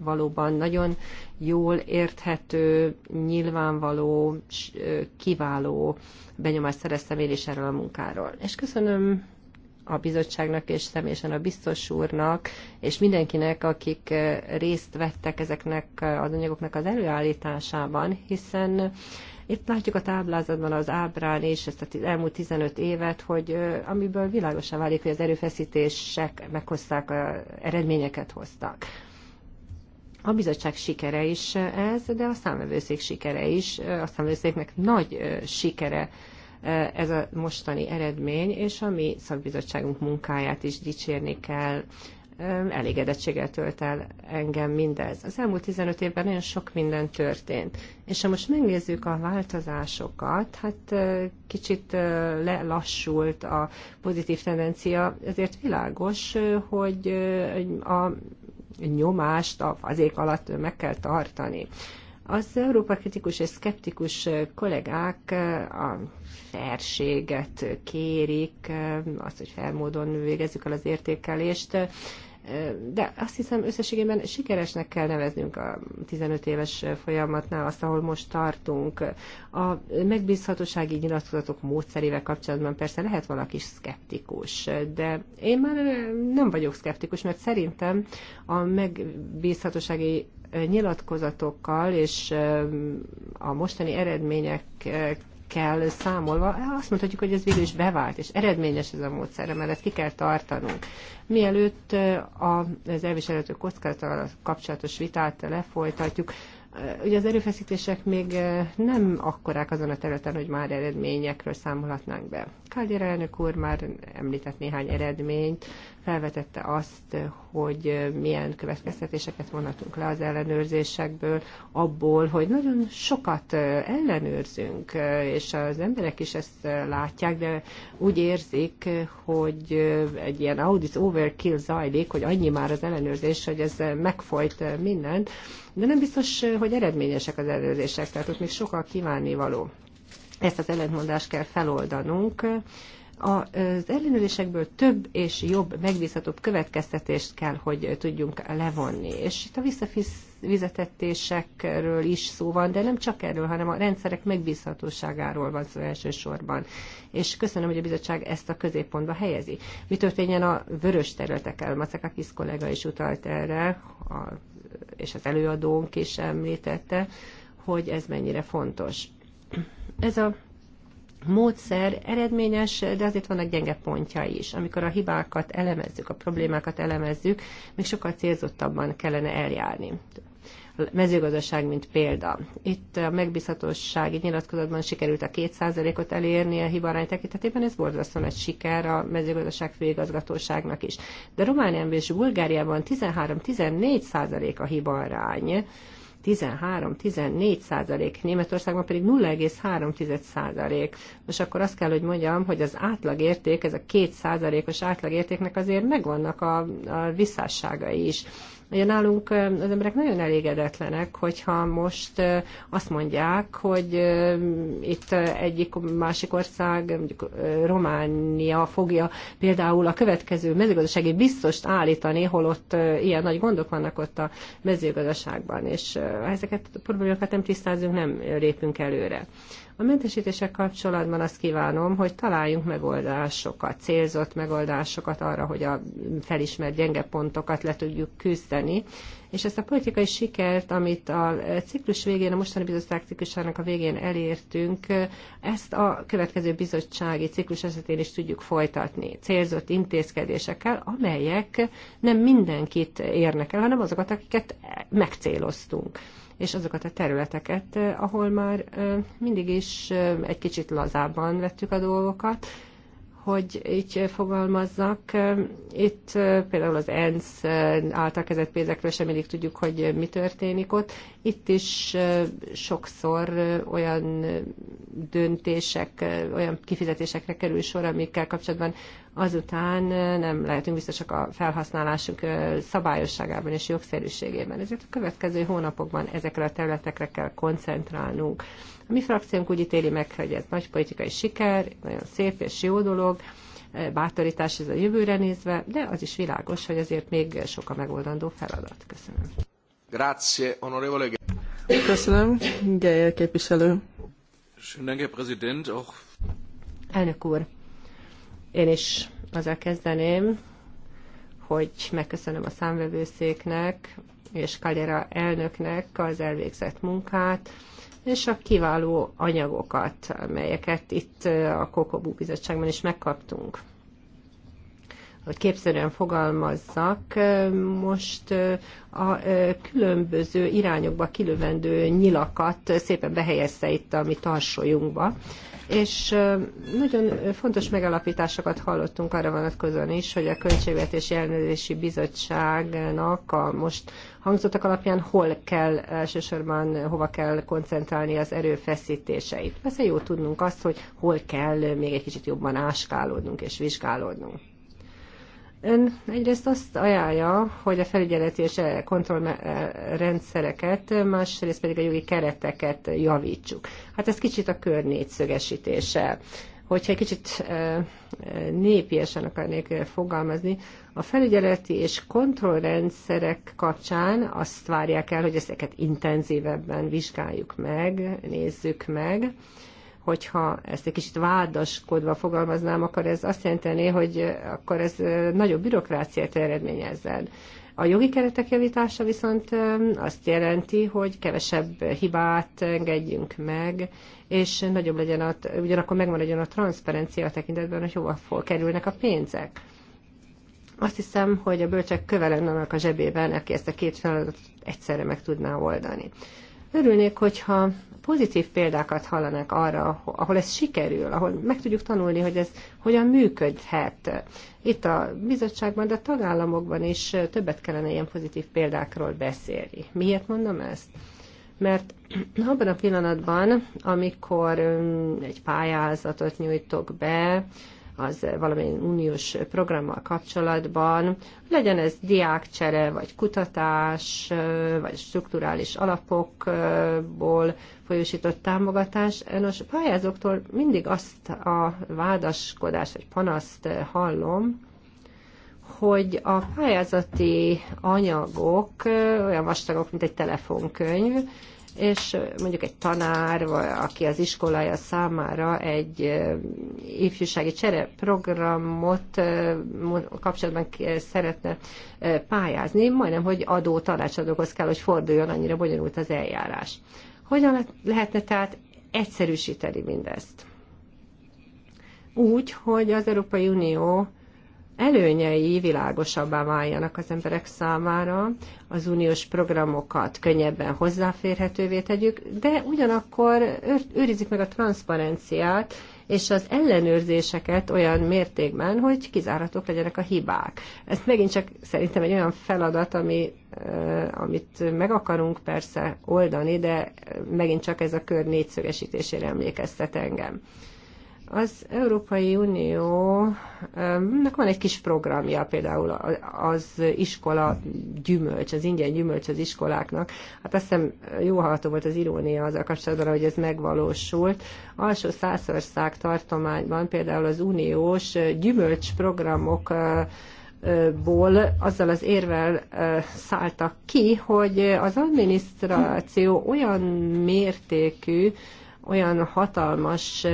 valóban nagyon jól érthető, nyilvánvaló, kiváló benyomást szereztem én is erről a munkáról. És köszönöm a bizottságnak és személyesen a biztos úrnak, és mindenkinek, akik eh, részt vettek ezeknek eh, az anyagoknak az előállításában, hiszen eh, itt látjuk a táblázatban az ábrán és ezt az elmúlt 15 évet, hogy amiből világosan válik, hogy az erőfeszítések meghozták, eredményeket hoztak. A bizottság sikere is ez, de a számvevőszék sikere is, a számvevőszéknek nagy sikere ez a mostani eredmény, és a mi szakbizottságunk munkáját is dicsérni kell Elégedettséget tölt el engem mindez. Az elmúlt 15 évben nagyon sok minden történt. És ha most megnézzük a változásokat, hát kicsit lelassult a pozitív tendencia, ezért világos, hogy a nyomást a fazék alatt meg kell tartani. Az Európa kritikus és szkeptikus kollégák a felséget kérik, azt, hogy felmódon végezzük el az értékelést, de azt hiszem összességében sikeresnek kell neveznünk a 15 éves folyamatnál azt, ahol most tartunk. A megbízhatósági nyilatkozatok módszerével kapcsolatban persze lehet valaki szkeptikus, de én már nem vagyok szkeptikus, mert szerintem a megbízhatósági nyilatkozatokkal és a mostani eredményekkel számolva eh, azt mondhatjuk, hogy ez végül is bevált, és eredményes ez a módszer, emellett ki kell tartanunk. Mielőtt az elviselhető kockázattal kapcsolatos vitát lefolytatjuk, Ugye az erőfeszítések még nem akkorák azon a területen, hogy már eredményekről számolhatnánk be. Kaldéra elnök úr már említett néhány eredményt, felvetette azt, hogy milyen következtetéseket vonatunk le az ellenőrzésekből, abból, hogy nagyon sokat ellenőrzünk, és az emberek is ezt látják, de úgy érzik, hogy egy ilyen audit overkill zajlik, hogy annyi már az ellenőrzés, hogy ez megfolyt mindent, de nem biztos, hogy eredményesek az ellenőrzések, tehát ott még sokkal kívánnivaló. Ezt az ellentmondást kell feloldanunk, az ellenőrzésekből több és jobb, megbízhatóbb következtetést kell, hogy tudjunk levonni. És itt a visszafizetetésekről is szó van, de nem csak erről, hanem a rendszerek megbízhatóságáról van szó elsősorban. És köszönöm, hogy a bizottság ezt a középpontba helyezi. Mi történjen a vörös területekkel? Macekakis kollega is utalt erre, a, és az előadónk is említette, hogy ez mennyire fontos. Ez a módszer eredményes, de azért vannak gyenge pontjai is. Amikor a hibákat elemezzük, a problémákat elemezzük, még sokkal célzottabban kellene eljárni. A mezőgazdaság, mint példa. Itt a megbízhatósági nyilatkozatban sikerült a 2%-ot elérni a hibarány tekintetében, ez borzasztó egy siker a mezőgazdaság főigazgatóságnak is. De Romániában és Bulgáriában 13-14% a hibarány 13-14 százalék, Németországban pedig 0,3 százalék. Most akkor azt kell, hogy mondjam, hogy az átlagérték, ez a 2 százalékos átlagértéknek azért megvannak a, a visszásságai is. Ugye nálunk az emberek nagyon elégedetlenek, hogyha most azt mondják, hogy itt egyik másik ország, mondjuk Románia fogja például a következő mezőgazdasági biztost állítani, holott ilyen nagy gondok vannak ott a mezőgazdaságban, és ezeket a problémákat nem tisztázunk, nem lépünk előre. A mentesítések kapcsolatban azt kívánom, hogy találjunk megoldásokat, célzott megoldásokat arra, hogy a felismert gyenge pontokat le tudjuk küzdeni, és ezt a politikai sikert, amit a ciklus végén, a mostani bizottság ciklusának a végén elértünk, ezt a következő bizottsági ciklus esetén is tudjuk folytatni célzott intézkedésekkel, amelyek nem mindenkit érnek el, hanem azokat, akiket megcéloztunk és azokat a területeket, eh, ahol már eh, mindig is eh, egy kicsit lazábban vettük a dolgokat, hogy így fogalmazzak. Itt például az ENSZ által kezett pénzekről sem mindig tudjuk, hogy mi történik ott. Itt is sokszor olyan döntések, olyan kifizetésekre kerül sor, amikkel kapcsolatban azután nem lehetünk biztosak a felhasználásunk szabályosságában és jogszerűségében. Ezért a következő hónapokban ezekre a területekre kell koncentrálnunk. A mi frakciónk úgy ítéli meg, hogy ez nagy politikai siker, nagyon szép és jó dolog, e, bátorítás ez a jövőre nézve, de az is világos, hogy azért még sok a megoldandó feladat. Köszönöm. Grazie, onorevole. Köszönöm, Geyer képviselő. Elnök úr, én is azzal kezdeném, hogy megköszönöm a számvevőszéknek és Kalera elnöknek az elvégzett munkát, és a kiváló anyagokat, melyeket itt eh, a Kokobú Bizottságban is megkaptunk hogy képszerűen fogalmazzak, most a különböző irányokba kilövendő nyilakat szépen behelyezte itt a mi tarsolyunkba és nagyon fontos megalapításokat hallottunk arra vonatkozóan is, hogy a Költségvetési Ellenőrzési Bizottságnak a most hangzottak alapján hol kell elsősorban, hova kell koncentrálni az erőfeszítéseit. Persze jó tudnunk azt, hogy hol kell még egy kicsit jobban áskálódnunk és vizsgálódnunk. Ön egyrészt azt ajánlja, hogy a felügyeleti és e kontrollrendszereket, másrészt pedig a jogi kereteket javítsuk. Hát ez kicsit a kör szögesítése. Hogyha egy kicsit e, e, népiesen akarnék fogalmazni, a felügyeleti és kontrollrendszerek kapcsán azt várják el, hogy ezeket intenzívebben vizsgáljuk meg, nézzük meg, hogyha ezt egy kicsit vádaskodva fogalmaznám, akkor ez azt jelenteni, hogy akkor ez nagyobb bürokráciát eredményezzen. A jogi keretek javítása viszont azt jelenti, hogy kevesebb hibát engedjünk meg, és nagyobb legyen a, ugyanakkor megmaradjon a transzparencia tekintetben, hogy hova kerülnek a pénzek. Azt hiszem, hogy a bölcsek köve lenne annak a zsebében, aki ezt a két feladatot egyszerre meg tudná oldani. Örülnék, hogyha pozitív példákat hallanak arra, ahol ez sikerül, ahol meg tudjuk tanulni, hogy ez hogyan működhet. Itt a bizottságban, de a tagállamokban is többet kellene ilyen pozitív példákról beszélni. Miért mondom ezt? Mert [clears throat] abban a pillanatban, amikor um, egy pályázatot nyújtok be, az valamilyen uniós programmal kapcsolatban, legyen ez diákcsere, vagy kutatás, vagy strukturális alapokból folyósított támogatás. Nos, a pályázóktól mindig azt a vádaskodást, vagy panaszt hallom, hogy a pályázati anyagok olyan vastagok, mint egy telefonkönyv, és mondjuk egy tanár, vagy aki az iskolája számára egy ifjúsági csereprogramot kapcsolatban szeretne pályázni, majdnem, hogy adó tanácsadókhoz kell, hogy forduljon, annyira bonyolult az eljárás. Hogyan lehetne tehát egyszerűsíteni mindezt? Úgy, hogy az Európai Unió előnyei világosabbá váljanak az emberek számára, az uniós programokat könnyebben hozzáférhetővé tegyük, de ugyanakkor őrizik meg a transzparenciát, és az ellenőrzéseket olyan mértékben, hogy kizáratok legyenek a hibák. Ez megint csak szerintem egy olyan feladat, ami, amit meg akarunk persze oldani, de megint csak ez a kör négyszögesítésére emlékeztet engem. Az Európai Uniónak van egy kis programja, például az iskola gyümölcs, az ingyen gyümölcs az iskoláknak. Hát azt hiszem jó hallható volt az irónia azzal kapcsolatban, hogy ez megvalósult. Alsó százország tartományban például az uniós gyümölcs programok ból azzal az érvel szálltak ki, hogy az adminisztráció olyan mértékű, olyan hatalmas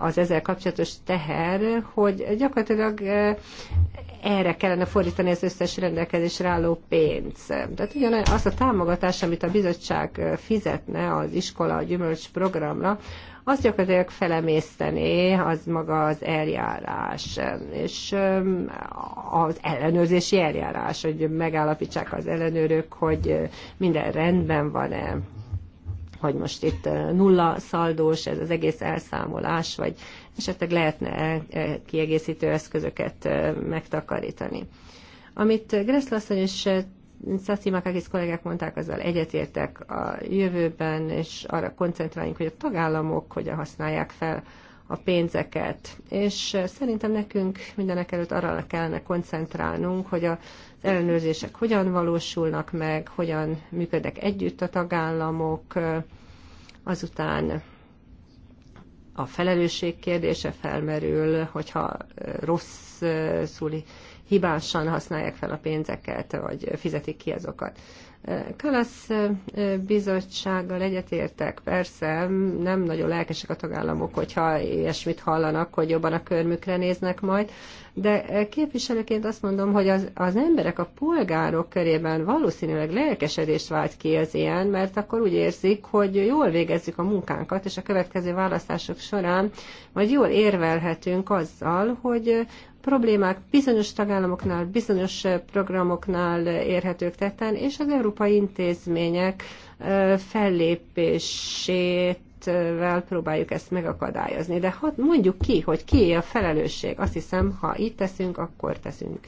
az ezzel kapcsolatos teher, hogy gyakorlatilag erre kellene fordítani az összes rendelkezésre álló pénz. Tehát ugyanazt a támogatást, amit a bizottság fizetne az iskola a gyümölcs programra, azt gyakorlatilag felemésztené az maga az eljárás, és az ellenőrzési eljárás, hogy megállapítsák az ellenőrök, hogy minden rendben van-e hogy most itt eh, nulla szaldós ez az egész elszámolás, vagy esetleg lehetne eh, eh, kiegészítő eszközöket megtakarítani. Amit Gressel asszony és Szaci Makakis kollégák mondták, azzal egyetértek a jövőben, és arra koncentráljunk, hogy a tagállamok hogyan használják fel a pénzeket. És szerintem nekünk mindenek előtt arra kellene koncentrálnunk, hogy a ellenőrzések hogyan valósulnak meg, hogyan működnek együtt a tagállamok, azután a felelősség kérdése felmerül, hogyha rossz szúli hibásan használják fel a pénzeket, vagy fizetik ki azokat. Kalasz bizottsággal egyetértek, persze nem nagyon lelkesek a tagállamok, hogyha ilyesmit hallanak, hogy jobban a körmükre néznek majd, de képviselőként azt mondom, hogy az, az emberek a polgárok körében valószínűleg lelkesedést vált ki az ilyen, mert akkor úgy érzik, hogy jól végezzük a munkánkat, és a következő választások során majd jól érvelhetünk azzal, hogy problémák bizonyos tagállamoknál, bizonyos eh, programoknál eh, érhetők tetten, és az európai intézmények eh, fellépését vel próbáljuk ezt megakadályozni. De ha mondjuk ki, hogy ki a felelősség. Azt hiszem, ha itt teszünk, akkor teszünk.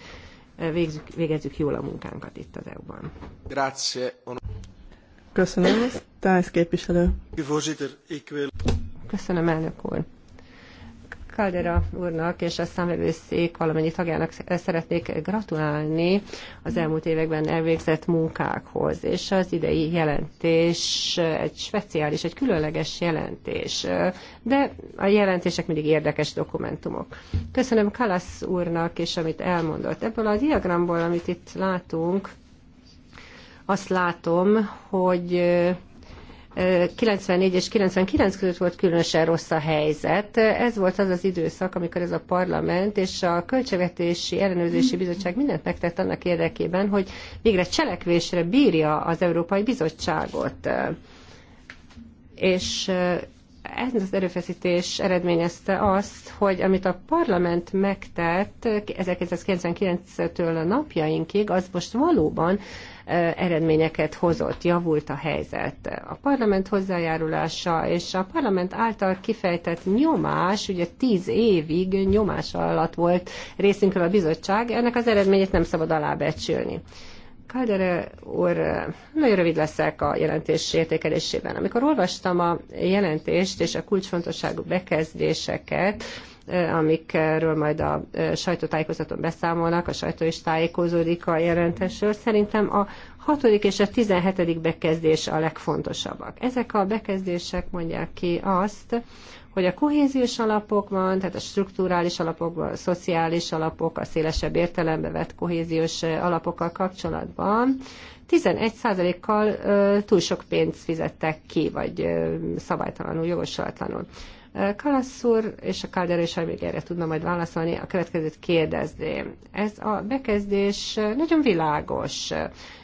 Végzük, végezzük jól a munkánkat itt az EU-ban. Grazie. Köszönöm, Tájsz képviselő. Köszönöm, elnök úr. Caldera úrnak és a számvevőszék valamennyi tagjának szeretnék gratulálni az elmúlt években elvégzett munkákhoz, és az idei jelentés egy speciális, egy különleges jelentés, de a jelentések mindig érdekes dokumentumok. Köszönöm Kalasz úrnak és amit elmondott. Ebből a diagramból, amit itt látunk, azt látom, hogy 94 és 99 között volt különösen rossz a helyzet. Ez volt az az időszak, amikor ez a parlament és a Költségvetési Ellenőrzési Bizottság mindent megtett annak érdekében, hogy végre cselekvésre bírja az Európai Bizottságot. És ez az erőfeszítés eredményezte azt, hogy amit a parlament megtett 1999-től a napjainkig, az most valóban eredményeket hozott, javult a helyzet. A parlament hozzájárulása és a parlament által kifejtett nyomás, ugye tíz évig nyomás alatt volt részünkről a bizottság, ennek az eredményét nem szabad alábecsülni. Kaldere úr, nagyon rövid leszek a jelentés értékelésében. Amikor olvastam a jelentést és a kulcsfontosságú bekezdéseket, amikről majd a sajtótájékozaton beszámolnak, a sajtó is tájékozódik a jelentésről. Szerintem a hatodik és a tizenhetedik bekezdés a legfontosabbak. Ezek a bekezdések mondják ki azt, hogy a kohéziós alapokban, tehát a strukturális alapokban, a szociális alapok, a szélesebb értelembe vett kohéziós alapokkal kapcsolatban 11%-kal túl sok pénzt fizettek ki, vagy szabálytalanul, jogosulatlanul. Kalasz úr és a Kálder és még erre tudna majd válaszolni, a következőt kérdezném. Ez a bekezdés nagyon világos.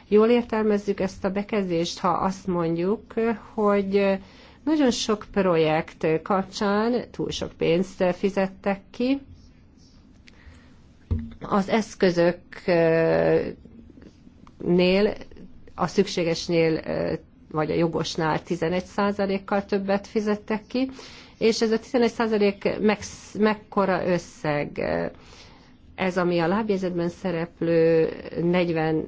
Jól értelmezzük ezt a bekezdést, ha azt mondjuk, hogy nagyon sok projekt kapcsán túl sok pénzt fizettek ki, az eszközöknél, a szükségesnél vagy a jogosnál 11%-kal többet fizettek ki, és ez a 11 százalék meg, mekkora összeg? Ez, ami a lábjegyzetben szereplő 40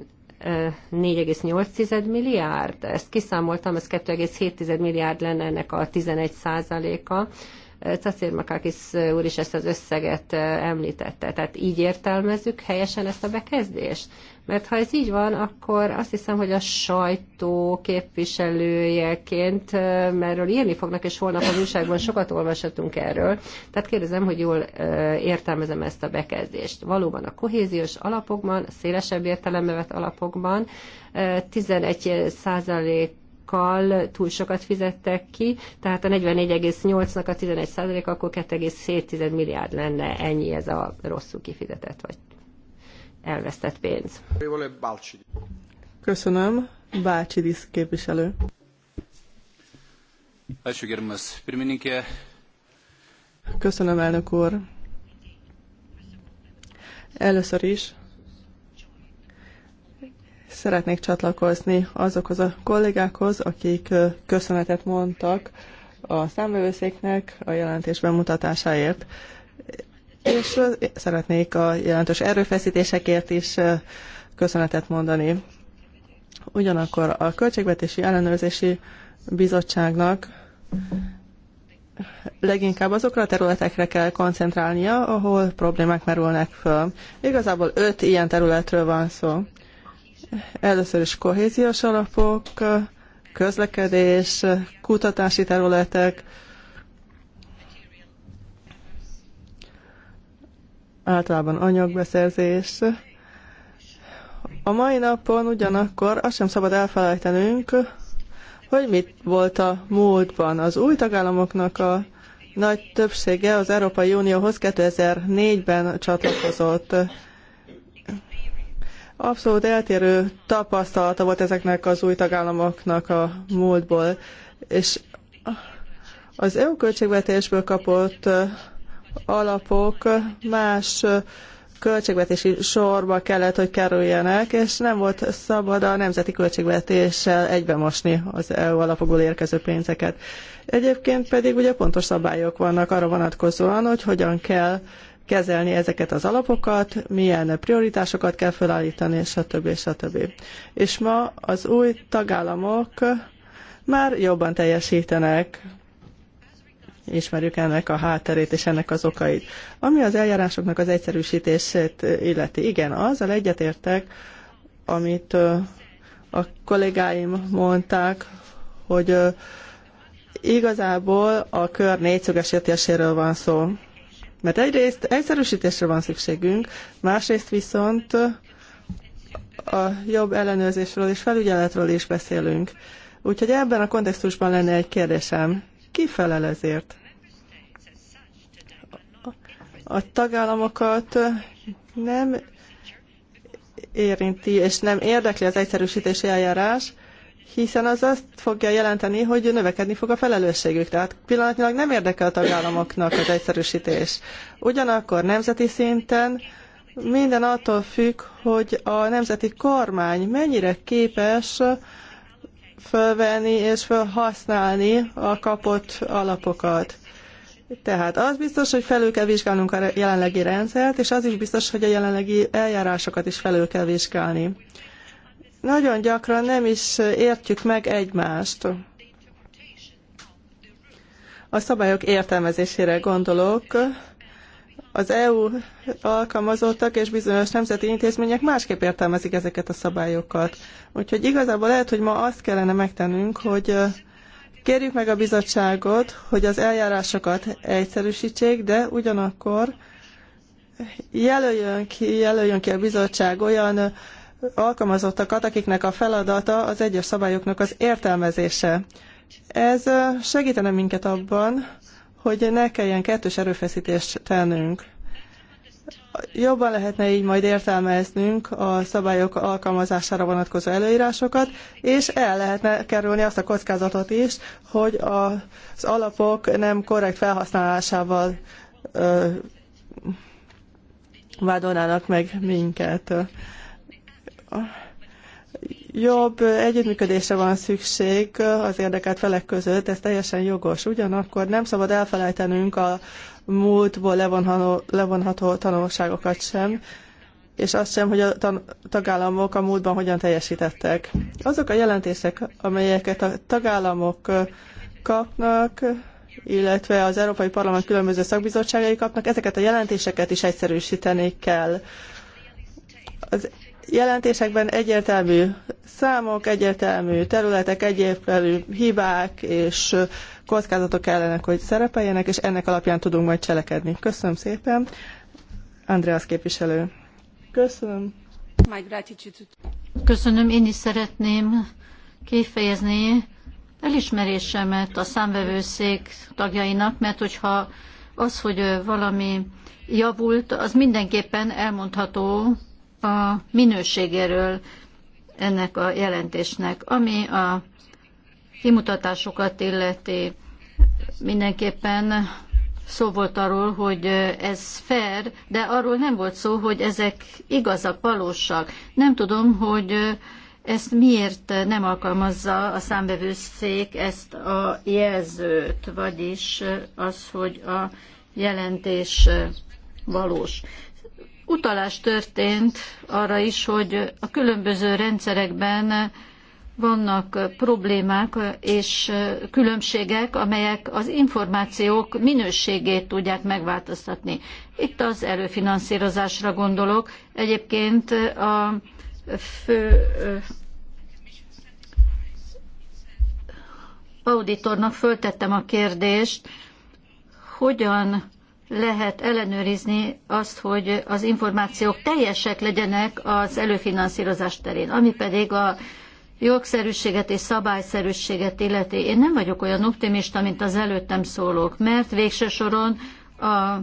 4,8 milliárd, ezt kiszámoltam, ez 2,7 milliárd lenne ennek a 11 százaléka. Cacér Makakis úr is ezt az összeget említette. Tehát így értelmezzük helyesen ezt a bekezdést? Mert ha ez így van, akkor azt hiszem, hogy a sajtó képviselőjeként, erről írni fognak, és holnap az újságban sokat olvashatunk erről. Tehát kérdezem, hogy jól értelmezem ezt a bekezdést. Valóban a kohéziós alapokban, a szélesebb értelembe vett alapokban 11 százalék túl sokat fizettek ki, tehát a 44,8-nak a 11 százalék, akkor 2,7 milliárd lenne ennyi ez a rosszul kifizetett vagy elvesztett pénz. Köszönöm. Bácsi Disz képviselő. Köszönöm, elnök úr. Először is szeretnék csatlakozni azokhoz a kollégákhoz, akik köszönetet mondtak a számvevőszéknek a jelentés bemutatásáért és szeretnék a jelentős erőfeszítésekért is köszönetet mondani. Ugyanakkor a Költségvetési Ellenőrzési Bizottságnak leginkább azokra a területekre kell koncentrálnia, ahol problémák merülnek föl. Igazából öt ilyen területről van szó. Először is kohéziós alapok, közlekedés, kutatási területek, általában anyagbeszerzés. A mai napon ugyanakkor azt sem szabad elfelejtenünk, hogy mit volt a múltban. Az új tagállamoknak a nagy többsége az Európai Unióhoz 2004-ben csatlakozott. Abszolút eltérő tapasztalata volt ezeknek az új tagállamoknak a múltból, és az EU költségvetésből kapott alapok más költségvetési sorba kellett, hogy kerüljenek, és nem volt szabad a nemzeti költségvetéssel egybemosni az EU alapokból érkező pénzeket. Egyébként pedig ugye pontos szabályok vannak arra vonatkozóan, hogy hogyan kell kezelni ezeket az alapokat, milyen prioritásokat kell felállítani, stb. stb. És ma az új tagállamok már jobban teljesítenek ismerjük ennek a hátterét és ennek az okait. Ami az eljárásoknak az egyszerűsítését illeti, igen, azzal egyetértek, amit a kollégáim mondták, hogy igazából a kör négyszögesítéséről van szó. Mert egyrészt egyszerűsítésre van szükségünk, másrészt viszont a jobb ellenőrzésről és felügyeletről is beszélünk. Úgyhogy ebben a kontextusban lenne egy kérdésem. Ki felel ezért? A tagállamokat nem érinti, és nem érdekli az egyszerűsítési eljárás, hiszen az azt fogja jelenteni, hogy növekedni fog a felelősségük. Tehát pillanatnyilag nem érdekel a tagállamoknak az egyszerűsítés. Ugyanakkor nemzeti szinten minden attól függ, hogy a nemzeti kormány mennyire képes fölvenni és felhasználni a kapott alapokat. Tehát az biztos, hogy felül kell vizsgálnunk a jelenlegi rendszert, és az is biztos, hogy a jelenlegi eljárásokat is felül kell vizsgálni. Nagyon gyakran nem is értjük meg egymást. A szabályok értelmezésére gondolok, az EU alkalmazottak és bizonyos nemzeti intézmények másképp értelmezik ezeket a szabályokat. Úgyhogy igazából lehet, hogy ma azt kellene megtennünk, hogy kérjük meg a bizottságot, hogy az eljárásokat egyszerűsítsék, de ugyanakkor jelöljön ki, jelöljön ki a bizottság olyan alkalmazottakat, akiknek a feladata az egyes szabályoknak az értelmezése. Ez segítene minket abban, hogy ne kelljen kettős erőfeszítést tennünk. Jobban lehetne így majd értelmeznünk a szabályok alkalmazására vonatkozó előírásokat, és el lehetne kerülni azt a kockázatot is, hogy az alapok nem korrekt felhasználásával ö, vádolnának meg minket. Jobb együttműködésre van szükség az érdekelt felek között, ez teljesen jogos. Ugyanakkor nem szabad elfelejtenünk a múltból levonható, levonható tanulságokat sem, és azt sem, hogy a tagállamok a múltban hogyan teljesítettek. Azok a jelentések, amelyeket a tagállamok kapnak, illetve az Európai Parlament különböző szakbizottságai kapnak, ezeket a jelentéseket is egyszerűsíteni kell. Az jelentésekben egyértelmű számok, egyértelmű területek, egyértelmű hibák és kockázatok ellenek, hogy szerepeljenek, és ennek alapján tudunk majd cselekedni. Köszönöm szépen. Andreas képviselő. Köszönöm. Köszönöm, én is szeretném kifejezni elismerésemet a számvevőszék tagjainak, mert hogyha az, hogy valami javult, az mindenképpen elmondható a minőségéről ennek a jelentésnek, ami a kimutatásokat illeti. Mindenképpen szó volt arról, hogy ez fair, de arról nem volt szó, hogy ezek igazak, valósak. Nem tudom, hogy ezt miért nem alkalmazza a számbevőszék ezt a jelzőt, vagyis az, hogy a jelentés valós utalás történt arra is, hogy a különböző rendszerekben vannak problémák és különbségek, amelyek az információk minőségét tudják megváltoztatni. Itt az előfinanszírozásra gondolok. Egyébként a fő auditornak föltettem a kérdést, hogyan lehet ellenőrizni azt, hogy az információk teljesek legyenek az előfinanszírozás terén, ami pedig a jogszerűséget és szabályszerűséget illeti. Én nem vagyok olyan optimista, mint az előttem szólók, mert végső soron a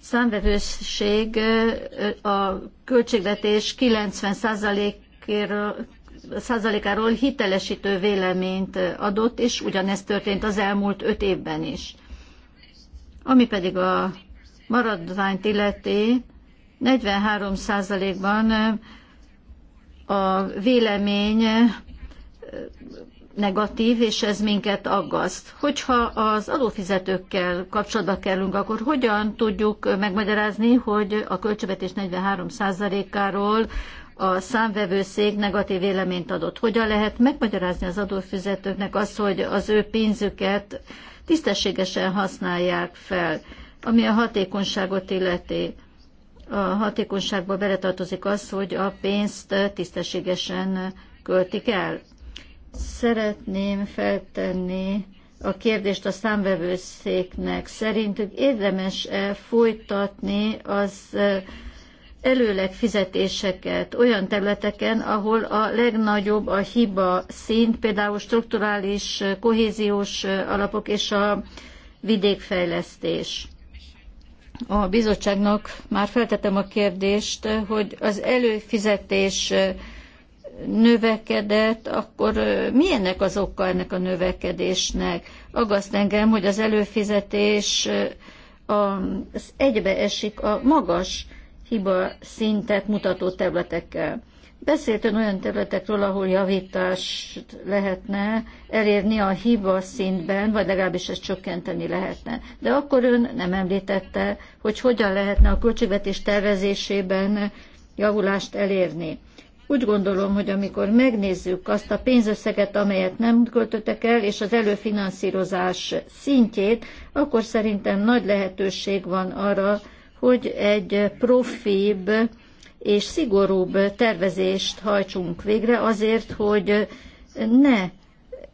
számvevőség a költségvetés 90 százalékáról hitelesítő véleményt adott, és ugyanezt történt az elmúlt öt évben is. Ami pedig a maradványt illeti, 43%-ban eh, a vélemény eh, negatív, és ez minket aggaszt. Hogyha az adófizetőkkel kapcsolatba kerülünk, akkor hogyan tudjuk megmagyarázni, hogy a költségvetés 43%-áról a számvevőszék negatív véleményt adott? Hogyan lehet megmagyarázni az adófizetőknek azt, hogy az ő pénzüket tisztességesen használják fel? Ami a hatékonyságot illeti, a hatékonyságba beletartozik az, hogy a pénzt tisztességesen költik el. Szeretném feltenni a kérdést a számvevőszéknek. Szerintük érdemes-e folytatni az előleg fizetéseket olyan területeken, ahol a legnagyobb a hiba szint, például strukturális, kohéziós alapok és a vidékfejlesztés a bizottságnak már feltettem a kérdést, hogy az előfizetés növekedett, akkor mi ennek az oka ennek a növekedésnek? Agaszt engem, hogy az előfizetés az egybeesik a magas hiba szintet mutató területekkel. Beszélt ön olyan területekről, ahol javítást lehetne elérni a hiba szintben, vagy legalábbis ezt csökkenteni lehetne. De akkor ön nem említette, hogy hogyan lehetne a költségvetés tervezésében javulást elérni. Úgy gondolom, hogy amikor megnézzük azt a pénzösszeget, amelyet nem költöttek el, és az előfinanszírozás szintjét, akkor szerintem nagy lehetőség van arra, hogy egy profibb és szigorúbb tervezést hajtsunk végre azért, hogy ne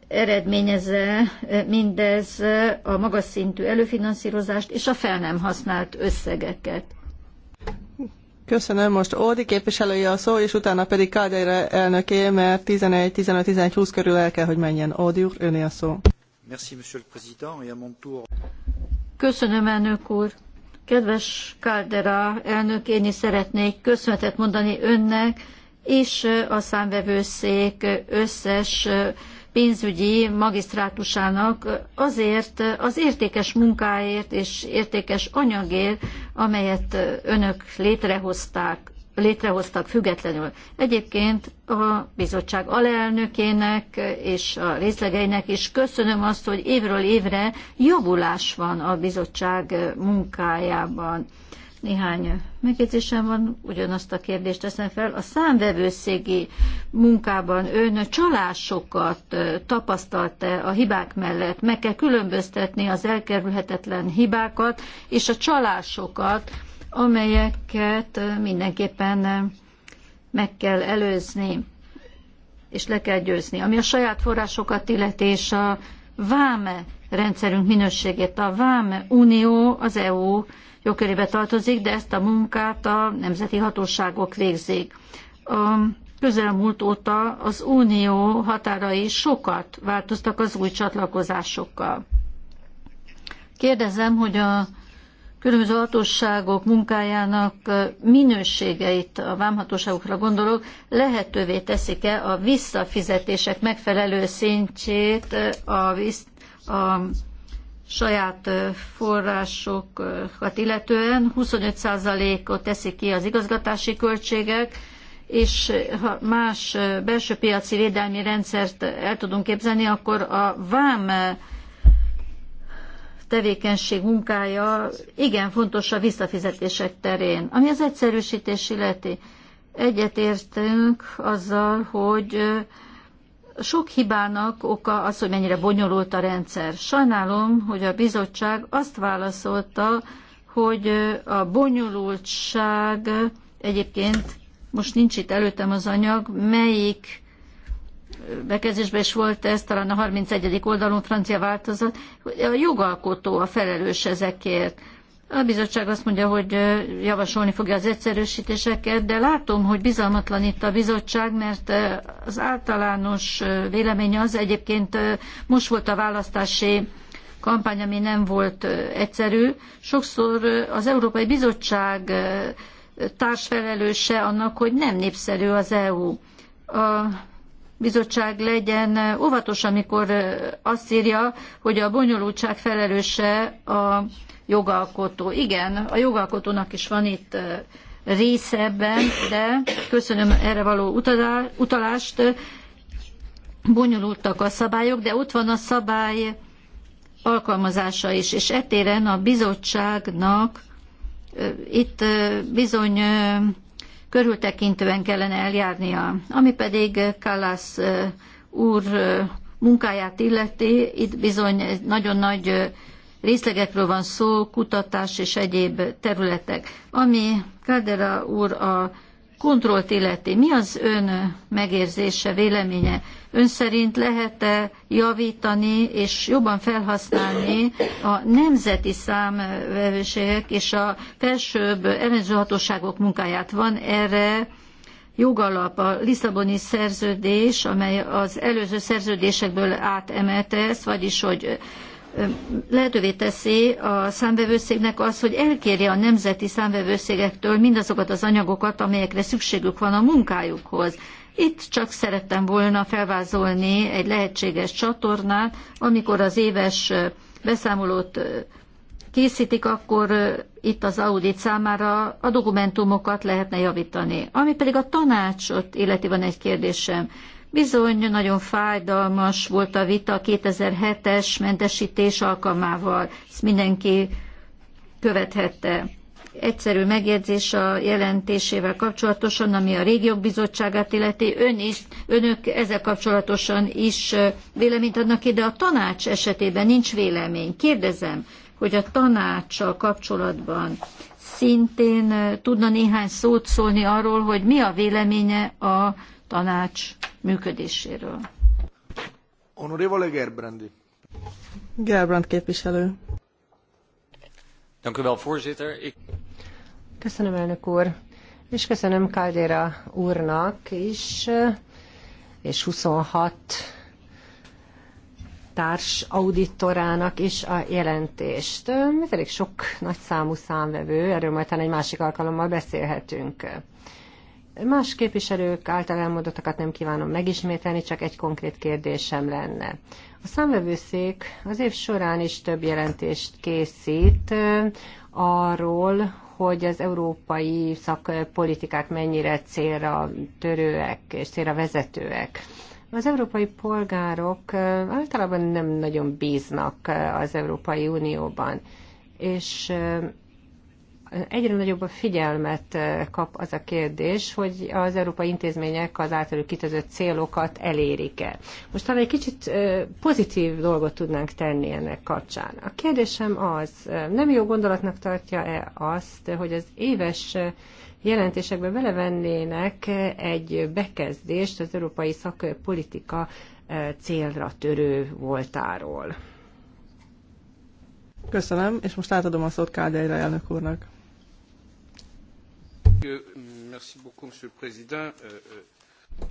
eredményezze mindez a magas szintű előfinanszírozást és a fel nem használt összegeket. Köszönöm, most Ódi képviselője a szó, és utána pedig Kádére elnöké, mert 11, 15, 11, 20 körül el kell, hogy menjen. Ódi úr, öné a szó. Merci, monsieur le président, et à mon tour. Köszönöm, elnök úr. Kedves Caldera elnök, én is szeretnék köszönetet mondani önnek és a számvevőszék összes pénzügyi magisztrátusának azért az értékes munkáért és értékes anyagért, amelyet önök létrehozták létrehoztak függetlenül. Egyébként a bizottság alelnökének és a részlegeinek is köszönöm azt, hogy évről évre javulás van a bizottság munkájában. Néhány megjegyzésem van, ugyanazt a kérdést teszem fel. A számvevőszégi munkában ön csalásokat tapasztalta a hibák mellett? Meg kell különböztetni az elkerülhetetlen hibákat és a csalásokat, amelyeket mindenképpen meg kell előzni, és le kell győzni. Ami a saját forrásokat illeti, és a váme rendszerünk minőségét. A váme unió az EU jogkörébe tartozik, de ezt a munkát a nemzeti hatóságok végzik. A közelmúlt óta az unió határai sokat változtak az új csatlakozásokkal. Kérdezem, hogy a különböző hatóságok munkájának minőségeit, a vámhatóságokra gondolok, lehetővé teszik-e a visszafizetések megfelelő szintjét a, visz, a saját forrásokat illetően 25%-ot teszik ki az igazgatási költségek, és ha más belső piaci védelmi rendszert el tudunk képzelni, akkor a vám tevékenység munkája igen fontos a visszafizetések terén. Ami az egyszerűsítés illeti, egyetértünk azzal, hogy sok hibának oka az, hogy mennyire bonyolult a rendszer. Sajnálom, hogy a bizottság azt válaszolta, hogy a bonyolultság egyébként most nincs itt előttem az anyag, melyik bekezdésben is volt ez, talán a 31. oldalon francia változat, hogy a jogalkotó a felelős ezekért. A bizottság azt mondja, hogy javasolni fogja az egyszerűsítéseket, de látom, hogy bizalmatlan itt a bizottság, mert az általános vélemény az egyébként most volt a választási kampány, ami nem volt egyszerű. Sokszor az Európai Bizottság társfelelőse annak, hogy nem népszerű az EU. A bizottság legyen óvatos, amikor azt írja, hogy a bonyolultság felelőse a jogalkotó. Igen, a jogalkotónak is van itt része ebben, de köszönöm erre való utalást. Bonyolultak a szabályok, de ott van a szabály alkalmazása is, és etéren a bizottságnak itt bizony körültekintően kellene eljárnia. Ami pedig Kallász úr munkáját illeti, itt bizony nagyon nagy részlegekről van szó, kutatás és egyéb területek. Ami Kádera úr a kontrollt illeti. Mi az ön megérzése, véleménye? Ön szerint lehet-e javítani és jobban felhasználni a nemzeti számvevőségek és a felsőbb ellenzőhatóságok munkáját? Van erre jogalap a Lisszaboni szerződés, amely az előző szerződésekből átemelte ezt, vagyis hogy lehetővé teszi a számvevőszégnek az, hogy elkérje a nemzeti számvevőszégektől mindazokat az anyagokat, amelyekre szükségük van a munkájukhoz. Itt csak szerettem volna felvázolni egy lehetséges csatornát, amikor az éves beszámolót készítik, akkor itt az audit számára a dokumentumokat lehetne javítani. Ami pedig a tanácsot illeti van egy kérdésem. Bizony nagyon fájdalmas volt a vita 2007-es mentesítés alkalmával. Ezt mindenki követhette. Egyszerű megjegyzés a jelentésével kapcsolatosan, ami a régiók bizottságát illeti. Ön is, önök ezzel kapcsolatosan is véleményt adnak ide. a tanács esetében nincs vélemény. Kérdezem, hogy a tanácssal kapcsolatban szintén tudna néhány szót szólni arról, hogy mi a véleménye a tanács működéséről. Honorevole Gerbrandi. Gerbrand képviselő. Köszönöm, elnök úr. És köszönöm Caldera úrnak is, és 26 társ auditorának is a jelentést. Ez elég sok nagyszámú számvevő, erről majd egy másik alkalommal beszélhetünk. Más képviselők által elmondottakat nem kívánom megismételni, csak egy konkrét kérdésem lenne. A számvevőszék az év során is több jelentést készít arról, hogy az európai szakpolitikák mennyire célra törőek és célra vezetőek. Az európai polgárok általában nem nagyon bíznak az Európai Unióban, és egyre nagyobb a figyelmet eh, kap az a kérdés, hogy az európai intézmények az általuk kitözött célokat elérik-e. Most talán egy kicsit eh, pozitív dolgot tudnánk tenni ennek kapcsán. A kérdésem az, eh, nem jó gondolatnak tartja-e azt, hogy az éves jelentésekbe belevennének egy bekezdést az európai szakpolitika célra törő voltáról. Köszönöm, és most átadom a szót Kádelyre elnök úrnak.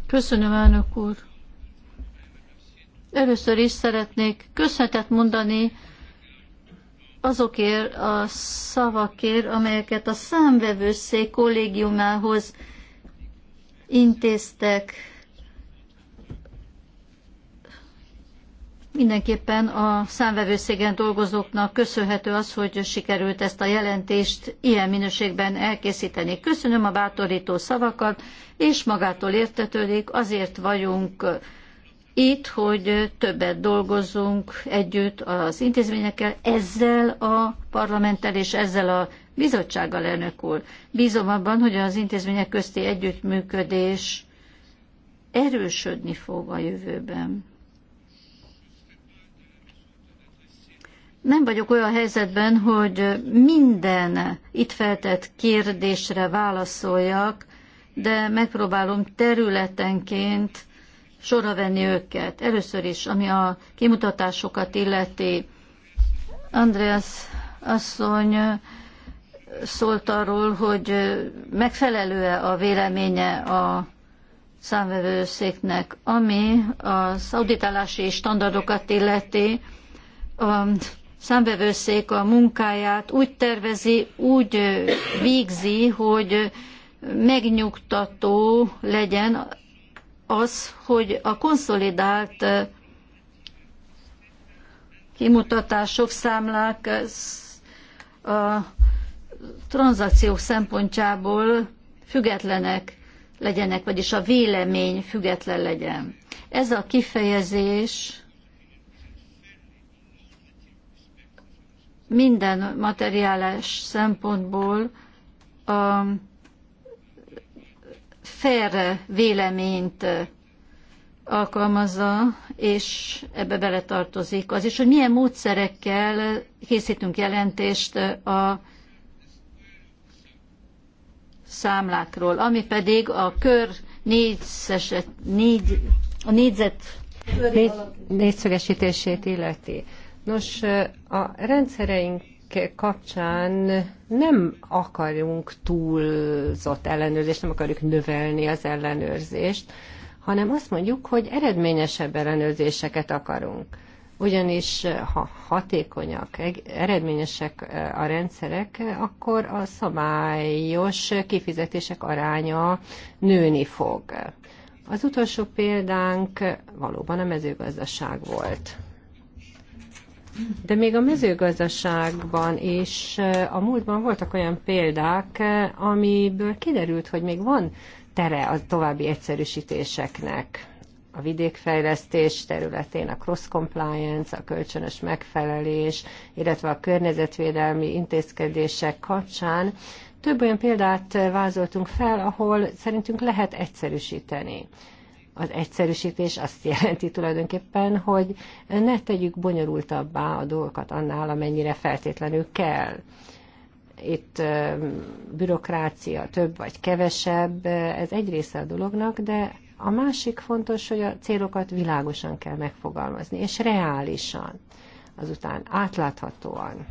Köszönöm, elnök úr. Először is szeretnék köszönetet mondani azokért a szavakért, amelyeket a számvevőszék kollégiumához intéztek Mindenképpen a számvevőszégen dolgozóknak köszönhető az, hogy sikerült ezt a jelentést ilyen minőségben elkészíteni. Köszönöm a bátorító szavakat, és magától értetődik, azért vagyunk itt, hogy többet dolgozzunk együtt az intézményekkel, ezzel a parlamenttel és ezzel a bizottsággal, elnök úr. Bízom abban, hogy az intézmények közti együttműködés erősödni fog a jövőben. nem vagyok olyan helyzetben, hogy minden itt feltett kérdésre válaszoljak, de megpróbálom területenként sorra venni őket. Először is, ami a kimutatásokat illeti, Andreas asszony szólt arról, hogy megfelelő-e a véleménye a számvevőszéknek, ami a szauditálási standardokat illeti, a számvevőszék a munkáját úgy tervezi, úgy végzi, hogy megnyugtató legyen az, hogy a konszolidált kimutatások, számlák a tranzakciók szempontjából függetlenek legyenek, vagyis a vélemény független legyen. Ez a kifejezés minden materiális szempontból a fair véleményt alkalmazza, és ebbe beletartozik az is, hogy milyen módszerekkel készítünk jelentést a számlákról, ami pedig a kör négyszöset, négy, a négyzet Négy, négyszögesítését illeti. Nos, a rendszereink kapcsán nem akarunk túlzott ellenőrzést, nem akarjuk növelni az ellenőrzést, hanem azt mondjuk, hogy eredményesebb ellenőrzéseket akarunk. Ugyanis ha hatékonyak, eredményesek a rendszerek, akkor a szabályos kifizetések aránya nőni fog. Az utolsó példánk valóban a mezőgazdaság volt. De még a mezőgazdaságban is eh, a múltban voltak olyan példák, eh, amiből kiderült, hogy még van tere a további egyszerűsítéseknek a vidékfejlesztés területén a cross compliance, a kölcsönös megfelelés, illetve a környezetvédelmi intézkedések kapcsán több olyan példát eh, vázoltunk fel, ahol szerintünk lehet egyszerűsíteni. Az egyszerűsítés azt jelenti tulajdonképpen, hogy ne tegyük bonyolultabbá a dolgokat annál, amennyire feltétlenül kell. Itt bürokrácia több vagy kevesebb, ez egy része a dolognak, de a másik fontos, hogy a célokat világosan kell megfogalmazni, és reálisan, azután átláthatóan.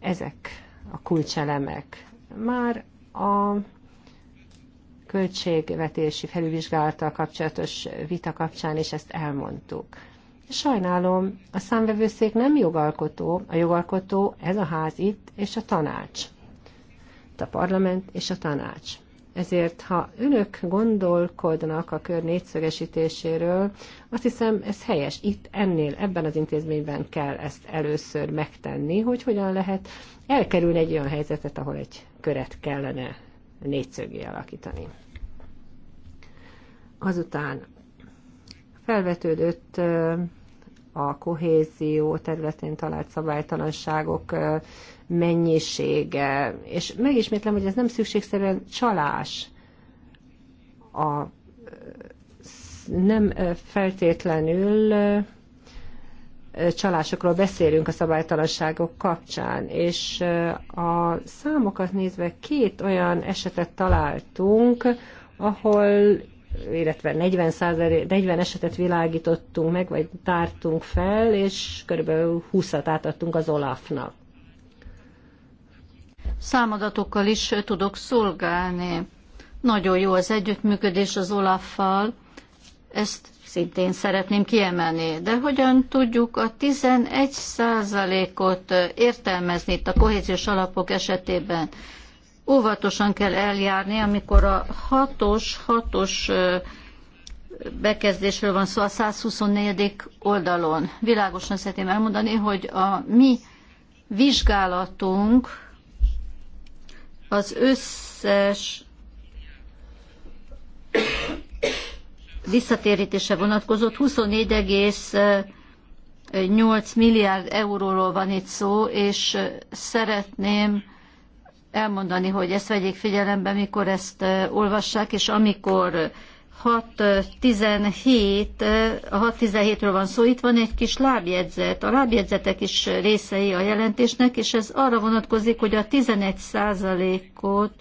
Ezek a kulcselemek. Már a költségvetési felülvizsgálattal kapcsolatos vita kapcsán, és ezt elmondtuk. Sajnálom, a számvevőszék nem jogalkotó, a jogalkotó ez a ház itt, és a tanács. A parlament és a tanács. Ezért, ha önök gondolkodnak a kör négyszögesítéséről, azt hiszem ez helyes. Itt ennél, ebben az intézményben kell ezt először megtenni, hogy hogyan lehet elkerülni egy olyan helyzetet, ahol egy köret kellene négyszögé alakítani. Azután felvetődött a kohézió területén talált szabálytalanságok mennyisége, és megismétlem, hogy ez nem szükségszerűen csalás. A nem feltétlenül csalásokról beszélünk a szabálytalanságok kapcsán, és a számokat nézve két olyan esetet találtunk, ahol illetve 40, 40 esetet világítottunk meg, vagy tártunk fel, és kb. 20-at átadtunk az Olafnak. Számadatokkal is tudok szolgálni. Nagyon jó az együttműködés az Olaffal. Ezt szintén szeretném kiemelni. De hogyan tudjuk a 11%-ot értelmezni itt a kohéziós alapok esetében? Óvatosan kell eljárni, amikor a hatos, hatos bekezdésről van szó a 124. oldalon. Világosan szeretném elmondani, hogy a mi vizsgálatunk az összes visszatérítése vonatkozott. 24,8 milliárd euróról van itt szó, és szeretném elmondani, hogy ezt vegyék figyelembe, mikor ezt olvassák, és amikor 617, a 617-ről van szó, itt van egy kis lábjegyzet. A lábjegyzetek is részei a jelentésnek, és ez arra vonatkozik, hogy a 11 ot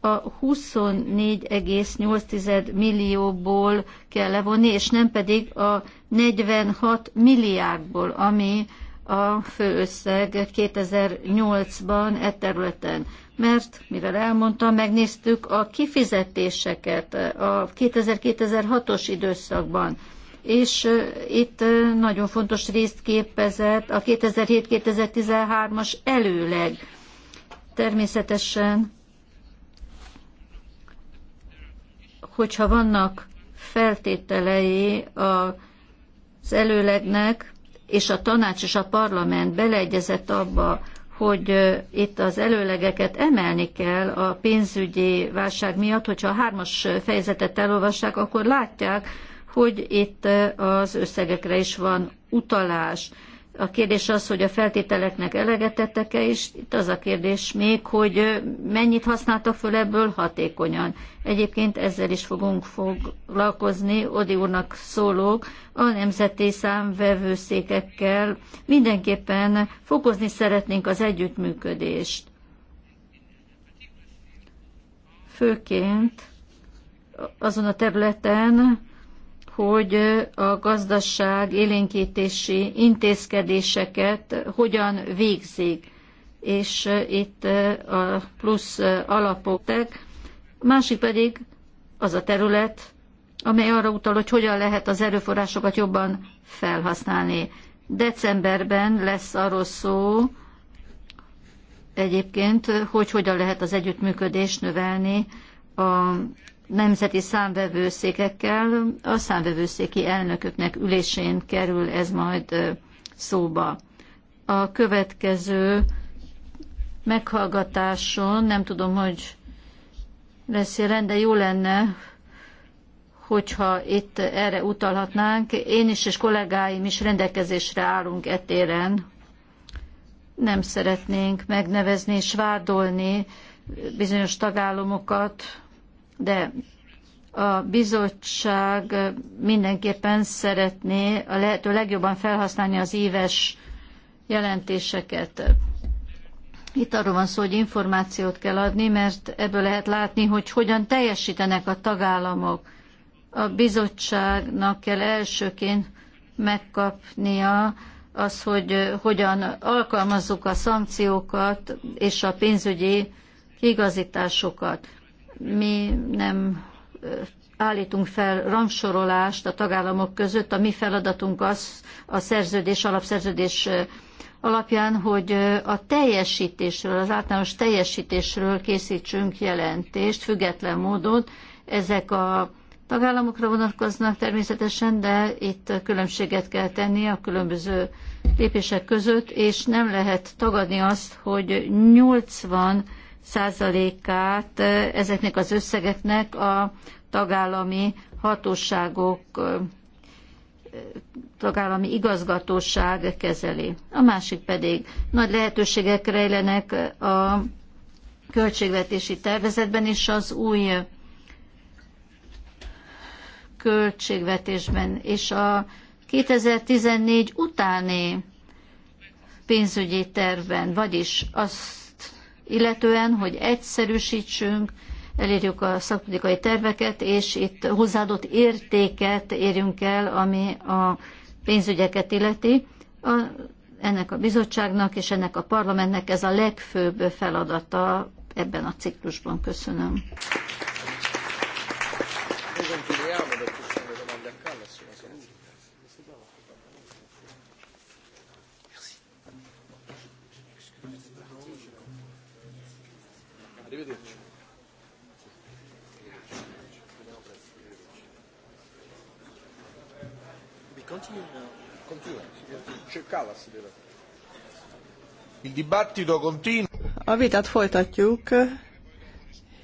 a 24,8 millióból kell levonni, és nem pedig a 46 milliárdból, ami a főösszeg 2008-ban e területen. Mert, mivel elmondtam, megnéztük a kifizetéseket a 2000-2006-os időszakban, és itt nagyon fontos részt képezett a 2007-2013-as előleg. Természetesen hogyha vannak feltételei az előlegnek, és a tanács és a parlament beleegyezett abba, hogy itt az előlegeket emelni kell a pénzügyi válság miatt, hogyha a hármas fejezetet elolvassák, akkor látják, hogy itt az összegekre is van utalás. A kérdés az, hogy a feltételeknek eleget tettek-e, és itt az a kérdés még, hogy mennyit használtak föl ebből hatékonyan. Egyébként ezzel is fogunk foglalkozni, Odi úrnak szólók, a nemzeti számvevőszékekkel. Mindenképpen fokozni szeretnénk az együttműködést. Főként azon a területen, hogy a gazdaság élénkítési intézkedéseket hogyan végzik, és itt a plusz alapok. Másik pedig az a terület, amely arra utal, hogy hogyan lehet az erőforrásokat jobban felhasználni. Decemberben lesz arról szó, egyébként, hogy hogyan lehet az együttműködést növelni a nemzeti számvevőszékekkel a számvevőszéki elnököknek ülésén kerül ez majd szóba. A következő meghallgatáson, nem tudom, hogy lesz jelen, de jó lenne, hogyha itt erre utalhatnánk. Én is és kollégáim is rendelkezésre állunk etéren. Nem szeretnénk megnevezni és vádolni bizonyos tagállamokat, de a bizottság mindenképpen szeretné a lehető legjobban felhasználni az éves jelentéseket. Itt arról van szó, hogy információt kell adni, mert ebből lehet látni, hogy hogyan teljesítenek a tagállamok. A bizottságnak kell elsőként megkapnia az, hogy hogyan alkalmazzuk a szankciókat és a pénzügyi kiigazításokat mi nem állítunk fel rangsorolást a tagállamok között. A mi feladatunk az a szerződés, alapszerződés alapján, hogy a teljesítésről, az általános teljesítésről készítsünk jelentést, független módon. Ezek a tagállamokra vonatkoznak természetesen, de itt különbséget kell tenni a különböző lépések között, és nem lehet tagadni azt, hogy 80 százalékát ezeknek az összegeknek a tagállami hatóságok, tagállami igazgatóság kezeli. A másik pedig nagy lehetőségek rejlenek a költségvetési tervezetben és az új költségvetésben és a 2014 utáni pénzügyi tervben, vagyis az illetően, hogy egyszerűsítsünk, elérjük a szakpolitikai terveket, és itt hozzáadott értéket érjünk el, ami a pénzügyeket illeti. A, ennek a bizottságnak és ennek a parlamentnek ez a legfőbb feladata ebben a ciklusban. Köszönöm. A vitát folytatjuk,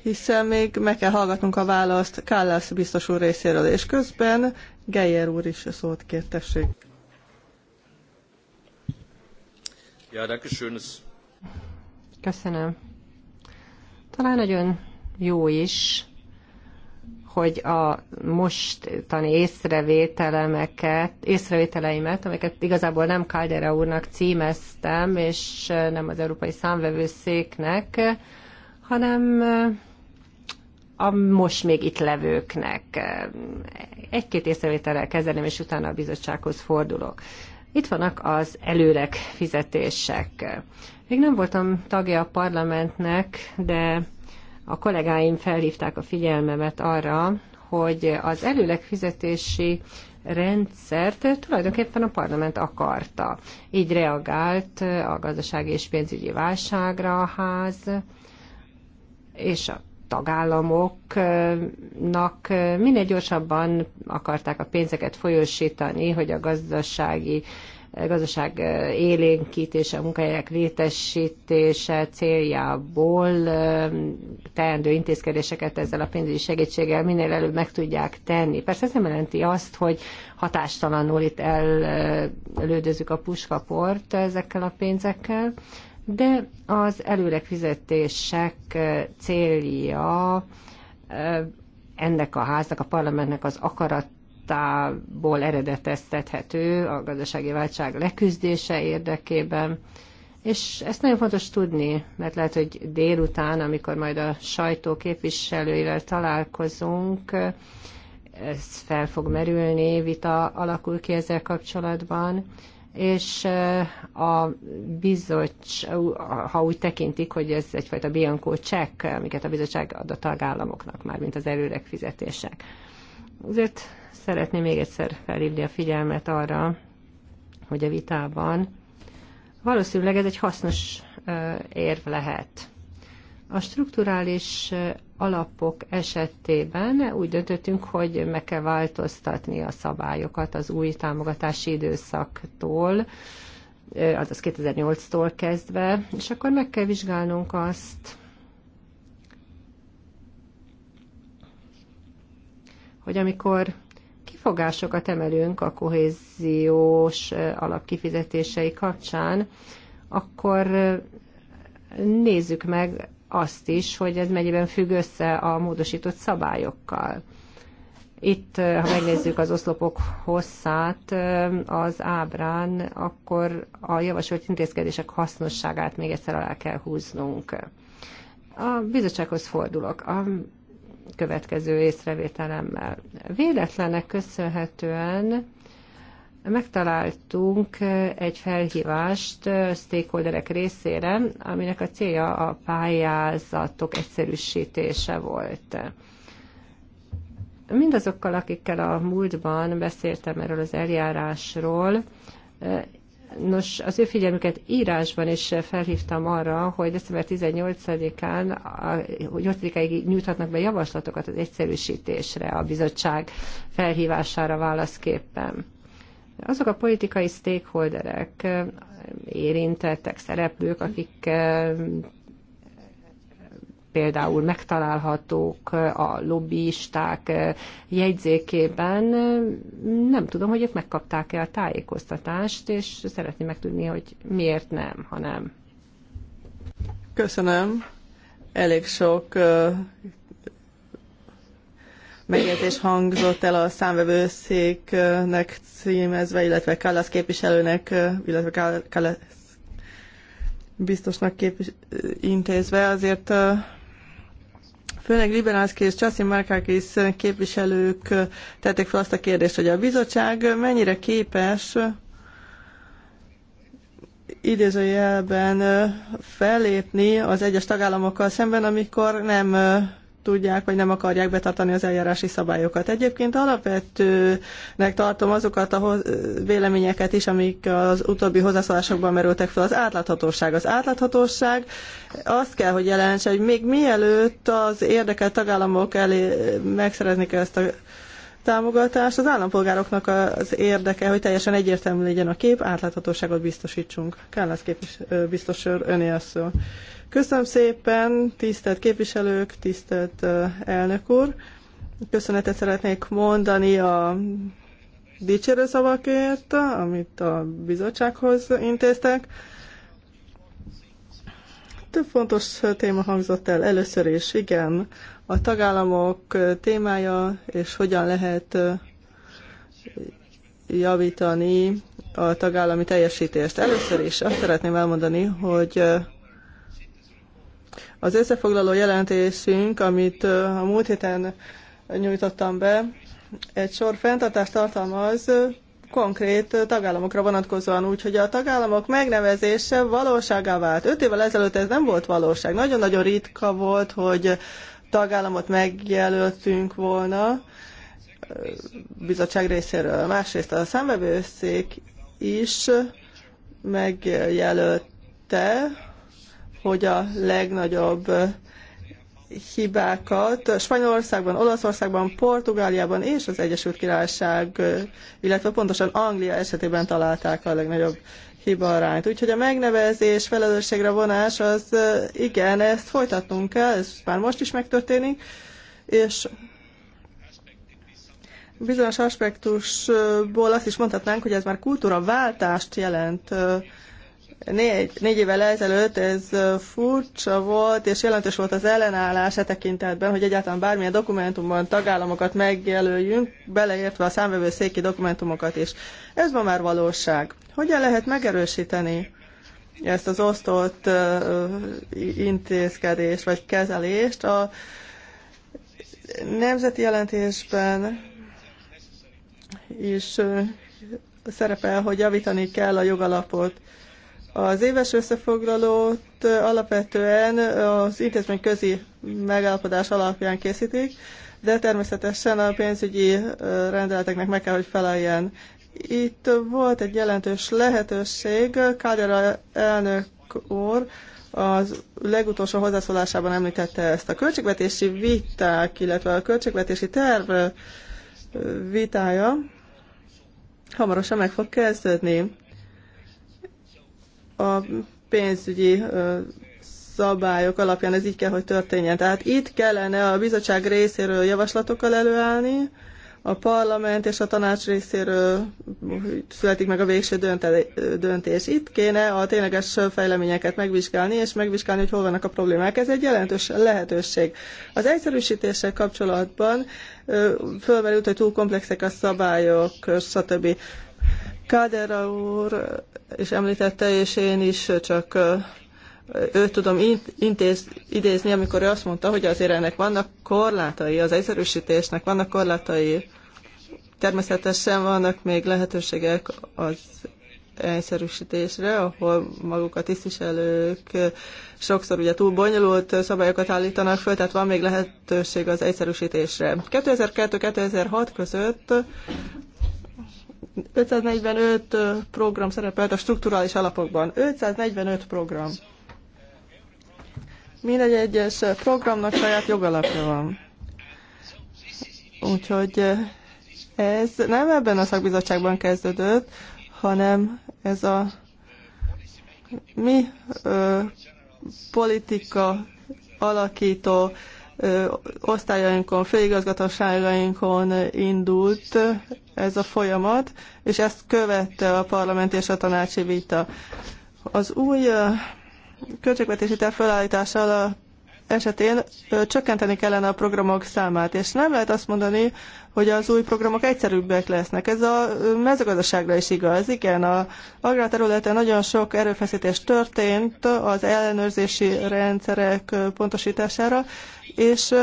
hiszen még meg kell hallgatnunk a választ Kállász biztos úr részéről, és közben Geyer úr is szót kért, tessék. Köszönöm. Talán nagyon jó is, hogy a mostani észrevételemeket, észrevételeimet, amiket igazából nem Caldera úrnak címeztem, és nem az Európai Számvevőszéknek, hanem eh, a most még itt levőknek. Egy-két észrevételrel kezdeném, és utána a bizottsághoz fordulok. Itt vannak az előrek fizetések. Még nem voltam tagja a parlamentnek, de a kollégáim felhívták a figyelmemet arra, hogy az előleg fizetési rendszert tulajdonképpen a parlament akarta. Így reagált a gazdasági és pénzügyi válságra a ház, és a tagállamoknak minél gyorsabban akarták a pénzeket folyósítani, hogy a gazdasági gazdaság eh, élénkítése, munkahelyek létesítése céljából eh, teendő intézkedéseket ezzel a pénzügyi segítséggel minél előbb meg tudják tenni. Persze ez nem jelenti azt, hogy hatástalanul itt ellődözzük a puskaport ezekkel a pénzekkel, de az előre fizetések eh, célja ennek a háznak, a parlamentnek az akarat voltából eredeteztethető a gazdasági válság leküzdése érdekében. És ezt nagyon fontos tudni, mert lehet, hogy délután, amikor majd a sajtó képviselőivel találkozunk, ez fel fog merülni, vita alakul ki ezzel kapcsolatban, és eh, a bizottság, ha úgy tekintik, hogy ez egyfajta bianco csekk, amiket a bizottság ad a tagállamoknak már, mint az előrek fizetések. Azért szeretném még egyszer felhívni a figyelmet arra, hogy a vitában valószínűleg ez egy hasznos érv lehet. A strukturális alapok esetében úgy döntöttünk, hogy meg kell változtatni a szabályokat az új támogatási időszaktól, azaz 2008-tól kezdve, és akkor meg kell vizsgálnunk azt, hogy amikor kifogásokat emelünk a kohéziós alapkifizetései kapcsán, akkor nézzük meg azt is, hogy ez mennyiben függ össze a módosított szabályokkal. Itt, ha megnézzük az oszlopok hosszát az ábrán, akkor a javasolt intézkedések hasznosságát még egyszer alá kell húznunk. A bizottsághoz fordulok. A következő észrevételemmel. Véletlenek köszönhetően megtaláltunk egy felhívást stakeholderek részére, aminek a célja a pályázatok egyszerűsítése volt. Mindazokkal, akikkel a múltban beszéltem erről az eljárásról, Nos, az ő figyelmüket írásban is felhívtam arra, hogy december 18-án, 8-ig nyújthatnak be javaslatokat az egyszerűsítésre a bizottság felhívására válaszképpen. Azok a politikai stakeholderek, érintettek, szereplők, akik például megtalálhatók a lobbyisták jegyzékében. Nem tudom, hogy ők megkapták-e a tájékoztatást, és szeretném megtudni, hogy miért nem, ha nem. Köszönöm. Elég sok megjegyzés hangzott el a számvevőszéknek címezve, illetve Kallasz képviselőnek, illetve Kallasz biztosnak képvis- intézve, azért Főleg Liberánszki és Császin Márkákis képviselők tették fel azt a kérdést, hogy a bizottság mennyire képes idézőjelben fellépni az egyes tagállamokkal szemben, amikor nem tudják, vagy nem akarják betartani az eljárási szabályokat. Egyébként alapvetőnek tartom azokat a véleményeket is, amik az utóbbi hozzászólásokban merültek fel. Az átláthatóság. Az átláthatóság azt kell, hogy jelentse, hogy még mielőtt az érdekelt tagállamok elé megszereznék ezt a támogatást, az állampolgároknak az érdeke, hogy teljesen egyértelmű legyen a kép, átláthatóságot biztosítsunk. Kállász képvis, biztos öné a szó. Köszönöm szépen, tisztelt képviselők, tisztelt elnök úr. Köszönetet szeretnék mondani a dicsérő szavakért, amit a bizottsághoz intéztek. Több fontos téma hangzott el először is, igen, a tagállamok témája, és hogyan lehet javítani a tagállami teljesítést. Először is azt szeretném elmondani, hogy az összefoglaló jelentésünk, amit a múlt héten nyújtottam be, egy sor fenntartást tartalmaz konkrét tagállamokra vonatkozóan, úgyhogy a tagállamok megnevezése valóságá vált. Öt évvel ezelőtt ez nem volt valóság. Nagyon-nagyon ritka volt, hogy tagállamot megjelöltünk volna bizottság részéről. Másrészt a számvevőszék is megjelölte hogy a legnagyobb hibákat Spanyolországban, Olaszországban, Portugáliában és az Egyesült Királyság, illetve pontosan Anglia esetében találták a legnagyobb hibarányt. Úgyhogy a megnevezés, felelősségre vonás, az igen, ezt folytatnunk kell, ez már most is megtörténik, és bizonyos aspektusból azt is mondhatnánk, hogy ez már kultúraváltást jelent Négy, négy évvel ezelőtt ez furcsa volt, és jelentős volt az ellenállás a e tekintetben, hogy egyáltalán bármilyen dokumentumban tagállamokat megjelöljünk, beleértve a számvevőszéki dokumentumokat is. Ez ma már valóság. Hogyan lehet megerősíteni ezt az osztott intézkedést vagy kezelést a nemzeti jelentésben is szerepel, hogy javítani kell a jogalapot. Az éves összefoglalót alapvetően az intézmény közi megállapodás alapján készítik, de természetesen a pénzügyi rendeleteknek meg kell, hogy feleljen. Itt volt egy jelentős lehetőség, Kádera elnök úr az legutolsó hozzászólásában említette ezt. A költségvetési viták, illetve a költségvetési terv vitája hamarosan meg fog kezdődni a pénzügyi szabályok alapján ez így kell, hogy történjen. Tehát itt kellene a bizottság részéről javaslatokkal előállni, a parlament és a tanács részéről születik meg a végső döntés. Itt kéne a tényleges fejleményeket megvizsgálni, és megvizsgálni, hogy hol vannak a problémák. Ez egy jelentős lehetőség. Az egyszerűsítéssel kapcsolatban fölmerült, hogy túl komplexek a szabályok, stb. Kádera úr is említette, és én is csak őt tudom intéz, idézni, amikor ő azt mondta, hogy azért ennek vannak korlátai, az egyszerűsítésnek vannak korlátai. Természetesen vannak még lehetőségek az egyszerűsítésre, ahol maguk a tisztviselők sokszor ugye túl bonyolult szabályokat állítanak föl, tehát van még lehetőség az egyszerűsítésre. 2002-2006 között 545 program szerepelt a strukturális alapokban. 545 program. Mindegy egyes programnak saját jogalapja van. Úgyhogy ez nem ebben a szakbizottságban kezdődött, hanem ez a mi ö, politika alakító osztályainkon, főigazgatóságainkon indult ez a folyamat, és ezt követte a parlament és a tanácsi vita. Az új költségvetési terv felállítása esetén csökkenteni kellene a programok számát, és nem lehet azt mondani, hogy az új programok egyszerűbbek lesznek. Ez a mezőgazdaságra is igaz. Igen, a agrárterületen nagyon sok erőfeszítés történt az ellenőrzési rendszerek pontosítására, és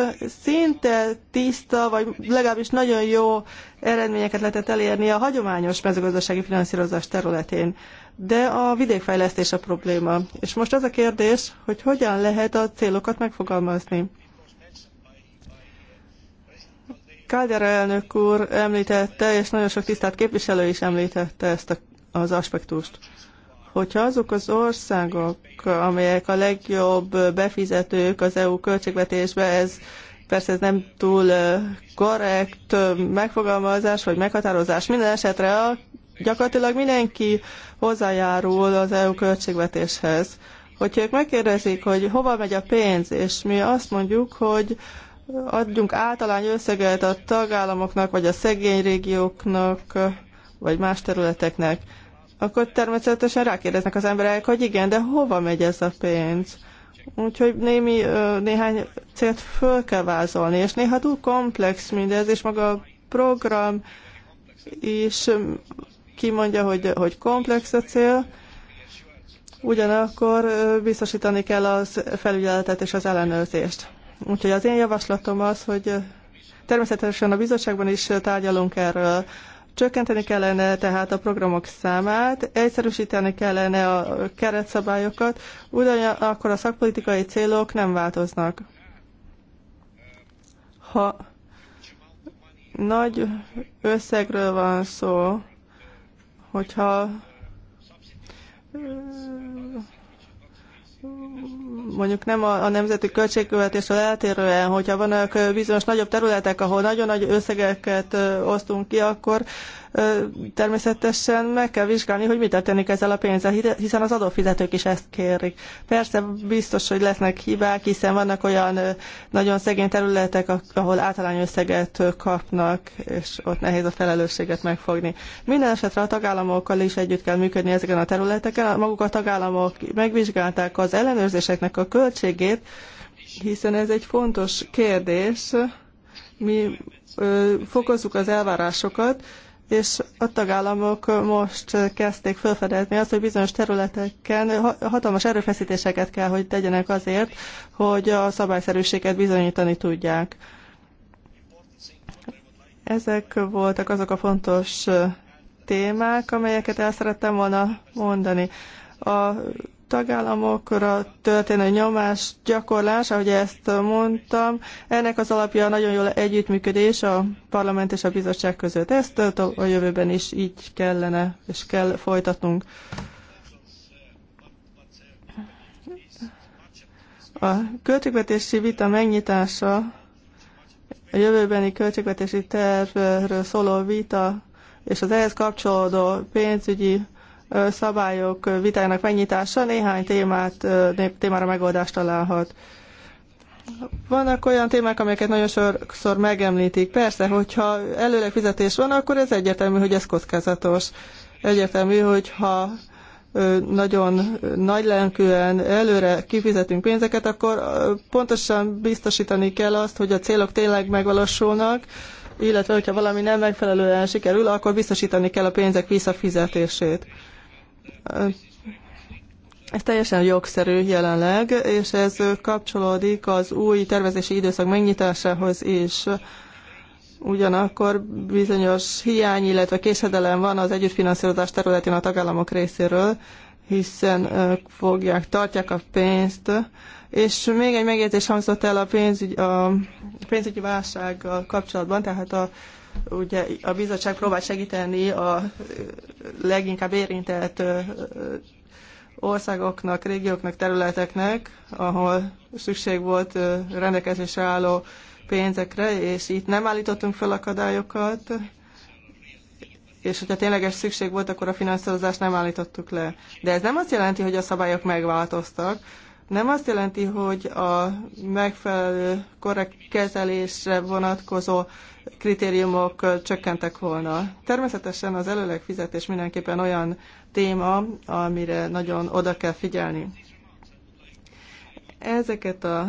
szinte tiszta, vagy legalábbis nagyon jó eredményeket lehetett elérni a hagyományos mezőgazdasági finanszírozás területén. De a vidékfejlesztés a probléma. És most az a kérdés, hogy hogyan lehet a célokat megfogalmazni. Kádár elnök úr említette, és nagyon sok tisztelt képviselő is említette ezt a, az aspektust hogyha azok az országok, amelyek a legjobb befizetők az EU költségvetésbe, ez persze ez nem túl korrekt megfogalmazás vagy meghatározás. Minden esetre a, gyakorlatilag mindenki hozzájárul az EU költségvetéshez. Hogyha ők megkérdezik, hogy hova megy a pénz, és mi azt mondjuk, hogy adjunk általány összeget a tagállamoknak, vagy a szegény régióknak, vagy más területeknek akkor természetesen rákérdeznek az emberek, hogy igen, de hova megy ez a pénz? Úgyhogy némi, néhány célt föl kell vázolni, és néha túl komplex mindez, és maga a program is kimondja, hogy, hogy komplex a cél, ugyanakkor biztosítani kell az felügyeletet és az ellenőrzést. Úgyhogy az én javaslatom az, hogy természetesen a bizottságban is tárgyalunk erről, Csökkenteni kellene tehát a programok számát, egyszerűsíteni kellene a keretszabályokat, ugyanakkor a szakpolitikai célok nem változnak. Ha nagy összegről van szó, hogyha mondjuk nem a, a nemzeti költségkövetésről eltérően, hogyha vannak bizonyos nagyobb területek, ahol nagyon nagy összegeket osztunk ki, akkor természetesen meg kell vizsgálni, hogy mi történik ezzel a pénzzel, hiszen az adófizetők is ezt kérik. Persze biztos, hogy lesznek hibák, hiszen vannak olyan nagyon szegény területek, ahol általány összeget kapnak, és ott nehéz a felelősséget megfogni. Minden esetre a tagállamokkal is együtt kell működni ezeken a területeken. Maguk a tagállamok megvizsgálták az ellenőrzéseknek a költségét, hiszen ez egy fontos kérdés. Mi ö, fokozzuk az elvárásokat, és a tagállamok most kezdték felfedezni azt, hogy bizonyos területeken hatalmas erőfeszítéseket kell, hogy tegyenek azért, hogy a szabályszerűséget bizonyítani tudják. Ezek voltak azok a fontos témák, amelyeket el szerettem volna mondani. A tagállamokra történő nyomás gyakorlás, ahogy ezt mondtam, ennek az alapja nagyon jól együttműködés a parlament és a bizottság között. Ezt a jövőben is így kellene és kell folytatnunk. A költségvetési vita megnyitása, a jövőbeni költségvetési tervről szóló vita és az ehhez kapcsolódó pénzügyi szabályok vitájának megnyitása néhány témát, témára megoldást találhat. Vannak olyan témák, amelyeket nagyon sokszor megemlítik. Persze, hogyha előleg fizetés van, akkor ez egyértelmű, hogy ez kockázatos. Egyértelmű, hogyha nagyon nagylelkűen előre kifizetünk pénzeket, akkor pontosan biztosítani kell azt, hogy a célok tényleg megvalósulnak, illetve hogyha valami nem megfelelően sikerül, akkor biztosítani kell a pénzek visszafizetését ez teljesen jogszerű jelenleg, és ez kapcsolódik az új tervezési időszak megnyitásához is. Ugyanakkor bizonyos hiány, illetve késedelem van az együttfinanszírozás területén a tagállamok részéről, hiszen fogják, tartják a pénzt. És még egy megjegyzés hangzott el a, pénzügy, a pénzügyi válsággal kapcsolatban, tehát a Ugye a bizottság próbál segíteni a leginkább érintett országoknak, régióknak, területeknek, ahol szükség volt rendelkezésre álló pénzekre, és itt nem állítottunk fel akadályokat, és hogyha tényleges szükség volt, akkor a finanszírozást nem állítottuk le. De ez nem azt jelenti, hogy a szabályok megváltoztak, nem azt jelenti, hogy a megfelelő korrekt kezelésre vonatkozó kritériumok csökkentek volna. Természetesen az előleg fizetés mindenképpen olyan téma, amire nagyon oda kell figyelni. Ezeket a,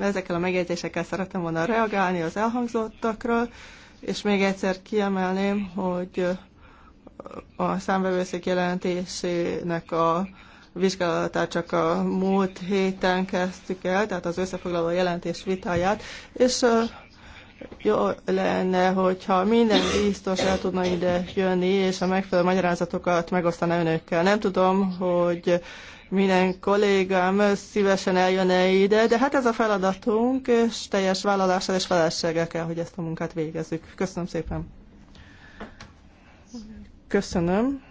ezekkel a megjegyzésekkel szerettem volna reagálni az elhangzottakra, és még egyszer kiemelném, hogy a számvevőszék jelentésének a vizsgálatát csak a múlt héten kezdtük el, tehát az összefoglaló jelentés vitáját, és jó lenne, hogyha minden biztos el tudna ide jönni, és a megfelelő magyarázatokat megosztaná önökkel. Nem tudom, hogy minden kollégám szívesen e ide, de hát ez a feladatunk, és teljes vállalással és felelősséggel kell, hogy ezt a munkát végezzük. Köszönöm szépen. Köszönöm.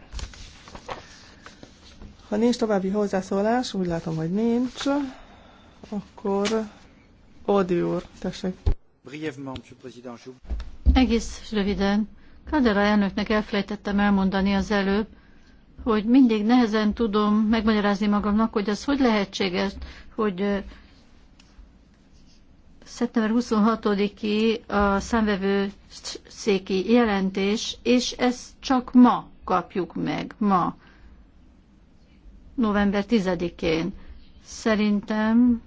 Ha nincs további hozzászólás, úgy látom, hogy nincs, akkor Odi úr, tessék. Egész röviden. Kadera elnöknek elfelejtettem elmondani az előbb, hogy mindig nehezen tudom megmagyarázni magamnak, hogy az hogy lehetséges, hogy szeptember 26-i a számvevő széki jelentés, és ezt csak ma kapjuk meg, ma november 10-én. Szerintem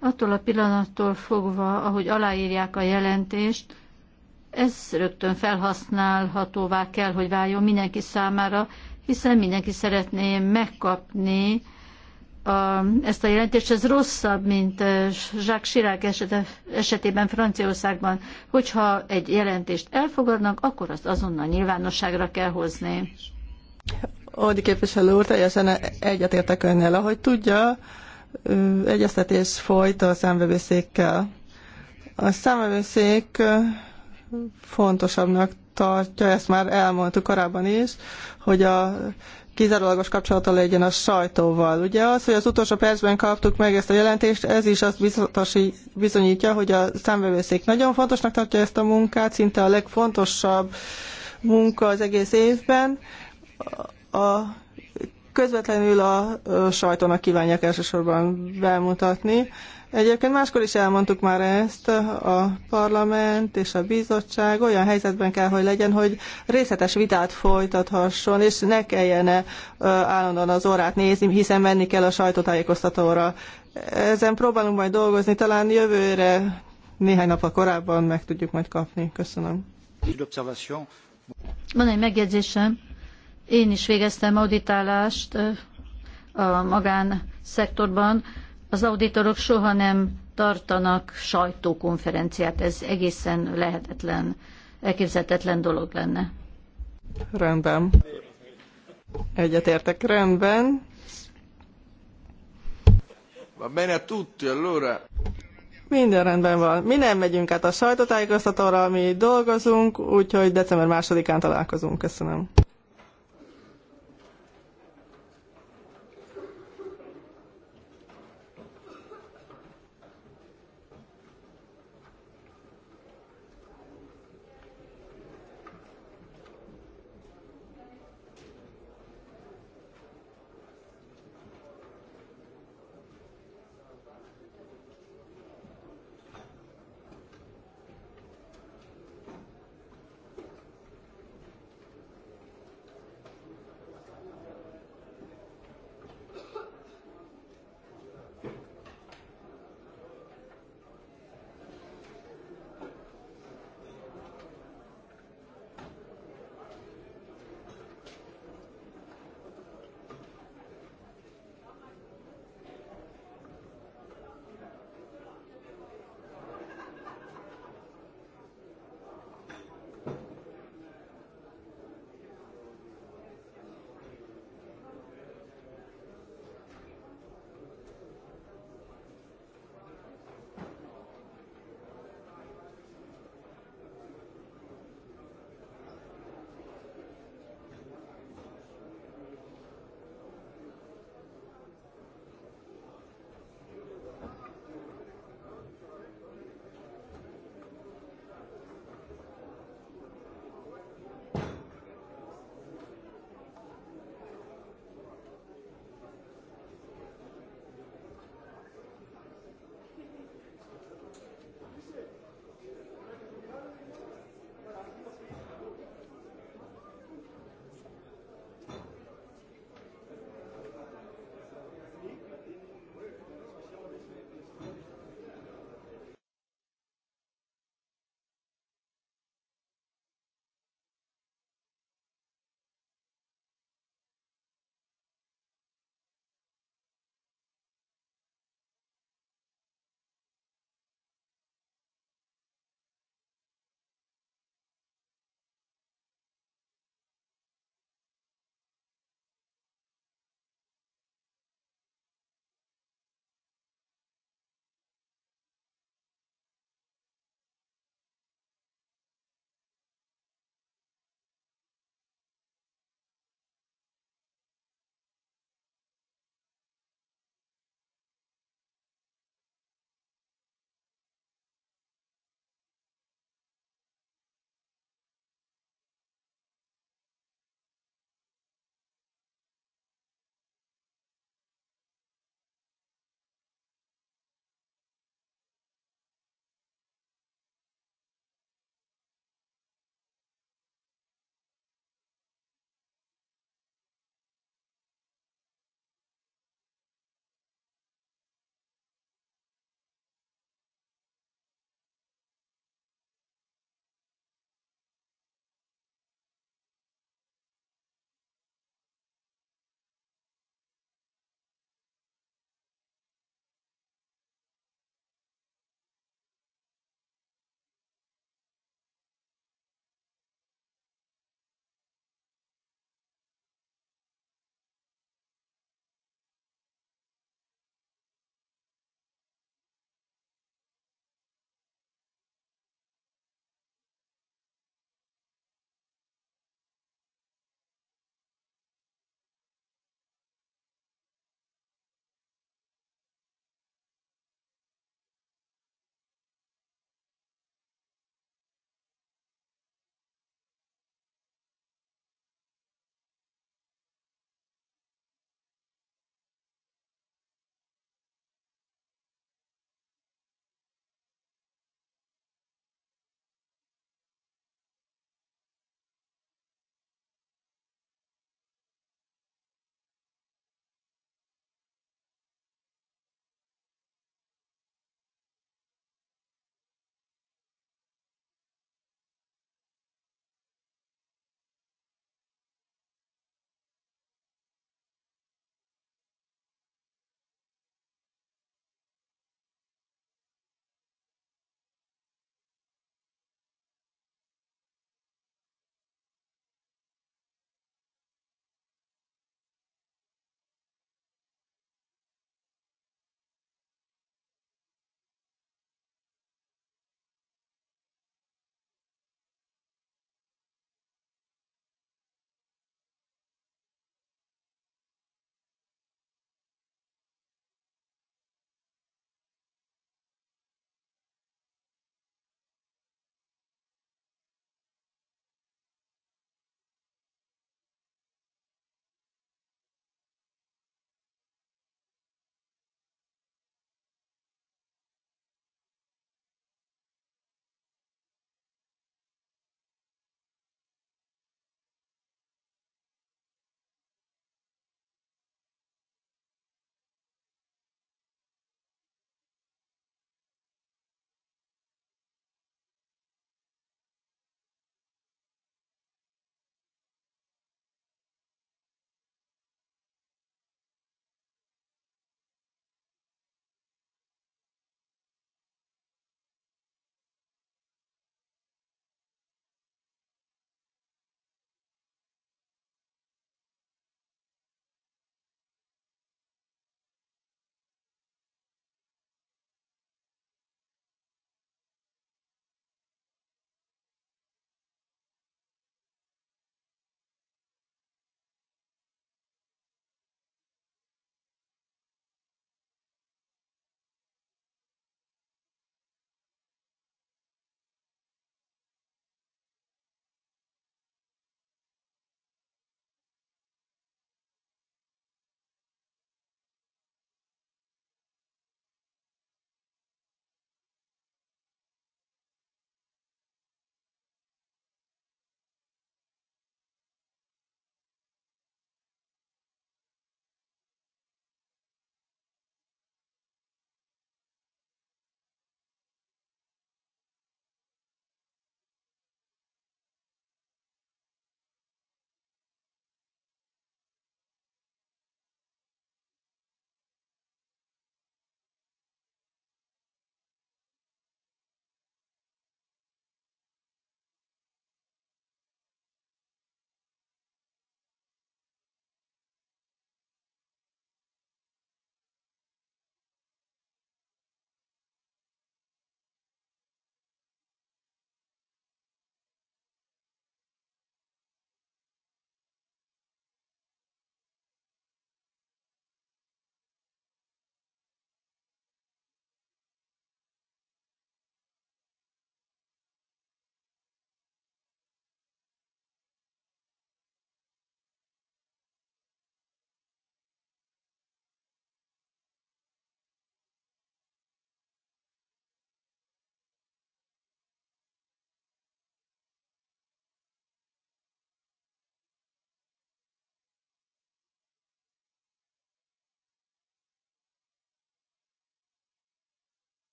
attól a pillanattól fogva, ahogy aláírják a jelentést, ez rögtön felhasználhatóvá kell, hogy váljon mindenki számára, hiszen mindenki szeretné megkapni a, ezt a jelentést. Ez rosszabb, mint eh, Jacques Chirac esete, esetében Franciaországban. Hogyha egy jelentést elfogadnak, akkor azt azonnal nyilvánosságra kell hozni. Ódi képviselő úr, teljesen egyetértek önnel. Ahogy tudja, egyeztetés folyt a számvevőszékkel. A számvevőszék fontosabbnak tartja, ezt már elmondtuk korábban is, hogy a kizárólagos kapcsolata legyen a sajtóval. Ugye az, hogy az utolsó percben kaptuk meg ezt a jelentést, ez is azt biztosi, bizonyítja, hogy a számvevőszék nagyon fontosnak tartja ezt a munkát, szinte a legfontosabb munka az egész évben, a közvetlenül a sajtónak kívánják elsősorban bemutatni. Egyébként máskor is elmondtuk már ezt, a parlament és a bizottság olyan helyzetben kell, hogy legyen, hogy részletes vitát folytathasson, és ne kelljene állandóan az órát nézni, hiszen menni kell a sajtótájékoztatóra. Ezen próbálunk majd dolgozni, talán jövőre néhány nap a korábban meg tudjuk majd kapni. Köszönöm. Van egy megjegyzésem én is végeztem auditálást a magánszektorban. Az auditorok soha nem tartanak sajtókonferenciát. Ez egészen lehetetlen, elképzelhetetlen dolog lenne. Rendben. Egyetértek rendben. Va bene a tutti, allora. Minden rendben van. Mi nem megyünk át a sajtótájékoztatóra, mi dolgozunk, úgyhogy december másodikán találkozunk. Köszönöm.